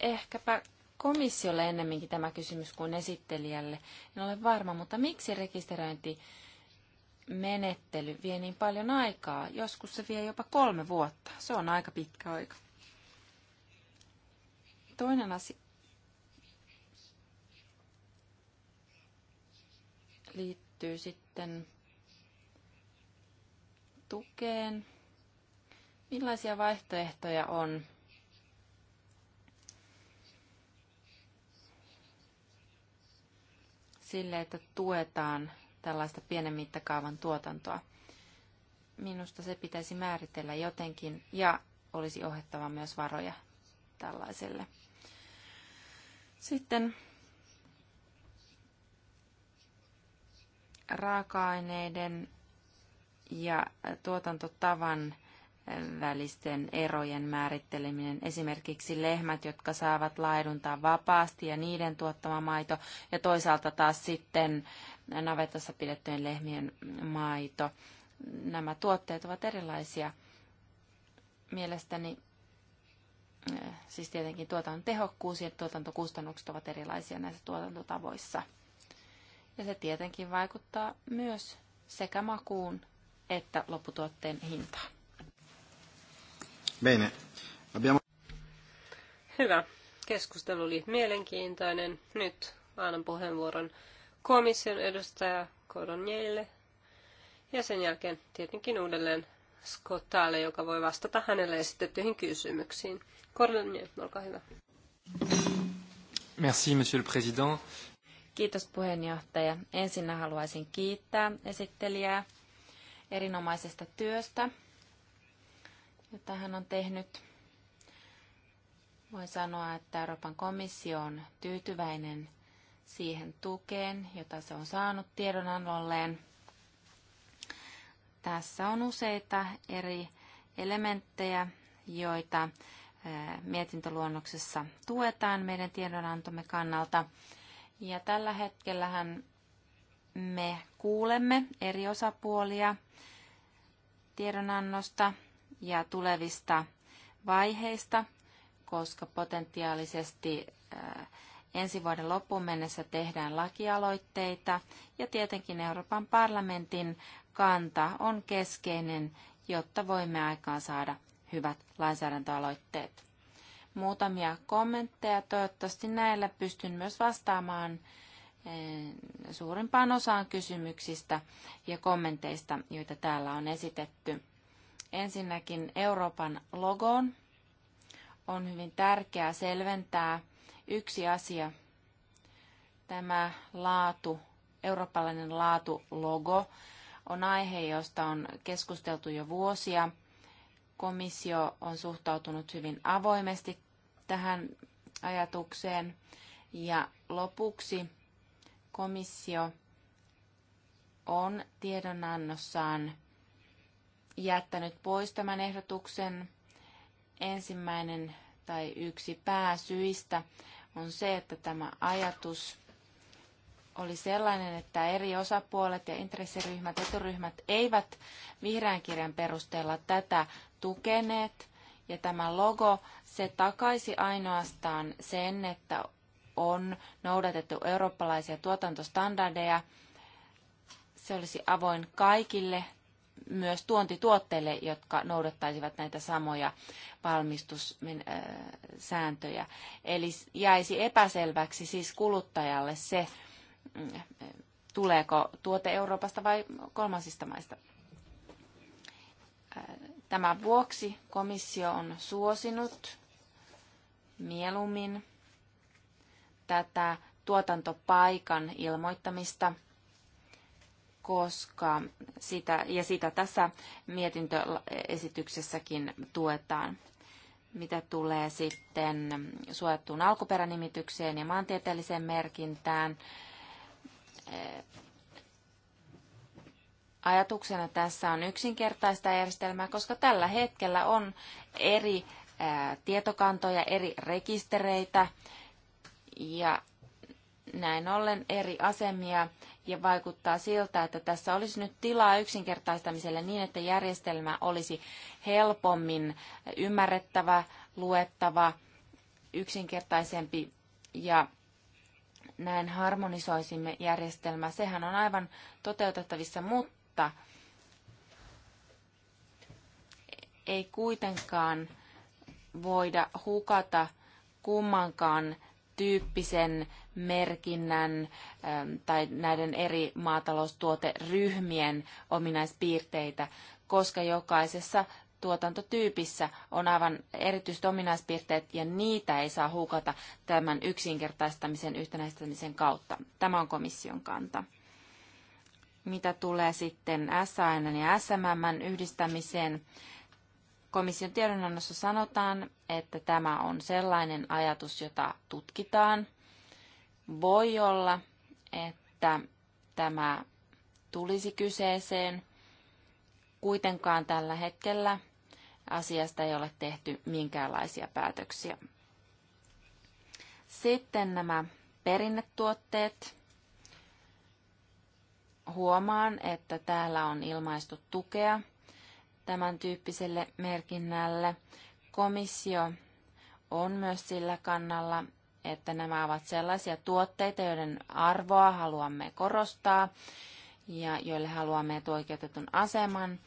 A: Ehkäpä komissiolle ennemminkin tämä kysymys kuin esittelijälle. En ole varma, mutta miksi rekisteröinti menettely vie niin paljon aikaa? Joskus se vie jopa kolme vuotta. Se on aika pitkä aika. Toinen asia liittyy sitten tukeen. Millaisia vaihtoehtoja on? sille, että tuetaan tällaista pienen mittakaavan tuotantoa. Minusta se pitäisi määritellä jotenkin ja olisi ohjattava myös varoja tällaiselle. Sitten raaka-aineiden ja tuotantotavan välisten erojen määritteleminen. Esimerkiksi lehmät, jotka saavat laiduntaa vapaasti ja niiden tuottama maito ja toisaalta taas sitten navetassa pidettyjen lehmien maito. Nämä tuotteet ovat erilaisia. Mielestäni siis tietenkin tuotannon tehokkuus ja tuotantokustannukset ovat erilaisia näissä tuotantotavoissa. Ja se tietenkin vaikuttaa myös sekä makuun että lopputuotteen hintaan. Bene. Abbiamo... Hyvä. Keskustelu
B: oli mielenkiintoinen. Nyt annan puheenvuoron komission edustaja Koronjeille ja sen jälkeen tietenkin uudelleen Scottalle, joka voi vastata hänelle esitettyihin kysymyksiin. Cornelia, olkaa hyvä.
A: Merci, monsieur le président. Kiitos puheenjohtaja. Ensin haluaisin kiittää esittelijää erinomaisesta työstä, jota hän on tehnyt. Voin sanoa, että Euroopan komissio on tyytyväinen siihen tukeen, jota se on saanut tiedonannolleen – tässä on useita eri elementtejä, joita mietintöluonnoksessa tuetaan meidän tiedonantomme kannalta. Ja tällä hetkellähän me kuulemme eri osapuolia tiedonannosta ja tulevista vaiheista, koska potentiaalisesti ensi vuoden loppuun mennessä tehdään lakialoitteita ja tietenkin Euroopan parlamentin kanta on keskeinen, jotta voimme aikaan saada hyvät lainsäädäntöaloitteet. Muutamia kommentteja. Toivottavasti näillä pystyn myös vastaamaan eh, suurimpaan osaan kysymyksistä ja kommenteista, joita täällä on esitetty. Ensinnäkin Euroopan logoon on hyvin tärkeää selventää yksi asia. Tämä laatu, eurooppalainen laatu logo on aihe, josta on keskusteltu jo vuosia. Komissio on suhtautunut hyvin avoimesti tähän ajatukseen. Ja lopuksi komissio on tiedonannossaan jättänyt pois tämän ehdotuksen. Ensimmäinen tai yksi pääsyistä on se, että tämä ajatus oli sellainen, että eri osapuolet ja intressiryhmät, eturyhmät eivät vihreän kirjan perusteella tätä tukeneet. Ja tämä logo, se takaisi ainoastaan sen, että on noudatettu eurooppalaisia tuotantostandardeja. Se olisi avoin kaikille, myös tuontituotteille, jotka noudattaisivat näitä samoja valmistussääntöjä. Eli jäisi epäselväksi siis kuluttajalle se, tuleeko tuote Euroopasta vai kolmansista maista. Äh, tämän vuoksi komissio on suosinut mieluummin tätä tuotantopaikan ilmoittamista, koska sitä, ja sitä tässä mietintöesityksessäkin tuetaan. Mitä tulee sitten suojattuun alkuperänimitykseen ja maantieteelliseen merkintään, ajatuksena tässä on yksinkertaista järjestelmää, koska tällä hetkellä on eri tietokantoja, eri rekistereitä ja näin ollen eri asemia ja vaikuttaa siltä, että tässä olisi nyt tilaa yksinkertaistamiselle niin, että järjestelmä olisi helpommin ymmärrettävä, luettava, yksinkertaisempi ja näin harmonisoisimme järjestelmää. Sehän on aivan toteutettavissa, mutta ei kuitenkaan voida hukata kummankaan tyyppisen merkinnän ähm, tai näiden eri maataloustuoteryhmien ominaispiirteitä, koska jokaisessa tuotantotyypissä on aivan erityiset ominaispiirteet ja niitä ei saa hukata tämän yksinkertaistamisen yhtenäistämisen kautta. Tämä on komission kanta. Mitä tulee sitten SAN ja SMM yhdistämiseen, komission tiedonannossa sanotaan, että tämä on sellainen ajatus, jota tutkitaan. Voi olla, että tämä tulisi kyseeseen. Kuitenkaan tällä hetkellä Asiasta ei ole tehty minkäänlaisia päätöksiä. Sitten nämä perinnetuotteet. Huomaan, että täällä on ilmaistu tukea tämän tyyppiselle merkinnälle. Komissio on myös sillä kannalla, että nämä ovat sellaisia tuotteita, joiden arvoa haluamme korostaa ja joille haluamme etuoikeutetun aseman.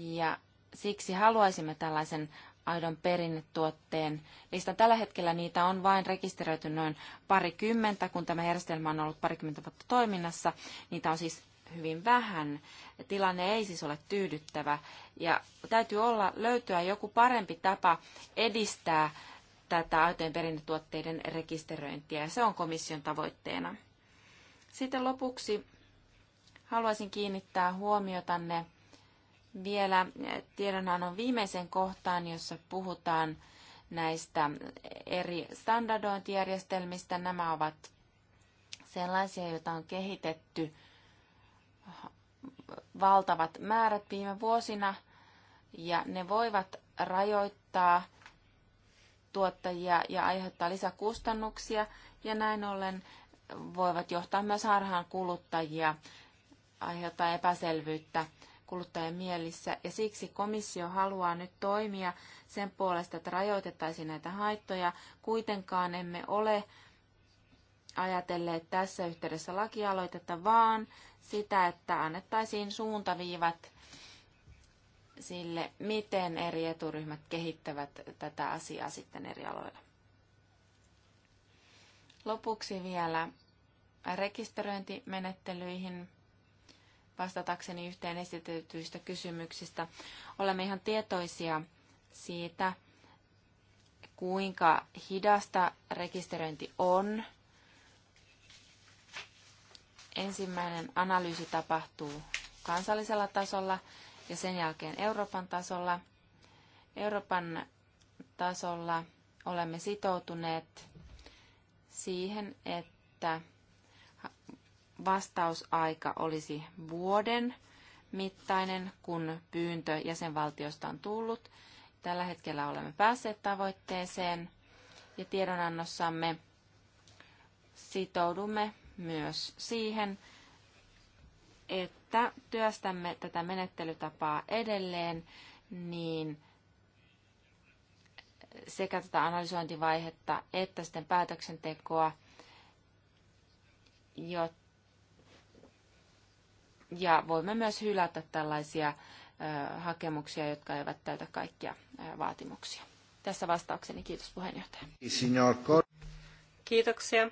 A: Ja Siksi haluaisimme tällaisen aidon perinnetuotteen listan. Tällä hetkellä niitä on vain rekisteröity noin parikymmentä, kun tämä järjestelmä on ollut parikymmentä vuotta toiminnassa. Niitä on siis hyvin vähän. Tilanne ei siis ole tyydyttävä. Ja täytyy olla löytyä joku parempi tapa edistää tätä aitojen perinnetuotteiden rekisteröintiä, ja se on komission tavoitteena. Sitten lopuksi haluaisin kiinnittää huomiotanne vielä tiedonannon viimeisen kohtaan, jossa puhutaan näistä eri standardointijärjestelmistä. Nämä ovat sellaisia, joita on kehitetty valtavat määrät viime vuosina, ja ne voivat rajoittaa tuottajia ja aiheuttaa lisäkustannuksia, ja näin ollen voivat johtaa myös harhaan kuluttajia, aiheuttaa epäselvyyttä kuluttajien mielissä, ja siksi komissio haluaa nyt toimia sen puolesta, että rajoitettaisiin näitä haittoja. Kuitenkaan emme ole ajatelleet tässä yhteydessä lakialoitetta, vaan sitä, että annettaisiin suuntaviivat sille, miten eri eturyhmät kehittävät tätä asiaa sitten eri aloilla. Lopuksi vielä rekisteröintimenettelyihin vastatakseni yhteen esitetyistä kysymyksistä. Olemme ihan tietoisia siitä, kuinka hidasta rekisteröinti on. Ensimmäinen analyysi tapahtuu kansallisella tasolla ja sen jälkeen Euroopan tasolla. Euroopan tasolla olemme sitoutuneet siihen, että vastausaika olisi vuoden mittainen, kun pyyntö jäsenvaltiosta on tullut. Tällä hetkellä olemme päässeet tavoitteeseen ja tiedonannossamme sitoudumme myös siihen, että työstämme tätä menettelytapaa edelleen, niin sekä tätä analysointivaihetta että sitten päätöksentekoa, jotta ja voimme myös hylätä tällaisia hakemuksia, jotka eivät täytä kaikkia vaatimuksia. Tässä vastaukseni. Kiitos puheenjohtaja.
B: Kiitoksia.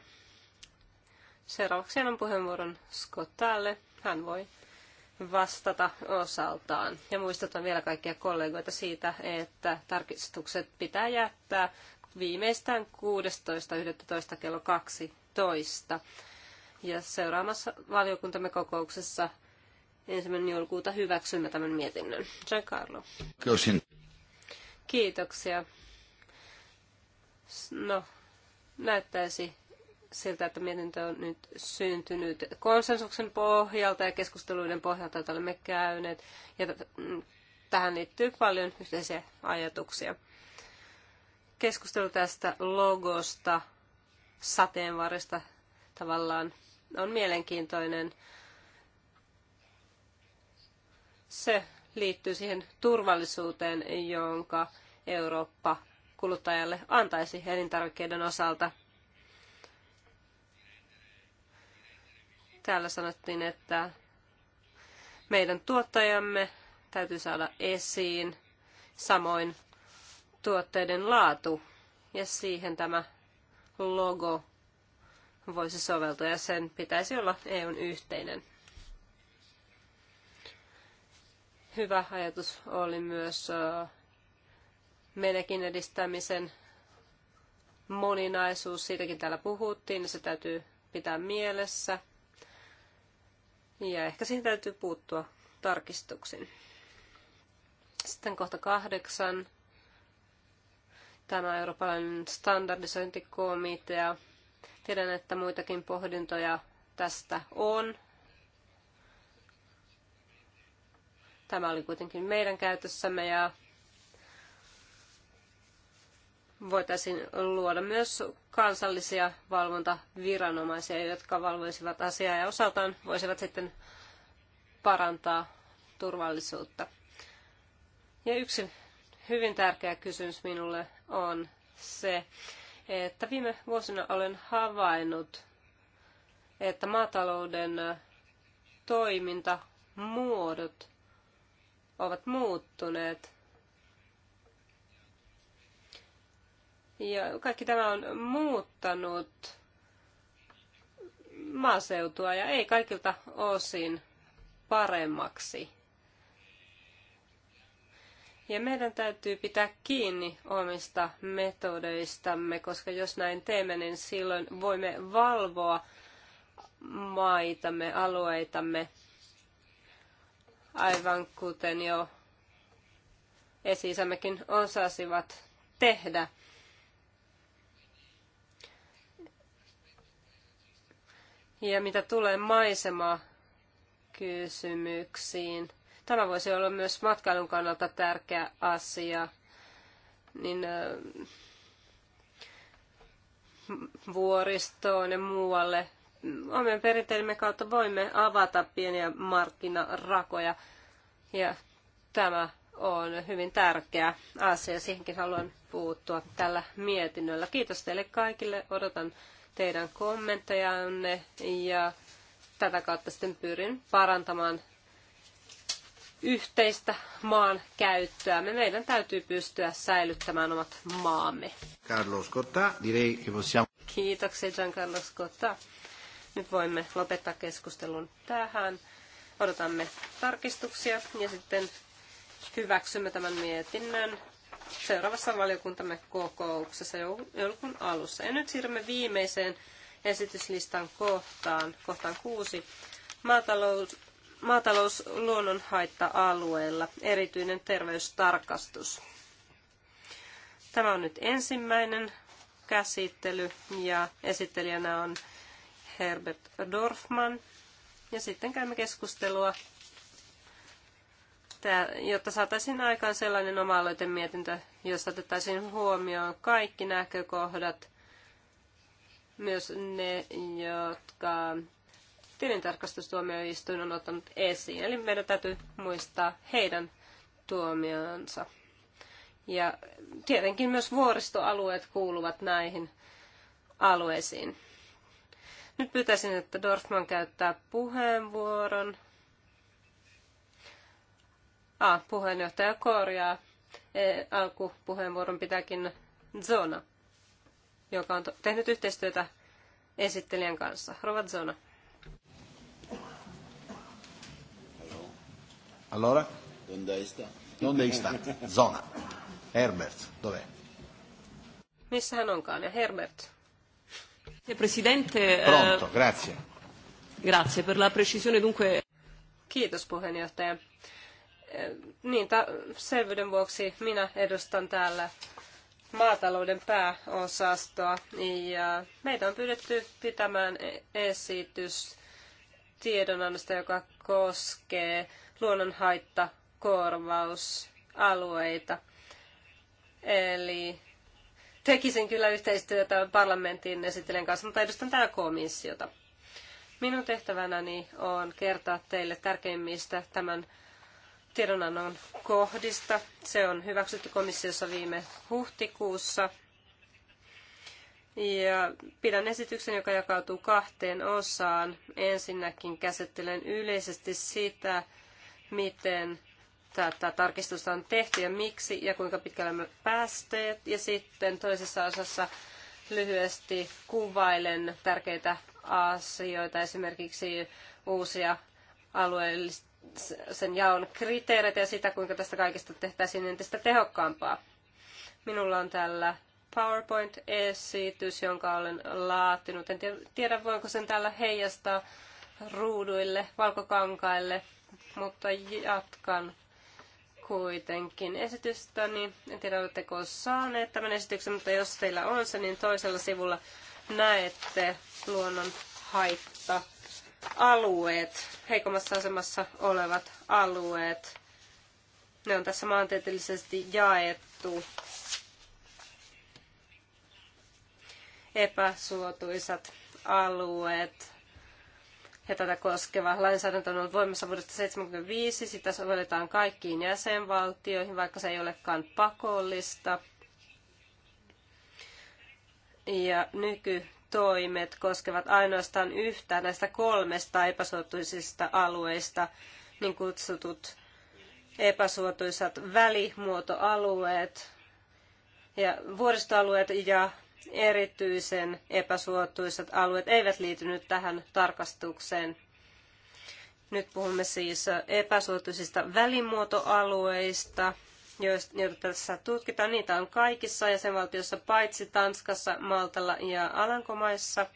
B: Seuraavaksi annan puheenvuoron Scottalle. Hän voi vastata osaltaan. Ja muistutan vielä kaikkia kollegoita siitä, että tarkistukset pitää jättää viimeistään 16.11. kello 12. Ja seuraamassa valiokuntamme kokouksessa ensimmäinen joulukuuta hyväksymme tämän mietinnön. Giancarlo. Kiitoksia. No, näyttäisi siltä, että mietintö on nyt syntynyt konsensuksen pohjalta ja keskusteluiden pohjalta, joita olemme käyneet. Ja tähän liittyy paljon yhteisiä ajatuksia. Keskustelu tästä logosta, sateenvarista tavallaan on mielenkiintoinen se liittyy siihen turvallisuuteen, jonka Eurooppa kuluttajalle antaisi elintarvikkeiden osalta. Täällä sanottiin, että meidän tuottajamme täytyy saada esiin, samoin tuotteiden laatu, ja siihen tämä logo voisi soveltua, ja sen pitäisi olla EUn yhteinen. Hyvä ajatus oli myös menekin edistämisen moninaisuus. Siitäkin täällä puhuttiin ja niin se täytyy pitää mielessä. Ja ehkä siihen täytyy puuttua tarkistuksiin. Sitten kohta kahdeksan. Tämä Euroopan standardisointikomitea. Tiedän, että muitakin pohdintoja tästä on. Tämä oli kuitenkin meidän käytössämme ja voitaisiin luoda myös kansallisia valvontaviranomaisia, jotka valvoisivat asiaa ja osaltaan voisivat sitten parantaa turvallisuutta. Ja yksi hyvin tärkeä kysymys minulle on se, että viime vuosina olen havainnut, että maatalouden toimintamuodot ovat muuttuneet. Ja kaikki tämä on muuttanut maaseutua ja ei kaikilta osin paremmaksi. Ja meidän täytyy pitää kiinni omista metodeistamme, koska jos näin teemme, niin silloin voimme valvoa maitamme, alueitamme aivan kuten jo esi osasivat tehdä. Ja mitä tulee maisema kysymyksiin, tämä voisi olla myös matkailun kannalta tärkeä asia, niin vuoristoon ja muualle omien perinteidemme kautta voimme avata pieniä markkinarakoja ja tämä on hyvin tärkeä asia. Siihenkin haluan puuttua tällä mietinnöllä. Kiitos teille kaikille. Odotan teidän kommenttejanne ja tätä kautta sitten pyrin parantamaan yhteistä maan käyttöä. Me meidän täytyy pystyä säilyttämään omat maamme.
A: Carlos Scotta, direi che possiamo...
B: Kiitoksia Giancarlo Scotta. Nyt voimme lopettaa keskustelun tähän. Odotamme tarkistuksia ja sitten hyväksymme tämän mietinnön seuraavassa valiokuntamme kokouksessa joulukuun alussa. Ja nyt siirrymme viimeiseen esityslistan kohtaan, kohtaan kuusi. Maatalous, maatalous luonnonhaitta-alueella, erityinen terveystarkastus. Tämä on nyt ensimmäinen käsittely ja esittelijänä on Herbert Dorfman. Ja sitten käymme keskustelua, jotta saataisiin aikaan sellainen oma mietintö, jossa otettaisiin huomioon kaikki näkökohdat, myös ne, jotka tilintarkastustuomioistuin on ottanut esiin. Eli meidän täytyy muistaa heidän tuomionsa. Ja tietenkin myös vuoristoalueet kuuluvat näihin alueisiin. Nyt pyytäisin, että Dorfman käyttää puheenvuoron. Ah, puheenjohtaja korjaa. E, alkupuheenvuoron pitääkin Zona, joka on tehnyt yhteistyötä esittelijän kanssa. Rovat Zona. Allora? Donde sta? Donde sta? Zona. Herbert, dove? Missä hän onkaan? Ja Herbert. Eh, Pronto, grazie. Grazie per la precisione dunque. Kiitos puheenjohtaja. Eh, niin, ta- selvyyden vuoksi minä edustan täällä maatalouden pääosastoa ja meitä on pyydetty pitämään esitys tiedonannosta, joka koskee luonnonhaittakorvausalueita. Eli tekisin kyllä yhteistyötä parlamentin esittelijän kanssa, mutta edustan täällä komissiota. Minun tehtävänäni on kertoa teille tärkeimmistä tämän tiedonannon kohdista. Se on hyväksytty komissiossa viime huhtikuussa. Ja pidän esityksen, joka jakautuu kahteen osaan. Ensinnäkin käsittelen yleisesti sitä, miten tätä tarkistusta on tehty ja miksi ja kuinka pitkälle me päästeet. Ja sitten toisessa osassa lyhyesti kuvailen tärkeitä asioita, esimerkiksi uusia alueellisen jaon kriteereitä ja sitä, kuinka tästä kaikesta tehtäisiin entistä tehokkaampaa. Minulla on täällä PowerPoint-esitys, jonka olen laatinut. En tiedä, voinko sen täällä heijastaa ruuduille, valkokankaille, mutta jatkan kuitenkin niin En tiedä, oletteko saaneet tämän esityksen, mutta jos teillä on se, niin toisella sivulla näette luonnon haitta-alueet, heikommassa asemassa olevat alueet. Ne on tässä maantieteellisesti jaettu. Epäsuotuisat alueet, ja tätä koskeva lainsäädäntö on ollut voimassa vuodesta 1975. Sitä sovelletaan kaikkiin jäsenvaltioihin, vaikka se ei olekaan pakollista. Ja nykytoimet koskevat ainoastaan yhtä näistä kolmesta epäsuotuisista alueista, niin kutsutut epäsuotuisat välimuotoalueet ja vuoristoalueet ja erityisen epäsuotuisat alueet eivät liity nyt tähän tarkastukseen. Nyt puhumme siis epäsuotuisista välimuotoalueista, joita tässä tutkitaan. Niitä on kaikissa jäsenvaltioissa, paitsi Tanskassa, Maltalla ja Alankomaissa.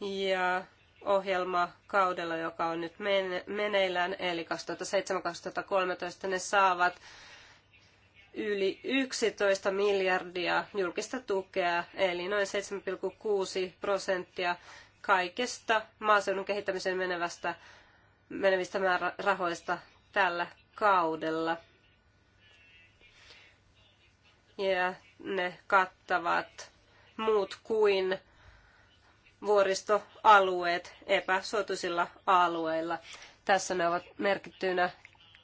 B: Ja ohjelmakaudella, joka on nyt meneillään, eli 2007-2013, ne saavat yli 11 miljardia julkista tukea, eli noin 7,6 prosenttia kaikesta maaseudun kehittämiseen menevästä, menevistä rahoista tällä kaudella. Ja ne kattavat muut kuin vuoristoalueet epäsuotuisilla alueilla. Tässä ne ovat merkittyinä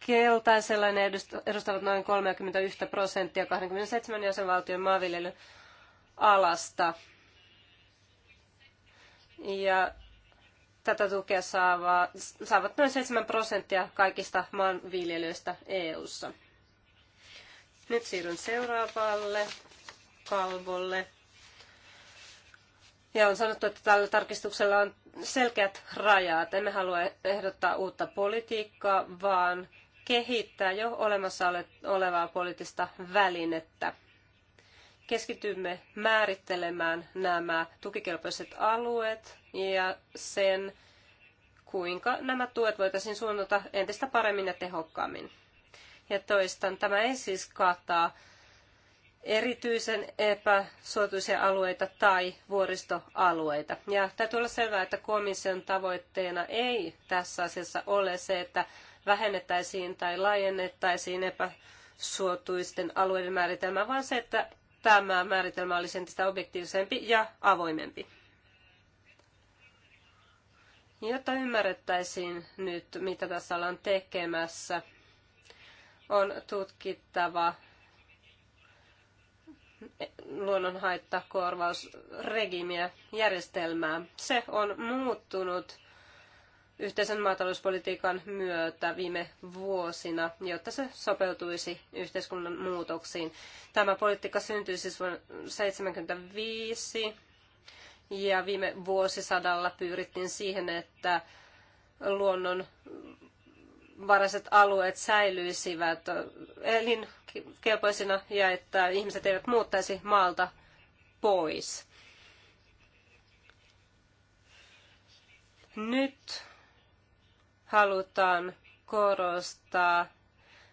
B: keltaisella ne edustavat noin 31 prosenttia 27 jäsenvaltion maanviljelyn alasta. Ja tätä tukea saavaa, saavat noin 7 prosenttia kaikista maanviljelyistä EU-ssa. Nyt siirryn seuraavalle kalvolle. Ja on sanottu, että tällä tarkistuksella on selkeät rajat. Emme halua ehdottaa uutta politiikkaa, vaan kehittää jo olemassa olevaa poliittista välinettä. Keskitymme määrittelemään nämä tukikelpoiset alueet ja sen, kuinka nämä tuet voitaisiin suunnata entistä paremmin ja tehokkaammin. Ja toistan, tämä ei siis kataa erityisen epäsuotuisia alueita tai vuoristoalueita. Ja täytyy olla selvää, että komission tavoitteena ei tässä asiassa ole se, että vähennettäisiin tai laajennettaisiin epäsuotuisten alueiden määritelmää, vaan se, että tämä määritelmä olisi entistä objektiivisempi ja avoimempi. Jotta ymmärrettäisiin nyt, mitä tässä ollaan tekemässä, on tutkittava luonnonhaittakorvausregimiä, järjestelmää. Se on muuttunut yhteisen maatalouspolitiikan myötä viime vuosina, jotta se sopeutuisi yhteiskunnan muutoksiin. Tämä politiikka syntyi siis vuonna 1975 ja viime vuosisadalla pyrittiin siihen, että luonnon varaiset alueet säilyisivät elinkelpoisina ja että ihmiset eivät muuttaisi maalta pois. Nyt halutaan korostaa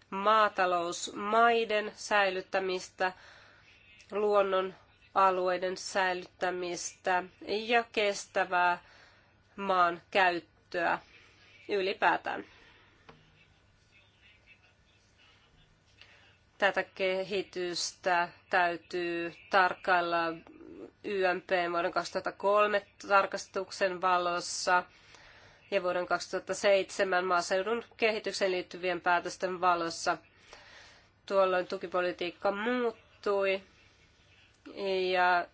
B: maatalousmaiden säilyttämistä, luonnon alueiden säilyttämistä ja kestävää maan käyttöä ylipäätään. Tätä kehitystä täytyy tarkkailla YMP vuoden 2003 tarkastuksen valossa – ja vuoden 2007 maaseudun kehitykseen liittyvien päätösten valossa. Tuolloin tukipolitiikka muuttui ja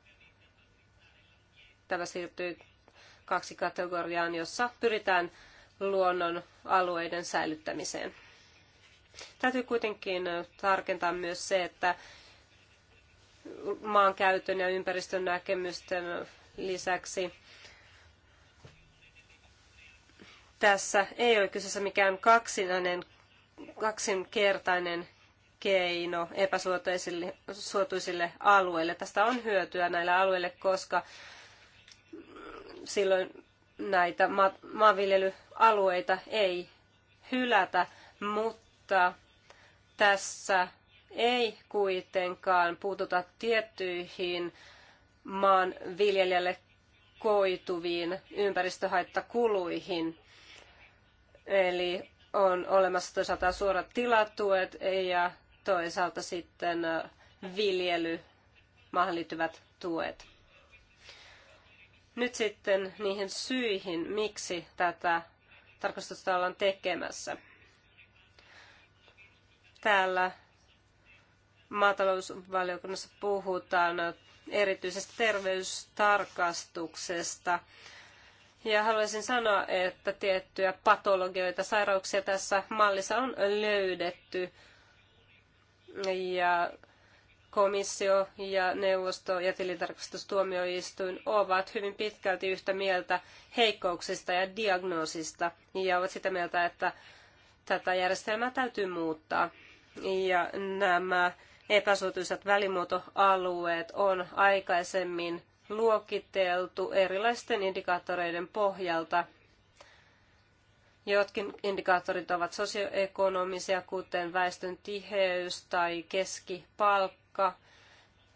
B: tämä siirtyi kaksi kategoriaan, jossa pyritään luonnon alueiden säilyttämiseen. Täytyy kuitenkin tarkentaa myös se, että maankäytön ja ympäristön näkemysten lisäksi tässä ei ole kyseessä mikään kaksinainen, kaksinkertainen keino epäsuotuisille alueille. Tästä on hyötyä näillä alueille, koska silloin näitä ma- maanviljelyalueita ei hylätä, mutta tässä ei kuitenkaan puututa tiettyihin maanviljelijälle koituviin ympäristöhaittakuluihin. Eli on olemassa toisaalta suorat tilatuet ja toisaalta sitten viljely, liittyvät tuet. Nyt sitten niihin syihin, miksi tätä tarkastusta ollaan tekemässä. Täällä maatalousvaliokunnassa puhutaan erityisesti terveystarkastuksesta ja haluaisin sanoa, että tiettyjä patologioita, sairauksia tässä mallissa on löydetty. Ja komissio ja neuvosto ja tilintarkastustuomioistuin ovat hyvin pitkälti yhtä mieltä heikkouksista ja diagnoosista ja ovat sitä mieltä, että tätä järjestelmää täytyy muuttaa. Ja nämä epäsuotuisat välimuotoalueet on aikaisemmin luokiteltu erilaisten indikaattoreiden pohjalta. Jotkin indikaattorit ovat sosioekonomisia, kuten väestön tiheys tai keskipalkka,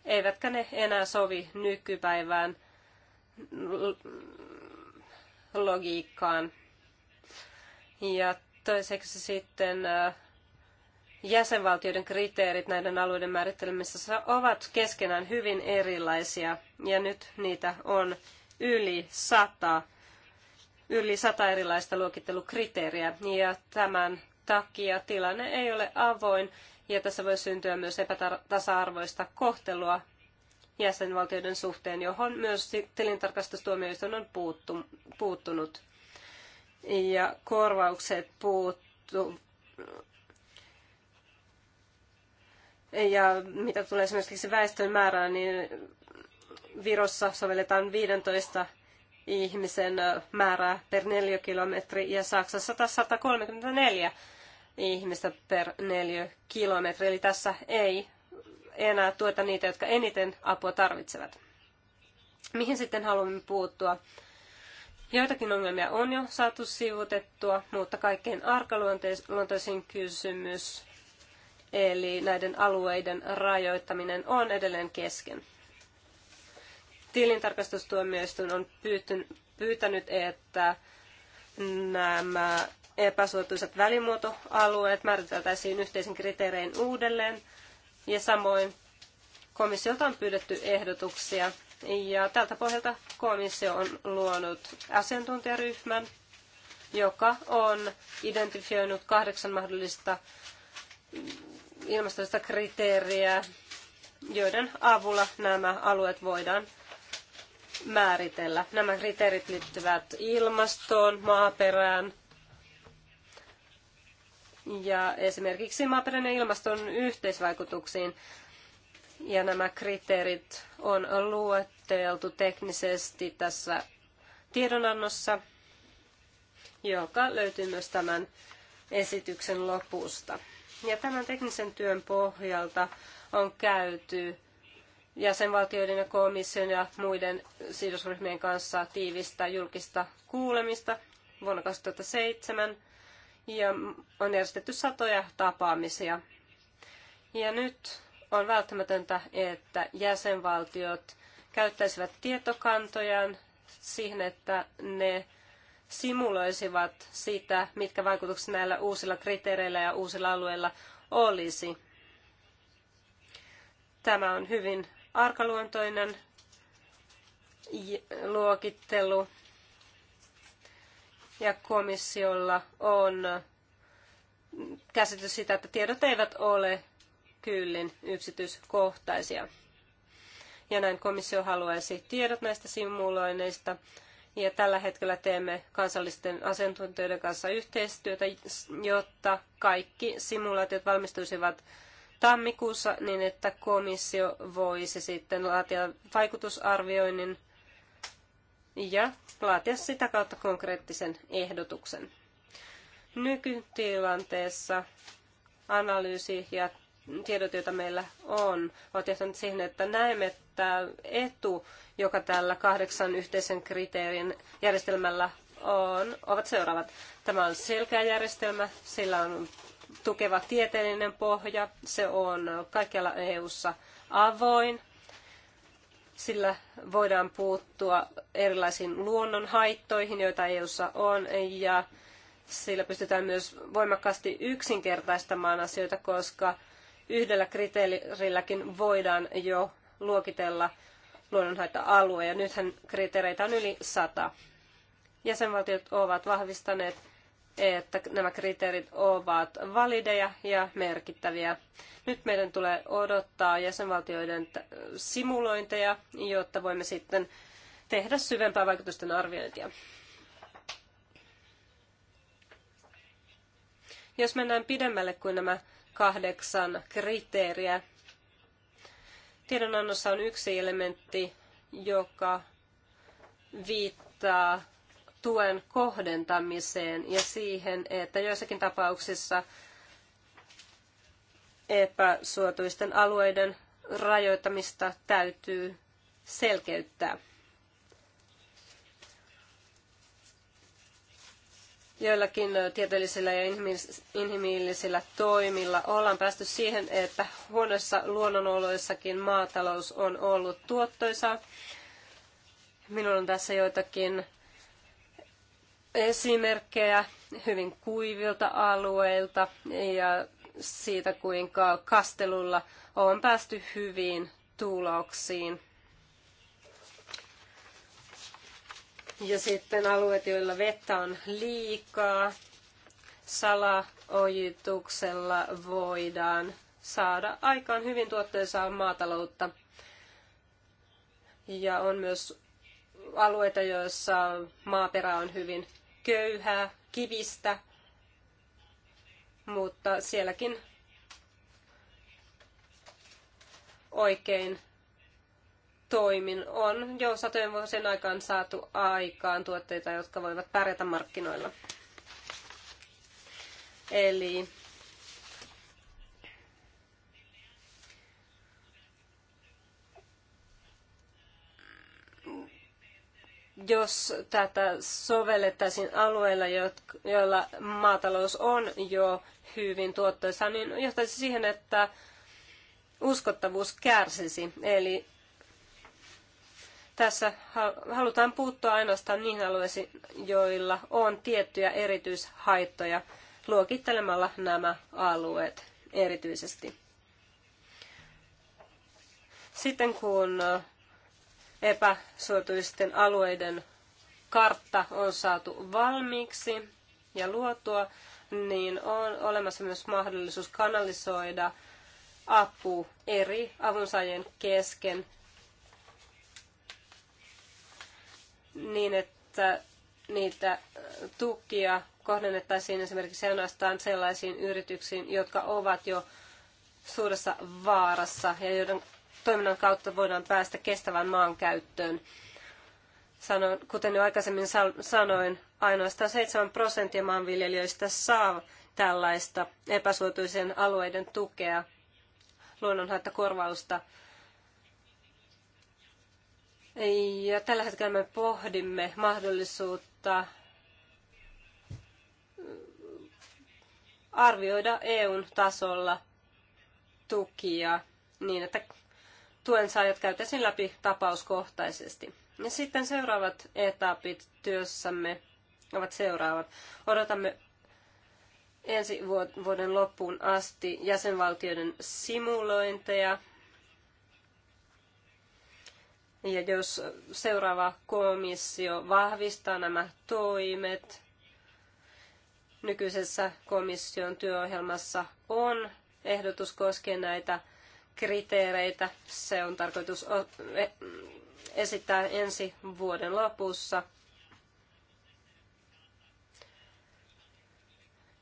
B: eivätkä ne enää sovi nykypäivään logiikkaan. Ja toiseksi sitten äh, jäsenvaltioiden kriteerit näiden alueiden määrittelemisessä ovat keskenään hyvin erilaisia ja nyt niitä on yli sata, yli sata erilaista luokittelukriteeriä ja tämän takia tilanne ei ole avoin ja tässä voi syntyä myös epätasa-arvoista kohtelua jäsenvaltioiden suhteen, johon myös tilintarkastustuomioistuin on puuttu, puuttunut. Ja korvaukset puuttuvat ja mitä tulee esimerkiksi väestön määrään, niin Virossa sovelletaan 15 ihmisen määrää per neliökilometri ja Saksassa taas 134 ihmistä per neliökilometri. Eli tässä ei enää tueta niitä, jotka eniten apua tarvitsevat. Mihin sitten haluamme puuttua? Joitakin ongelmia on jo saatu sivutettua, mutta kaikkein arkaluontoisin kysymys Eli näiden alueiden rajoittaminen on edelleen kesken. Tilintarkastustuomioistuin on pyytänyt, että nämä epäsuotuisat välimuotoalueet määriteltäisiin yhteisen kriteerein uudelleen. Ja samoin komissiolta on pyydetty ehdotuksia. Ja tältä pohjalta komissio on luonut asiantuntijaryhmän, joka on identifioinut kahdeksan mahdollista ilmastollista kriteeriä, joiden avulla nämä alueet voidaan määritellä. Nämä kriteerit liittyvät ilmastoon, maaperään ja esimerkiksi maaperän ja ilmaston yhteisvaikutuksiin. Ja nämä kriteerit on luetteltu teknisesti tässä tiedonannossa, joka löytyy myös tämän esityksen lopusta. Ja tämän teknisen työn pohjalta on käyty jäsenvaltioiden ja komission ja muiden sidosryhmien kanssa tiivistä julkista kuulemista vuonna 2007 ja on järjestetty satoja tapaamisia. Ja nyt on välttämätöntä, että jäsenvaltiot käyttäisivät tietokantojaan siihen, että ne simuloisivat sitä, mitkä vaikutukset näillä uusilla kriteereillä ja uusilla alueilla olisi. Tämä on hyvin arkaluontoinen luokittelu ja komissiolla on käsitys sitä, että tiedot eivät ole kyllin yksityiskohtaisia. Ja näin komissio haluaisi tiedot näistä simuloinneista ja tällä hetkellä teemme kansallisten asiantuntijoiden kanssa yhteistyötä, jotta kaikki simulaatiot valmistuisivat tammikuussa niin, että komissio voisi sitten laatia vaikutusarvioinnin ja laatia sitä kautta konkreettisen ehdotuksen. Nykytilanteessa analyysi ja tiedot, joita meillä on, ovat johtaneet siihen, että näemme, että etu, joka tällä kahdeksan yhteisen kriteerin järjestelmällä on, ovat seuraavat. Tämä on selkeä järjestelmä, sillä on tukeva tieteellinen pohja, se on kaikkialla EU-ssa avoin, sillä voidaan puuttua erilaisiin luonnonhaittoihin, joita EU:ssa on, ja sillä pystytään myös voimakkaasti yksinkertaistamaan asioita, koska yhdellä kriteerilläkin voidaan jo luokitella luonnonhaitta-alue, ja nythän kriteereitä on yli sata. Jäsenvaltiot ovat vahvistaneet, että nämä kriteerit ovat valideja ja merkittäviä. Nyt meidän tulee odottaa jäsenvaltioiden simulointeja, jotta voimme sitten tehdä syvempää vaikutusten arviointia. Jos mennään pidemmälle kuin nämä kahdeksan kriteeriä. Tiedonannossa on yksi elementti, joka viittaa tuen kohdentamiseen ja siihen, että joissakin tapauksissa epäsuotuisten alueiden rajoittamista täytyy selkeyttää. joillakin tieteellisillä ja inhimillisillä toimilla ollaan päästy siihen, että huonoissa luonnonoloissakin maatalous on ollut tuottoisaa. Minulla on tässä joitakin esimerkkejä hyvin kuivilta alueilta ja siitä, kuinka kastelulla on päästy hyviin tuloksiin. Ja sitten alueet, joilla vettä on liikaa, salaojituksella voidaan saada aikaan hyvin tuotteensa maataloutta. Ja on myös alueita, joissa maaperä on hyvin köyhää, kivistä, mutta sielläkin oikein toimin on jo satojen vuosien aikaan saatu aikaan tuotteita, jotka voivat pärjätä markkinoilla. Eli jos tätä sovellettaisiin alueilla, joilla maatalous on jo hyvin tuottoisa, niin johtaisi siihen, että uskottavuus kärsisi. Eli tässä halutaan puuttua ainoastaan niihin alueisiin, joilla on tiettyjä erityishaittoja luokittelemalla nämä alueet erityisesti. Sitten kun epäsuotuisten alueiden kartta on saatu valmiiksi ja luotua, niin on olemassa myös mahdollisuus kanalisoida apu eri avunsaajien kesken niin, että niitä äh, tukia kohdennettaisiin esimerkiksi ainoastaan sellaisiin yrityksiin, jotka ovat jo suuressa vaarassa ja joiden toiminnan kautta voidaan päästä kestävän maankäyttöön. Sanoin, kuten jo aikaisemmin sanoin, ainoastaan 7 prosenttia maanviljelijöistä saa tällaista epäsuotuisen alueiden tukea luonnonhaittakorvausta korvausta ja tällä hetkellä me pohdimme mahdollisuutta arvioida EUn tasolla tukia niin, että tuen saajat käytäisiin läpi tapauskohtaisesti. Ja sitten seuraavat etapit työssämme ovat seuraavat. Odotamme ensi vuoden loppuun asti jäsenvaltioiden simulointeja ja jos seuraava komissio vahvistaa nämä toimet, nykyisessä komission työohjelmassa on ehdotus koskien näitä kriteereitä. Se on tarkoitus e- esittää ensi vuoden lopussa.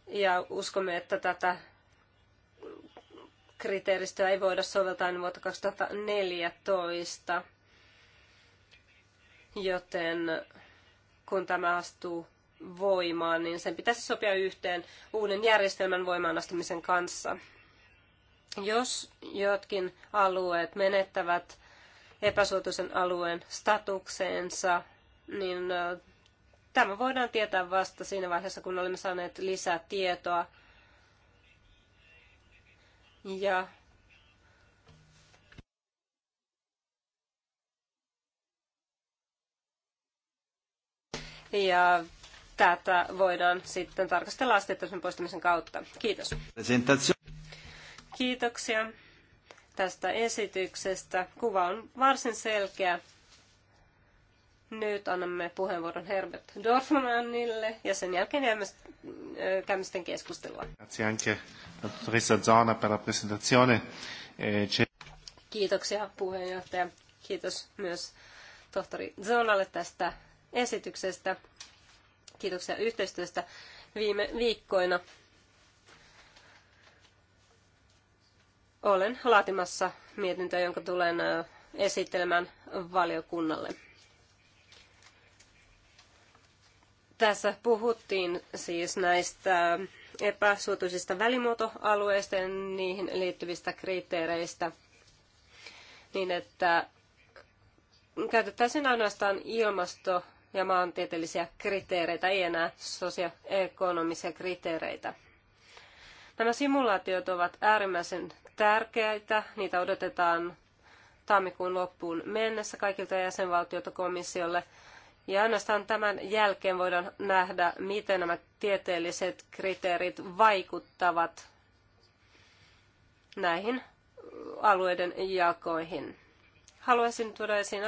B: Ja uskomme, että tätä kriteeristöä ei voida soveltaa ennen vuotta 2014 joten kun tämä astuu voimaan, niin sen pitäisi sopia yhteen uuden järjestelmän voimaan astumisen kanssa. Jos jotkin alueet menettävät epäsuotuisen alueen statukseensa, niin tämä voidaan tietää vasta siinä vaiheessa, kun olemme saaneet lisää tietoa. Ja ja tätä voidaan sitten tarkastella asteittaisen poistamisen kautta. Kiitos. Kiitoksia tästä esityksestä. Kuva on varsin selkeä. Nyt annamme puheenvuoron Herbert Dorfmanille ja sen jälkeen jäämme, äh, käymisten keskustelua. Eh, Kiitoksia puheenjohtaja. Kiitos myös tohtori Zonalle tästä esityksestä. Kiitoksia yhteistyöstä viime viikkoina. Olen laatimassa mietintöä, jonka tulen esittelemään valiokunnalle. Tässä puhuttiin siis näistä epäsuotuisista välimuotoalueista ja niihin liittyvistä kriteereistä, niin että käytettäisiin ainoastaan ilmasto ja maantieteellisiä kriteereitä, ei enää sosioekonomisia kriteereitä. Nämä simulaatiot ovat äärimmäisen tärkeitä. Niitä odotetaan tammikuun loppuun mennessä kaikilta jäsenvaltioilta komissiolle. Ja ainoastaan tämän jälkeen voidaan nähdä, miten nämä tieteelliset kriteerit vaikuttavat näihin alueiden jakoihin. Haluaisin tuoda esiin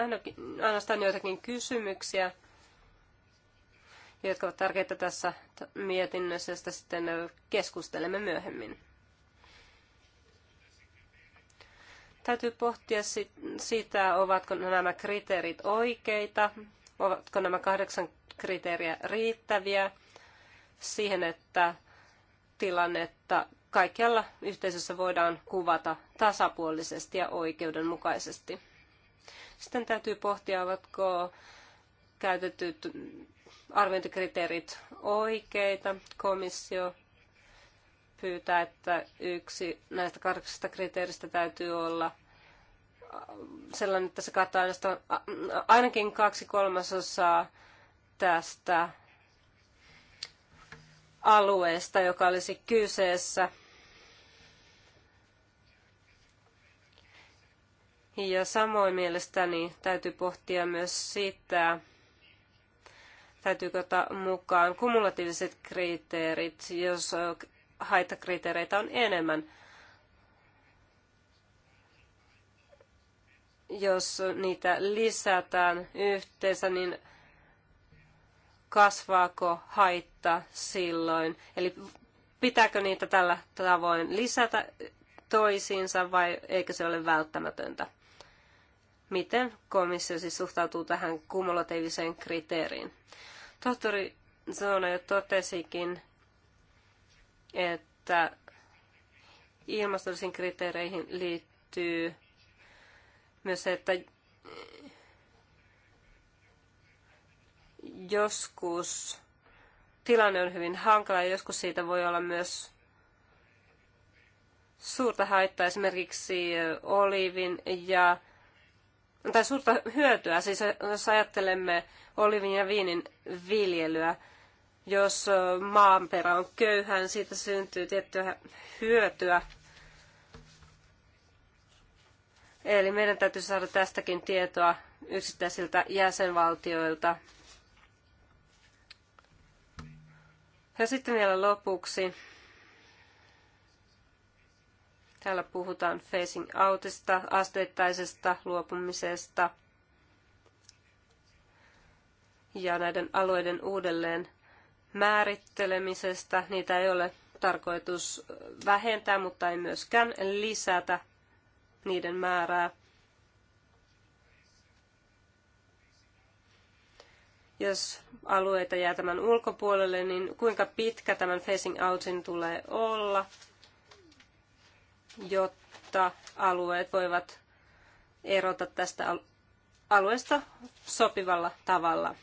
B: ainoastaan joitakin kysymyksiä, jotka ovat tärkeitä tässä mietinnössä, josta sitten keskustelemme myöhemmin. Täytyy pohtia sitä, ovatko nämä kriteerit oikeita, ovatko nämä kahdeksan kriteeriä riittäviä siihen, että tilannetta kaikkialla yhteisössä voidaan kuvata tasapuolisesti ja oikeudenmukaisesti. Sitten täytyy pohtia, ovatko käytetyt arviointikriteerit oikeita. Komissio pyytää, että yksi näistä kahdeksasta kriteeristä täytyy olla äh, sellainen, että se kattaa ainakin kaksi kolmasosaa tästä alueesta, joka olisi kyseessä. Ja samoin mielestäni täytyy pohtia myös sitä, Täytyykö ottaa mukaan kumulatiiviset kriteerit, jos haittakriteereitä on enemmän? Jos niitä lisätään yhteensä, niin kasvaako haitta silloin? Eli pitääkö niitä tällä tavoin lisätä toisiinsa vai eikö se ole välttämätöntä? miten komissio siis suhtautuu tähän kumulatiiviseen kriteeriin. Tohtori Zona jo totesikin, että ilmastollisiin kriteereihin liittyy myös se, että joskus tilanne on hyvin hankala ja joskus siitä voi olla myös suurta haittaa esimerkiksi olivin ja tai suurta hyötyä, siis jos ajattelemme olivin ja viinin viljelyä, jos maanperä on köyhän, niin siitä syntyy tiettyä hyötyä. Eli meidän täytyy saada tästäkin tietoa yksittäisiltä jäsenvaltioilta. Ja sitten vielä lopuksi Täällä puhutaan facing outista, asteittaisesta luopumisesta ja näiden alueiden uudelleen määrittelemisestä. Niitä ei ole tarkoitus vähentää, mutta ei myöskään lisätä niiden määrää. Jos alueita jää tämän ulkopuolelle, niin kuinka pitkä tämän facing outin tulee olla – jotta alueet voivat erota tästä alueesta sopivalla tavalla.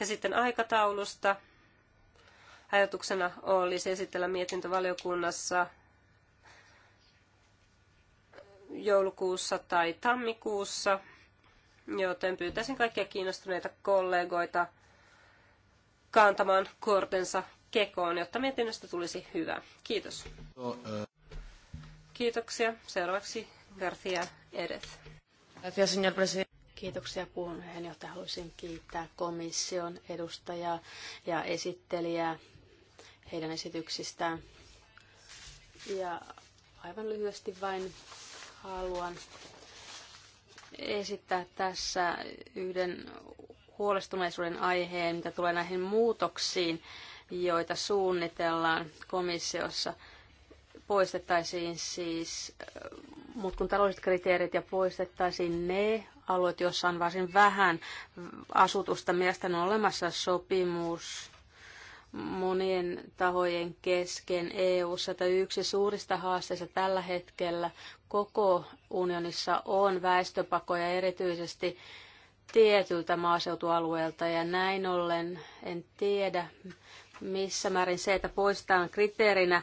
B: Ja sitten aikataulusta. Ajatuksena olisi esitellä mietintövaliokunnassa joulukuussa tai tammikuussa, joten pyytäisin kaikkia kiinnostuneita kollegoita kantamaan kortensa kekoon, jotta mietinnöstä tulisi hyvä. Kiitos. Uh, Kiitoksia. Seuraavaksi Garcia Edet.
C: Gracias, señor presidente. Kiitoksia puheenjohtaja. Haluaisin kiittää komission edustajaa ja esittelijää heidän esityksistään. Ja aivan lyhyesti vain haluan esittää tässä yhden huolestuneisuuden aiheen, mitä tulee näihin muutoksiin, joita suunnitellaan komissiossa – poistettaisiin siis äh, mut kun taloudelliset kriteerit ja poistettaisiin ne alueet, joissa on varsin vähän asutusta. Mielestäni on olemassa sopimus monien tahojen kesken EU-ssa, että yksi suurista haasteista tällä hetkellä koko unionissa on väestöpakoja erityisesti tietyltä maaseutualueelta ja näin ollen en tiedä, missä määrin se, että poistetaan kriteerinä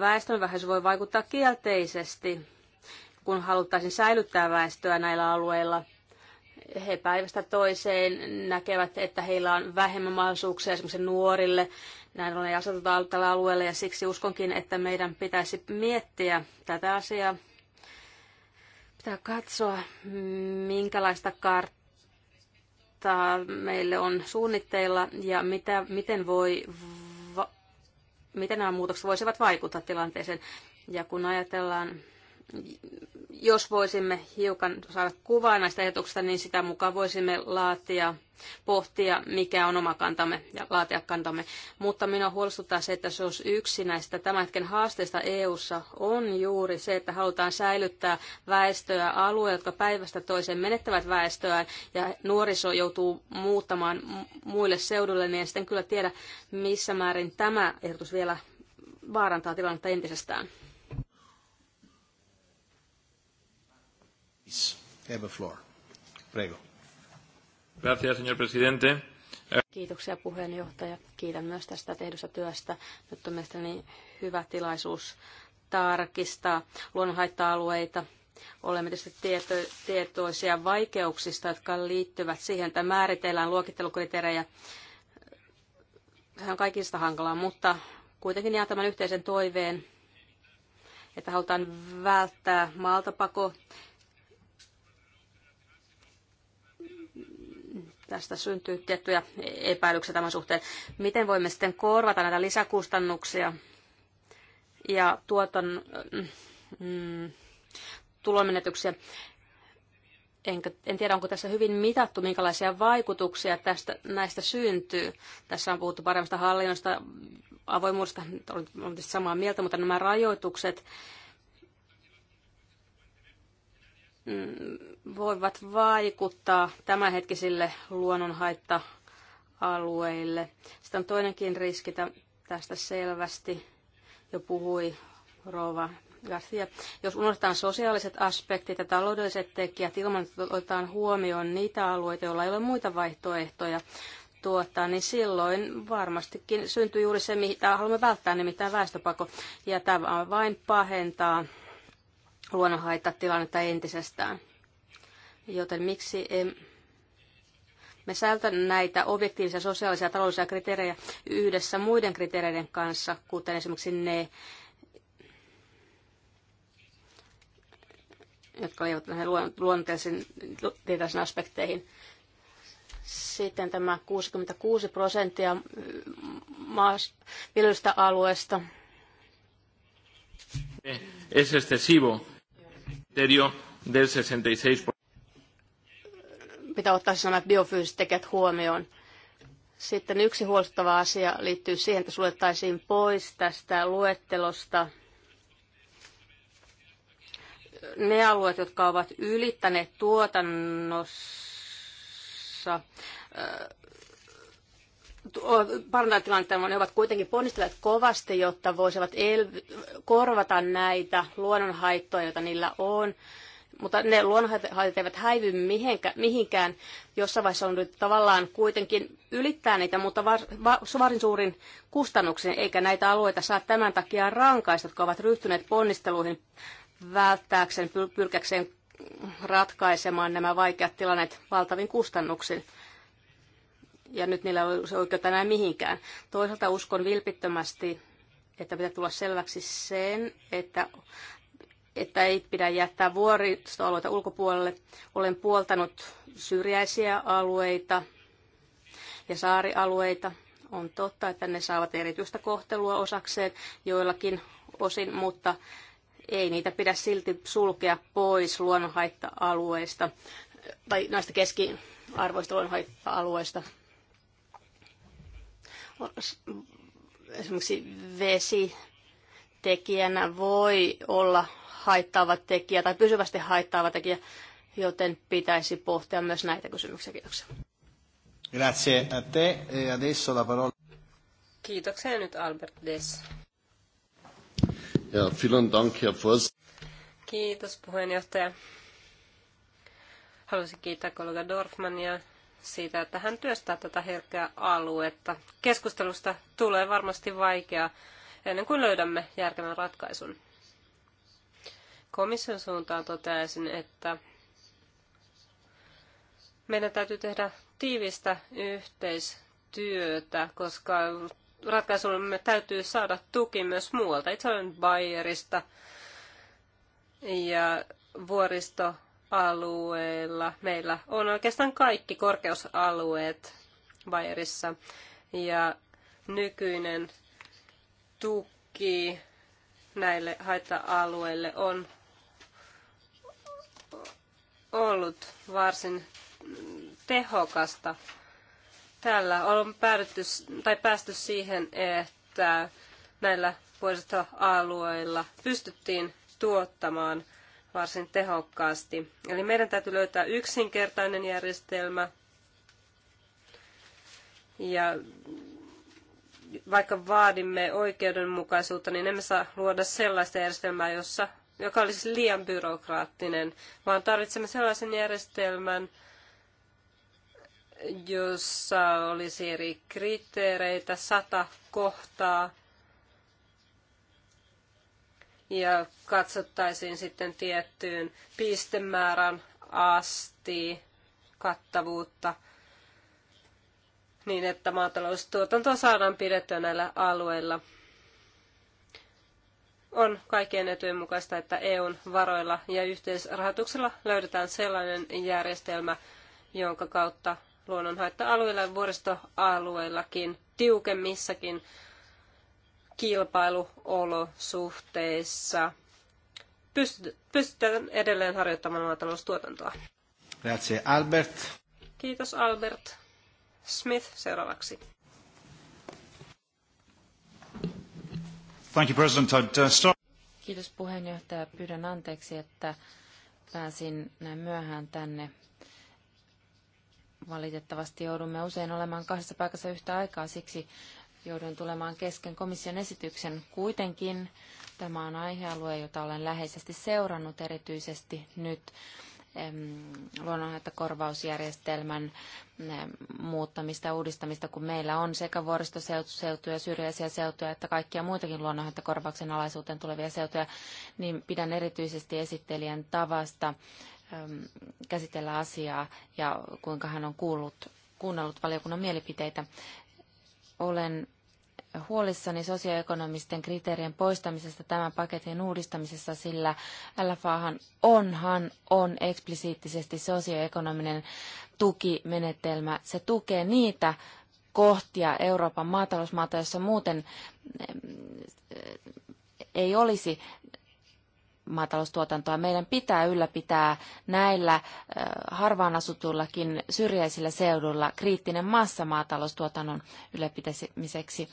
C: väestönvähäisyys voi vaikuttaa kielteisesti, kun haluttaisiin säilyttää väestöä näillä alueilla. He päivästä toiseen näkevät, että heillä on vähemmän mahdollisuuksia esimerkiksi nuorille. Näin on asetetaan tällä alueella ja siksi uskonkin, että meidän pitäisi miettiä tätä asiaa. Pitää katsoa, minkälaista karttaa tota, meille on suunnitteilla ja mitä, miten, voi, va, miten nämä muutokset voisivat vaikuttaa tilanteeseen. Ja kun ajatellaan jos voisimme hiukan saada kuvaa näistä ajatuksista, niin sitä mukaan voisimme laatia, pohtia, mikä on oma kantamme ja laatia kantamme. Mutta minua huolestuttaa se, että se olisi yksi näistä tämän hetken haasteista EU:ssa on juuri se, että halutaan säilyttää väestöä alueella, jotka päivästä toiseen menettävät väestöään ja nuoriso joutuu muuttamaan muille seudulle, niin en sitten kyllä tiedä, missä määrin tämä ehdotus vielä vaarantaa tilannetta entisestään. please have a floor. Prego. Gracias, señor presidente. Kiitoksia puheenjohtaja. Kiitän myös tästä tehdystä työstä. Nyt on mielestäni hyvä tilaisuus tarkistaa luonnonhaitta-alueita. Olemme tietysti tieto, tietoisia vaikeuksista, jotka liittyvät siihen, että määritellään luokittelukriteerejä. Se on kaikista hankalaa, mutta kuitenkin jää tämän yhteisen toiveen, että halutaan välttää maaltapako tästä syntyy tiettyjä epäilyksiä tämän suhteen. Miten voimme sitten korvata näitä lisäkustannuksia ja tuoton mm, mm tulonmenetyksiä? En, en tiedä, onko tässä hyvin mitattu, minkälaisia vaikutuksia tästä, näistä syntyy. Tässä on puhuttu paremmasta hallinnosta, avoimuudesta, olen samaa mieltä, mutta nämä rajoitukset, voivat vaikuttaa tämänhetkisille luonnonhaitta-alueille. Sitten on toinenkin riski, tästä selvästi jo puhui Rova Garcia. Jos unohdetaan sosiaaliset aspektit ja taloudelliset tekijät ilman, että otetaan huomioon niitä alueita, joilla ei ole muita vaihtoehtoja tuottaa, niin silloin varmastikin syntyy juuri se, mitä haluamme välttää, nimittäin väestöpako. Ja tämä vain pahentaa luonnonhaittaa tilannetta entisestään. Joten miksi em, me säältämme näitä objektiivisia sosiaalisia ja taloudellisia kriteerejä yhdessä muiden kriteereiden kanssa, kuten esimerkiksi ne, jotka liittyvät näihin luonteellisiin aspekteihin. Sitten tämä 66 prosenttia maas, viljelystä alueesta. Es excesivo criterio del 66 pitää ottaa siis nämä biofyysiset tekijät huomioon. Sitten yksi huolestuttava asia liittyy siihen, että suljettaisiin pois tästä luettelosta ne alueet, jotka ovat ylittäneet tuotannossa parantaa tilannetta, ne ovat kuitenkin ponnistelleet kovasti, jotta voisivat korvata näitä luonnonhaittoja, joita niillä on. Mutta ne luonnonhaitat eivät häivy mihinkään. Jossain vaiheessa on nyt tavallaan kuitenkin ylittää niitä, mutta var, va, varsin suurin kustannuksen, eikä näitä alueita saa tämän takia rankaista, jotka ovat ryhtyneet ponnisteluihin välttääkseen, pyrkäkseen ratkaisemaan nämä vaikeat tilanteet valtavin kustannuksin ja nyt niillä ei ole oikeutta enää mihinkään. Toisaalta uskon vilpittömästi, että pitää tulla selväksi sen, että että ei pidä jättää vuoristoalueita ulkopuolelle. Olen puoltanut syrjäisiä alueita ja saarialueita. On totta, että ne saavat erityistä kohtelua osakseen joillakin osin, mutta ei niitä pidä silti sulkea pois luonnonhaitta-alueista tai näistä keskiarvoista luonnonhaitta-alueista esimerkiksi vesitekijänä voi olla haittaava tekijä tai pysyvästi haittaava tekijä, joten pitäisi pohtia myös näitä kysymyksiä. Kiitoksia.
B: Grazie a te. E adesso la parola. Kiitoksia nyt Albert Des.
A: Ja, vielen Dank, Herr Voss.
B: Kiitos puheenjohtaja. Haluaisin kiittää kollega Dorfmania siitä, että hän työstää tätä herkkää aluetta. Keskustelusta tulee varmasti vaikeaa ennen kuin löydämme järkevän ratkaisun. Komission suuntaan toteaisin, että meidän täytyy tehdä tiivistä yhteistyötä, koska ratkaisullemme täytyy saada tuki myös muualta. Itse olen Bayerista ja vuoristo alueilla. Meillä on oikeastaan kaikki korkeusalueet Bayerissa ja nykyinen tuki näille haitta-alueille on ollut varsin tehokasta. Tällä on päädytty, tai päästy siihen, että näillä alueilla pystyttiin tuottamaan varsin tehokkaasti. Eli meidän täytyy löytää yksinkertainen järjestelmä. Ja vaikka vaadimme oikeudenmukaisuutta, niin emme saa luoda sellaista järjestelmää, jossa, joka olisi liian byrokraattinen, vaan tarvitsemme sellaisen järjestelmän, jossa olisi eri kriteereitä, sata kohtaa, ja katsottaisiin sitten tiettyyn pistemäärän asti kattavuutta niin, että maataloustuotanto saadaan pidettyä näillä alueilla. On kaikkien etujen mukaista, että EUn varoilla ja yhteisrahoituksella löydetään sellainen järjestelmä, jonka kautta luonnonhaitta-alueilla ja vuoristoalueillakin tiukemmissakin kilpailuolosuhteissa pystytään edelleen harjoittamaan maataloustuotantoa.
A: Grazie Albert.
B: Kiitos Albert.
A: Smith seuraavaksi. Thank you, President. I'd uh, start... Kiitos puheenjohtaja. Pyydän anteeksi, että pääsin näin myöhään tänne. Valitettavasti joudumme usein olemaan kahdessa paikassa yhtä aikaa, siksi joudun tulemaan kesken komission esityksen. Kuitenkin tämä on aihealue, jota olen läheisesti seurannut erityisesti nyt luonnonhaittakorvausjärjestelmän muuttamista ja uudistamista, kun meillä on sekä vuoristoseutuja, syrjäisiä seutuja, että kaikkia muitakin luonnonhaittakorvauksen alaisuuteen tulevia seutuja, niin pidän erityisesti esittelijän tavasta käsitellä asiaa ja kuinka hän on kuullut, kuunnellut valiokunnan mielipiteitä. Olen huolissani sosioekonomisten kriteerien poistamisesta tämän paketin uudistamisessa, sillä LFAhan onhan on eksplisiittisesti sosioekonominen tukimenetelmä. Se tukee niitä kohtia Euroopan maatalousmaata, jossa muuten ei olisi maataloustuotantoa. Meidän pitää ylläpitää näillä harvaan asutuillakin syrjäisillä seuduilla kriittinen massa maataloustuotannon ylläpitämiseksi.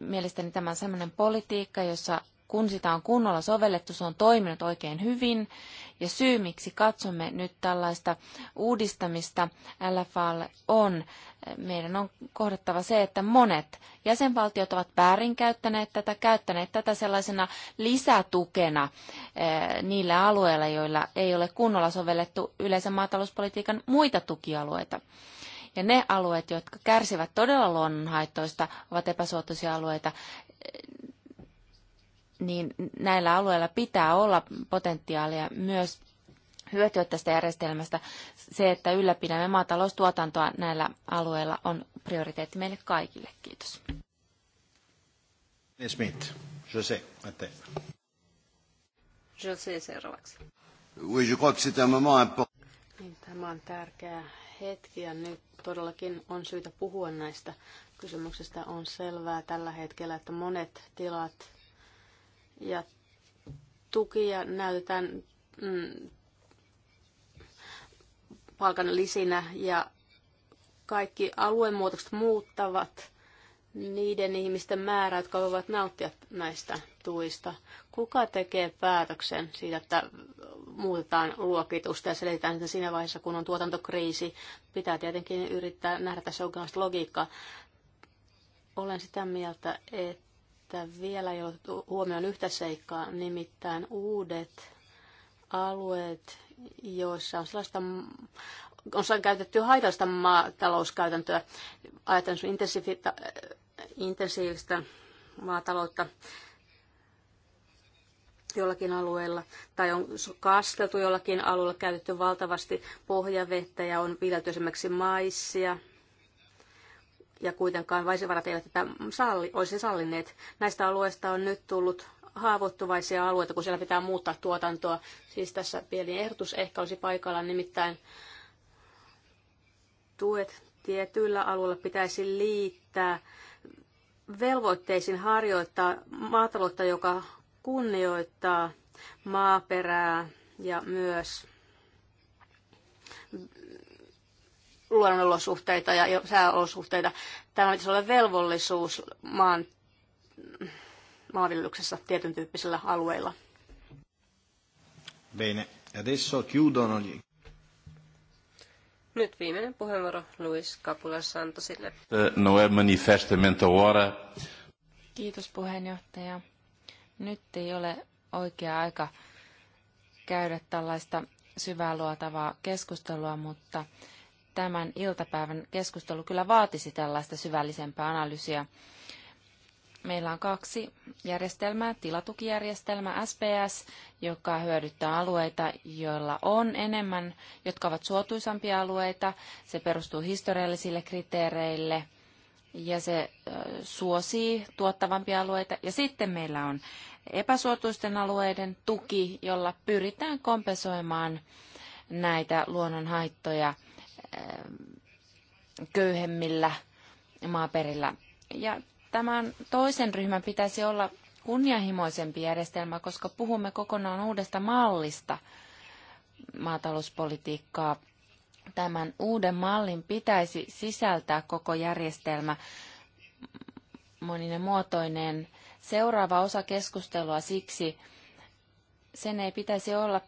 A: Mielestäni tämä on sellainen politiikka, jossa kun sitä on kunnolla sovellettu, se on toiminut oikein hyvin. Ja syy, miksi katsomme nyt tällaista uudistamista LFAlle on, meidän on kohdattava se, että monet jäsenvaltiot ovat väärinkäyttäneet tätä, käyttäneet tätä sellaisena lisätukena eh, niillä alueilla, joilla ei ole kunnolla sovellettu yleensä maatalouspolitiikan muita tukialueita. Ja ne alueet, jotka kärsivät todella luonnonhaitoista, ovat epäsuotuisia alueita niin näillä alueilla pitää olla potentiaalia myös hyötyä tästä järjestelmästä. Se, että ylläpidämme maataloustuotantoa näillä alueilla on prioriteetti meille kaikille. Kiitos.
C: Smith, José,
B: José seuraavaksi.
C: Oui, je crois que c'est un moment important. Niin, tämä on tärkeä hetki ja nyt todellakin on syytä puhua näistä kysymyksistä. On selvää tällä hetkellä, että monet tilat ja ja näytetään mm, palkan lisinä ja kaikki aluemuutokset muuttavat niiden ihmisten määrä, jotka voivat nauttia näistä tuista. Kuka tekee päätöksen siitä, että muutetaan luokitusta ja selitetään sitä siinä vaiheessa, kun on tuotantokriisi? Pitää tietenkin yrittää nähdä tässä oikeanlaista logiikkaa. Olen sitä mieltä, että että vielä ei ole huomioon yhtä seikkaa, nimittäin uudet alueet, joissa on sellaista on käytetty haitallista maatalouskäytäntöä, ajatellen intensiivistä maataloutta jollakin alueella, tai on kasteltu jollakin alueella, käytetty valtavasti pohjavettä ja on viljelty esimerkiksi maissia, ja kuitenkaan vaisivarat eivät tätä salli, olisi sallineet. Näistä alueista on nyt tullut haavoittuvaisia alueita, kun siellä pitää muuttaa tuotantoa. Siis tässä pieni ehdotus ehkä olisi paikallaan, nimittäin tuet tietyillä alueilla pitäisi liittää velvoitteisiin harjoittaa maataloutta, joka kunnioittaa maaperää ja myös luonnonolosuhteita ja sääolosuhteita. Tämä pitäisi olla velvollisuus maan, maanviljelyksessä tietyn tyyppisillä alueilla.
A: Bene. Adesso chiudono gli...
B: Nyt viimeinen puheenvuoro Luis
A: Capula Santosille.
B: No è manifestamente ora.
A: Kiitos puheenjohtaja. Nyt ei ole oikea aika käydä tällaista syvää luotavaa keskustelua, mutta tämän iltapäivän keskustelu kyllä vaatisi tällaista syvällisempää analyysiä. Meillä on kaksi järjestelmää. Tilatukijärjestelmä SPS, joka hyödyttää alueita, joilla on enemmän, jotka ovat suotuisampia alueita. Se perustuu historiallisille kriteereille ja se suosii tuottavampia alueita. Ja sitten meillä on epäsuotuisten alueiden tuki, jolla pyritään kompensoimaan näitä luonnonhaittoja – Ähm, köyhemmillä maaperillä. Ja tämän toisen ryhmän pitäisi olla kunnianhimoisempi järjestelmä, koska puhumme kokonaan uudesta mallista maatalouspolitiikkaa. Tämän uuden mallin pitäisi sisältää koko järjestelmä monine muotoinen Seuraava osa keskustelua siksi, sen ei pitäisi olla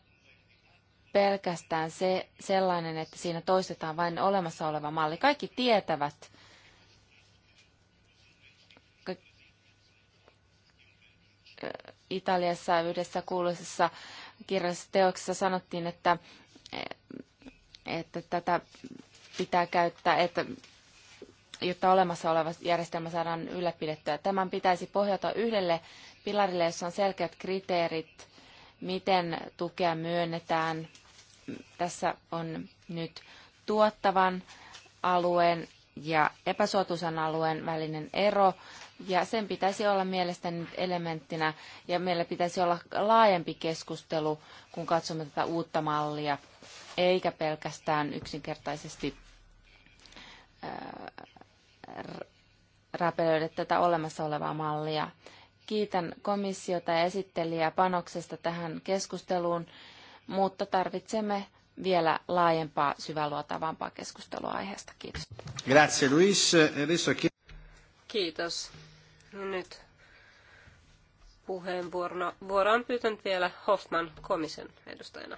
A: pelkästään se, sellainen, että siinä toistetaan vain olemassa oleva malli. Kaikki tietävät, Italiassa yhdessä kuuluisessa kirjallisessa teoksessa sanottiin, että, e, että tätä pitää käyttää, että jotta olemassa oleva järjestelmä saadaan ylläpidettyä. Tämän pitäisi pohjata yhdelle pilarille, jossa on selkeät kriteerit, miten tukea myönnetään, tässä on nyt tuottavan alueen ja epäsuotuisan alueen välinen ero, ja sen pitäisi olla mielestäni elementtinä, ja meillä pitäisi olla laajempi keskustelu, kun katsomme tätä uutta mallia, eikä pelkästään yksinkertaisesti äh, rääpelöidä tätä olemassa olevaa mallia. Kiitän komissiota ja esittelijää panoksesta tähän keskusteluun mutta tarvitsemme vielä laajempaa, syväluotavampaa keskustelua aiheesta. Kiitos. Grazie Luis. Eh,
B: Kiitos. No nyt puheenvuorona vuoraan pyytänyt vielä Hoffman komission edustajana.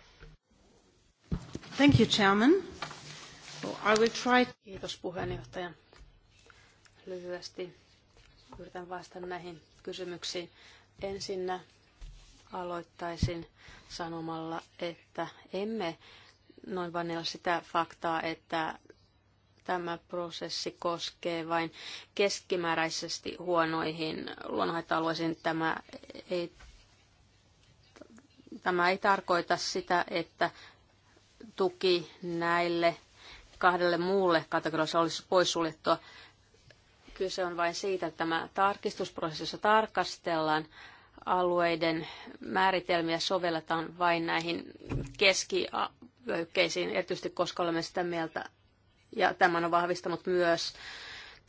B: Thank you, Chairman. I will try... Kiitos
C: puheenjohtaja. Lyhyesti yritän vastata näihin kysymyksiin. Ensinnä Aloittaisin sanomalla, että emme noin vain sitä faktaa, että tämä prosessi koskee vain keskimääräisesti huonoihin luonnonhaitta-alueisiin. Tämä ei, tämä ei tarkoita sitä, että tuki näille kahdelle muulle kategorialle olisi poissuljettua. Kyse on vain siitä, että tämä tarkistusprosessissa tarkastellaan alueiden määritelmiä sovelletaan vain näihin keskivyöhykkeisiin, erityisesti koska olemme sitä mieltä, ja tämän on vahvistanut myös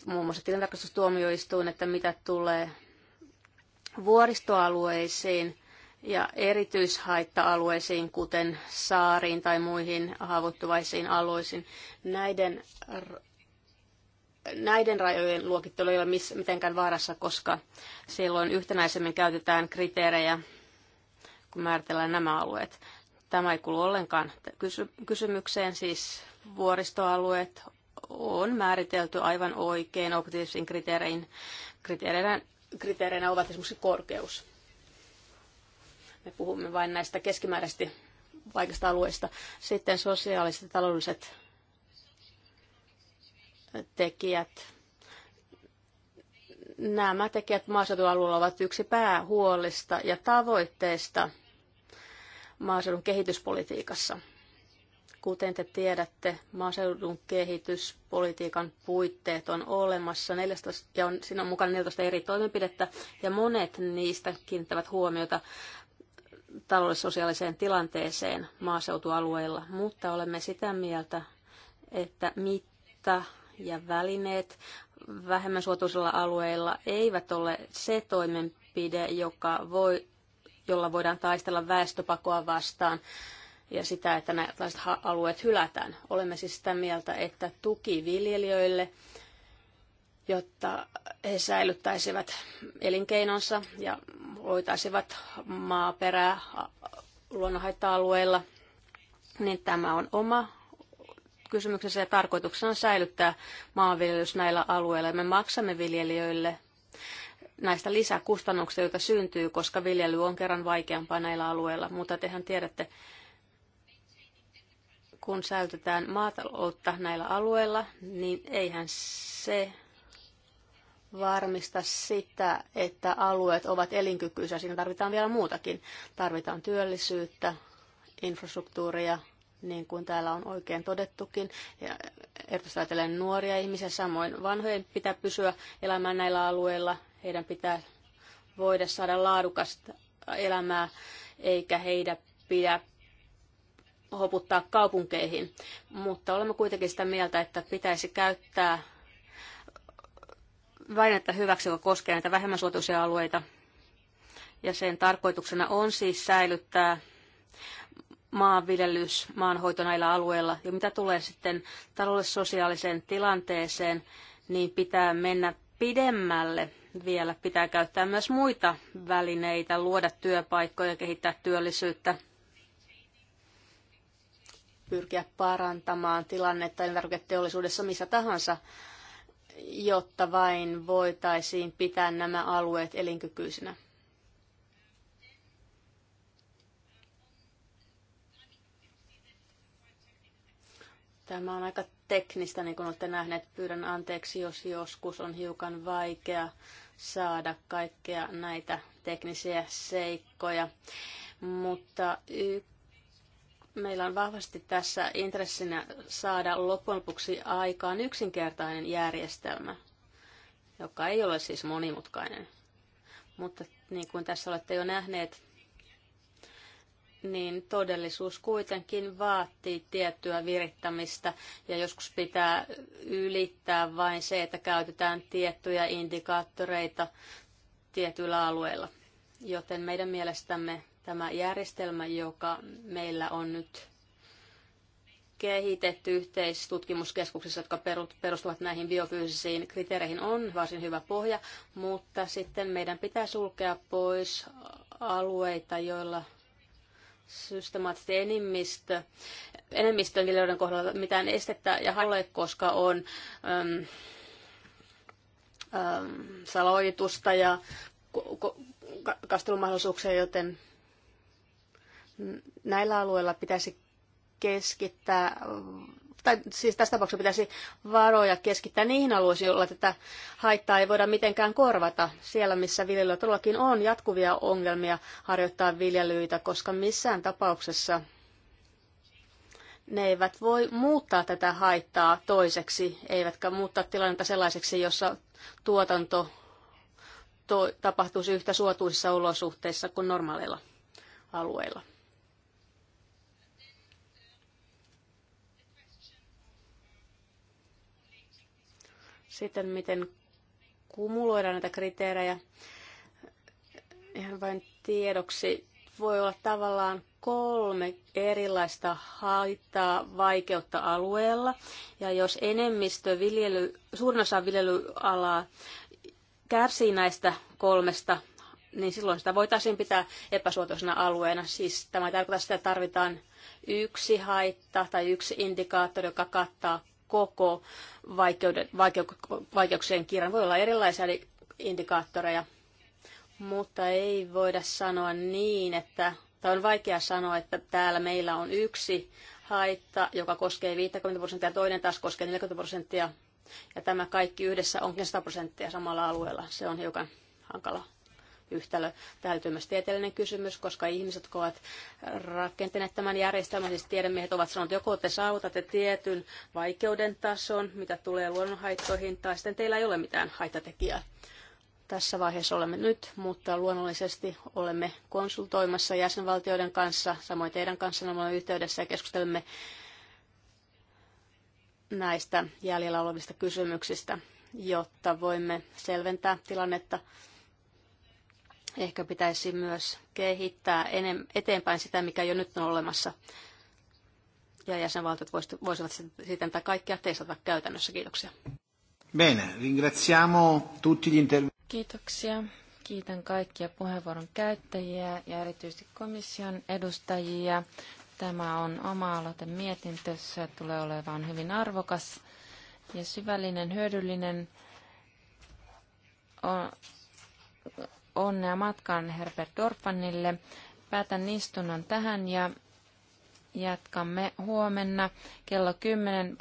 C: muun muassa tilintarkastustuomioistuin, että mitä tulee vuoristoalueisiin ja erityishaitta-alueisiin, kuten saariin tai muihin haavoittuvaisiin alueisiin. Näiden näiden rajojen luokittelu ei ole mitenkään vaarassa, koska silloin yhtenäisemmin käytetään kriteerejä, kun määritellään nämä alueet. Tämä ei kuulu ollenkaan kysymykseen, siis vuoristoalueet on määritelty aivan oikein objektiivisiin kriteerein. Kriteereinä, kriteereinä ovat esimerkiksi korkeus. Me puhumme vain näistä keskimääräisesti vaikeista alueista. Sitten sosiaaliset ja taloudelliset tekijät, nämä tekijät maaseutualueella ovat yksi päähuolista ja tavoitteista maaseudun kehityspolitiikassa. Kuten te tiedätte, maaseudun kehityspolitiikan puitteet on olemassa 14, ja on, siinä on mukana 14 eri toimenpidettä, ja monet niistä kiinnittävät huomiota taloudellis-sosiaaliseen tilanteeseen maaseutualueilla, mutta olemme sitä mieltä, että mitta ja välineet vähemmän suotuisilla alueilla eivät ole se toimenpide, joka voi, jolla voidaan taistella väestöpakoa vastaan ja sitä, että nämä alueet hylätään. Olemme siis sitä mieltä, että tuki viljelijöille, jotta he säilyttäisivät elinkeinonsa ja hoitaisivat maaperää luonnonhaitta-alueilla, niin tämä on oma kysymyksessä ja tarkoituksena on säilyttää maanviljelys näillä alueilla. Me maksamme viljelijöille näistä lisäkustannuksista, joita syntyy, koska viljely on kerran vaikeampaa näillä alueilla. Mutta tehän tiedätte, kun säilytetään maataloutta näillä alueilla, niin eihän se varmista sitä, että alueet ovat elinkykyisiä. Siinä tarvitaan vielä muutakin. Tarvitaan työllisyyttä, infrastruktuuria, niin kuin täällä on oikein todettukin, ja erityisesti ajatellen nuoria ihmisiä, samoin vanhojen pitää pysyä elämään näillä alueilla, heidän pitää voida saada laadukasta elämää, eikä heidän pidä hoputtaa kaupunkeihin. Mutta olemme kuitenkin sitä mieltä, että pitäisi käyttää väinettä hyväksi, joka koskee näitä vähemmän suotuisia alueita. Ja sen tarkoituksena on siis säilyttää maanviljelys, maanhoito näillä alueilla. Ja mitä tulee sitten taloudellis-sosiaaliseen tilanteeseen, niin pitää mennä pidemmälle vielä. Pitää käyttää myös muita välineitä, luoda työpaikkoja, kehittää työllisyyttä, pyrkiä parantamaan tilannetta elintarviketeollisuudessa missä tahansa, jotta vain voitaisiin pitää nämä alueet elinkykyisinä. Tämä on aika teknistä, niin kuin olette nähneet. Pyydän anteeksi, jos joskus on hiukan vaikea saada kaikkea näitä teknisiä seikkoja. Mutta y- meillä on vahvasti tässä intressinä saada loppujen lopuksi aikaan yksinkertainen järjestelmä, joka ei ole siis monimutkainen. Mutta niin kuin tässä olette jo nähneet, niin todellisuus kuitenkin vaatii tiettyä virittämistä ja joskus pitää ylittää vain se, että käytetään tiettyjä indikaattoreita tietyillä alueilla. Joten meidän mielestämme tämä järjestelmä, joka meillä on nyt kehitetty yhteistutkimuskeskuksissa, jotka perustuvat näihin biofyysisiin kriteereihin, on varsin hyvä pohja, mutta sitten meidän pitää sulkea pois alueita, joilla systemaattisesti enemmistö, enemmistöviljelijöiden kohdalla mitään estettä ja halle, koska on äm, äm, saloitusta ja kastelumahdollisuuksia, joten näillä alueilla pitäisi keskittää tai siis tässä tapauksessa pitäisi varoja keskittää niihin alueisiin, joilla tätä haittaa ei voida mitenkään korvata. Siellä, missä viljelijöillä todellakin on jatkuvia ongelmia harjoittaa viljelyitä, koska missään tapauksessa ne eivät voi muuttaa tätä haittaa toiseksi, eivätkä muuttaa tilannetta sellaiseksi, jossa tuotanto to- tapahtuisi yhtä suotuisissa olosuhteissa kuin normaaleilla alueilla. Sitten miten kumuloidaan näitä kriteerejä, ihan vain tiedoksi, voi olla tavallaan kolme erilaista haittaa vaikeutta alueella. Ja jos enemmistö viljely, suurin osa viljelyalaa kärsii näistä kolmesta, niin silloin sitä voitaisiin pitää epäsuotuisena alueena. Siis tämä tarkoittaa sitä, että tarvitaan yksi haitta tai yksi indikaattori, joka kattaa koko vaikeuden, vaikeuk- vaikeuksien kirjan. Voi olla erilaisia indikaattoreja, mutta ei voida sanoa niin, että, tai on vaikea sanoa, että täällä meillä on yksi haitta, joka koskee 50 prosenttia, toinen taas koskee 40 prosenttia, ja tämä kaikki yhdessä onkin 100 prosenttia samalla alueella. Se on hiukan hankala yhtälö täytyy myös tieteellinen kysymys, koska ihmiset, jotka ovat rakentaneet tämän järjestelmän, siis tiedemiehet ovat sanoneet, että joko te saavutatte tietyn vaikeuden tason, mitä tulee luonnonhaittoihin, tai sitten teillä ei ole mitään haittatekijää. Tässä vaiheessa olemme nyt, mutta luonnollisesti olemme konsultoimassa jäsenvaltioiden kanssa, samoin teidän kanssa olemme yhteydessä ja keskustelemme näistä jäljellä olevista kysymyksistä, jotta voimme selventää tilannetta Ehkä pitäisi myös kehittää eteenpäin sitä, mikä jo nyt on olemassa. Ja jäsenvaltiot voisivat sitten tätä kaikkea testata käytännössä. Kiitoksia.
A: Bene, ringraziamo tutti gli inter... Kiitoksia. Kiitän kaikkia puheenvuoron käyttäjiä ja erityisesti komission edustajia. Tämä on oma aloite mietintö. Se tulee olemaan hyvin arvokas ja syvällinen, hyödyllinen onnea matkaan Herbert Dorfanille. Päätän istunnon tähän ja jatkamme huomenna kello 10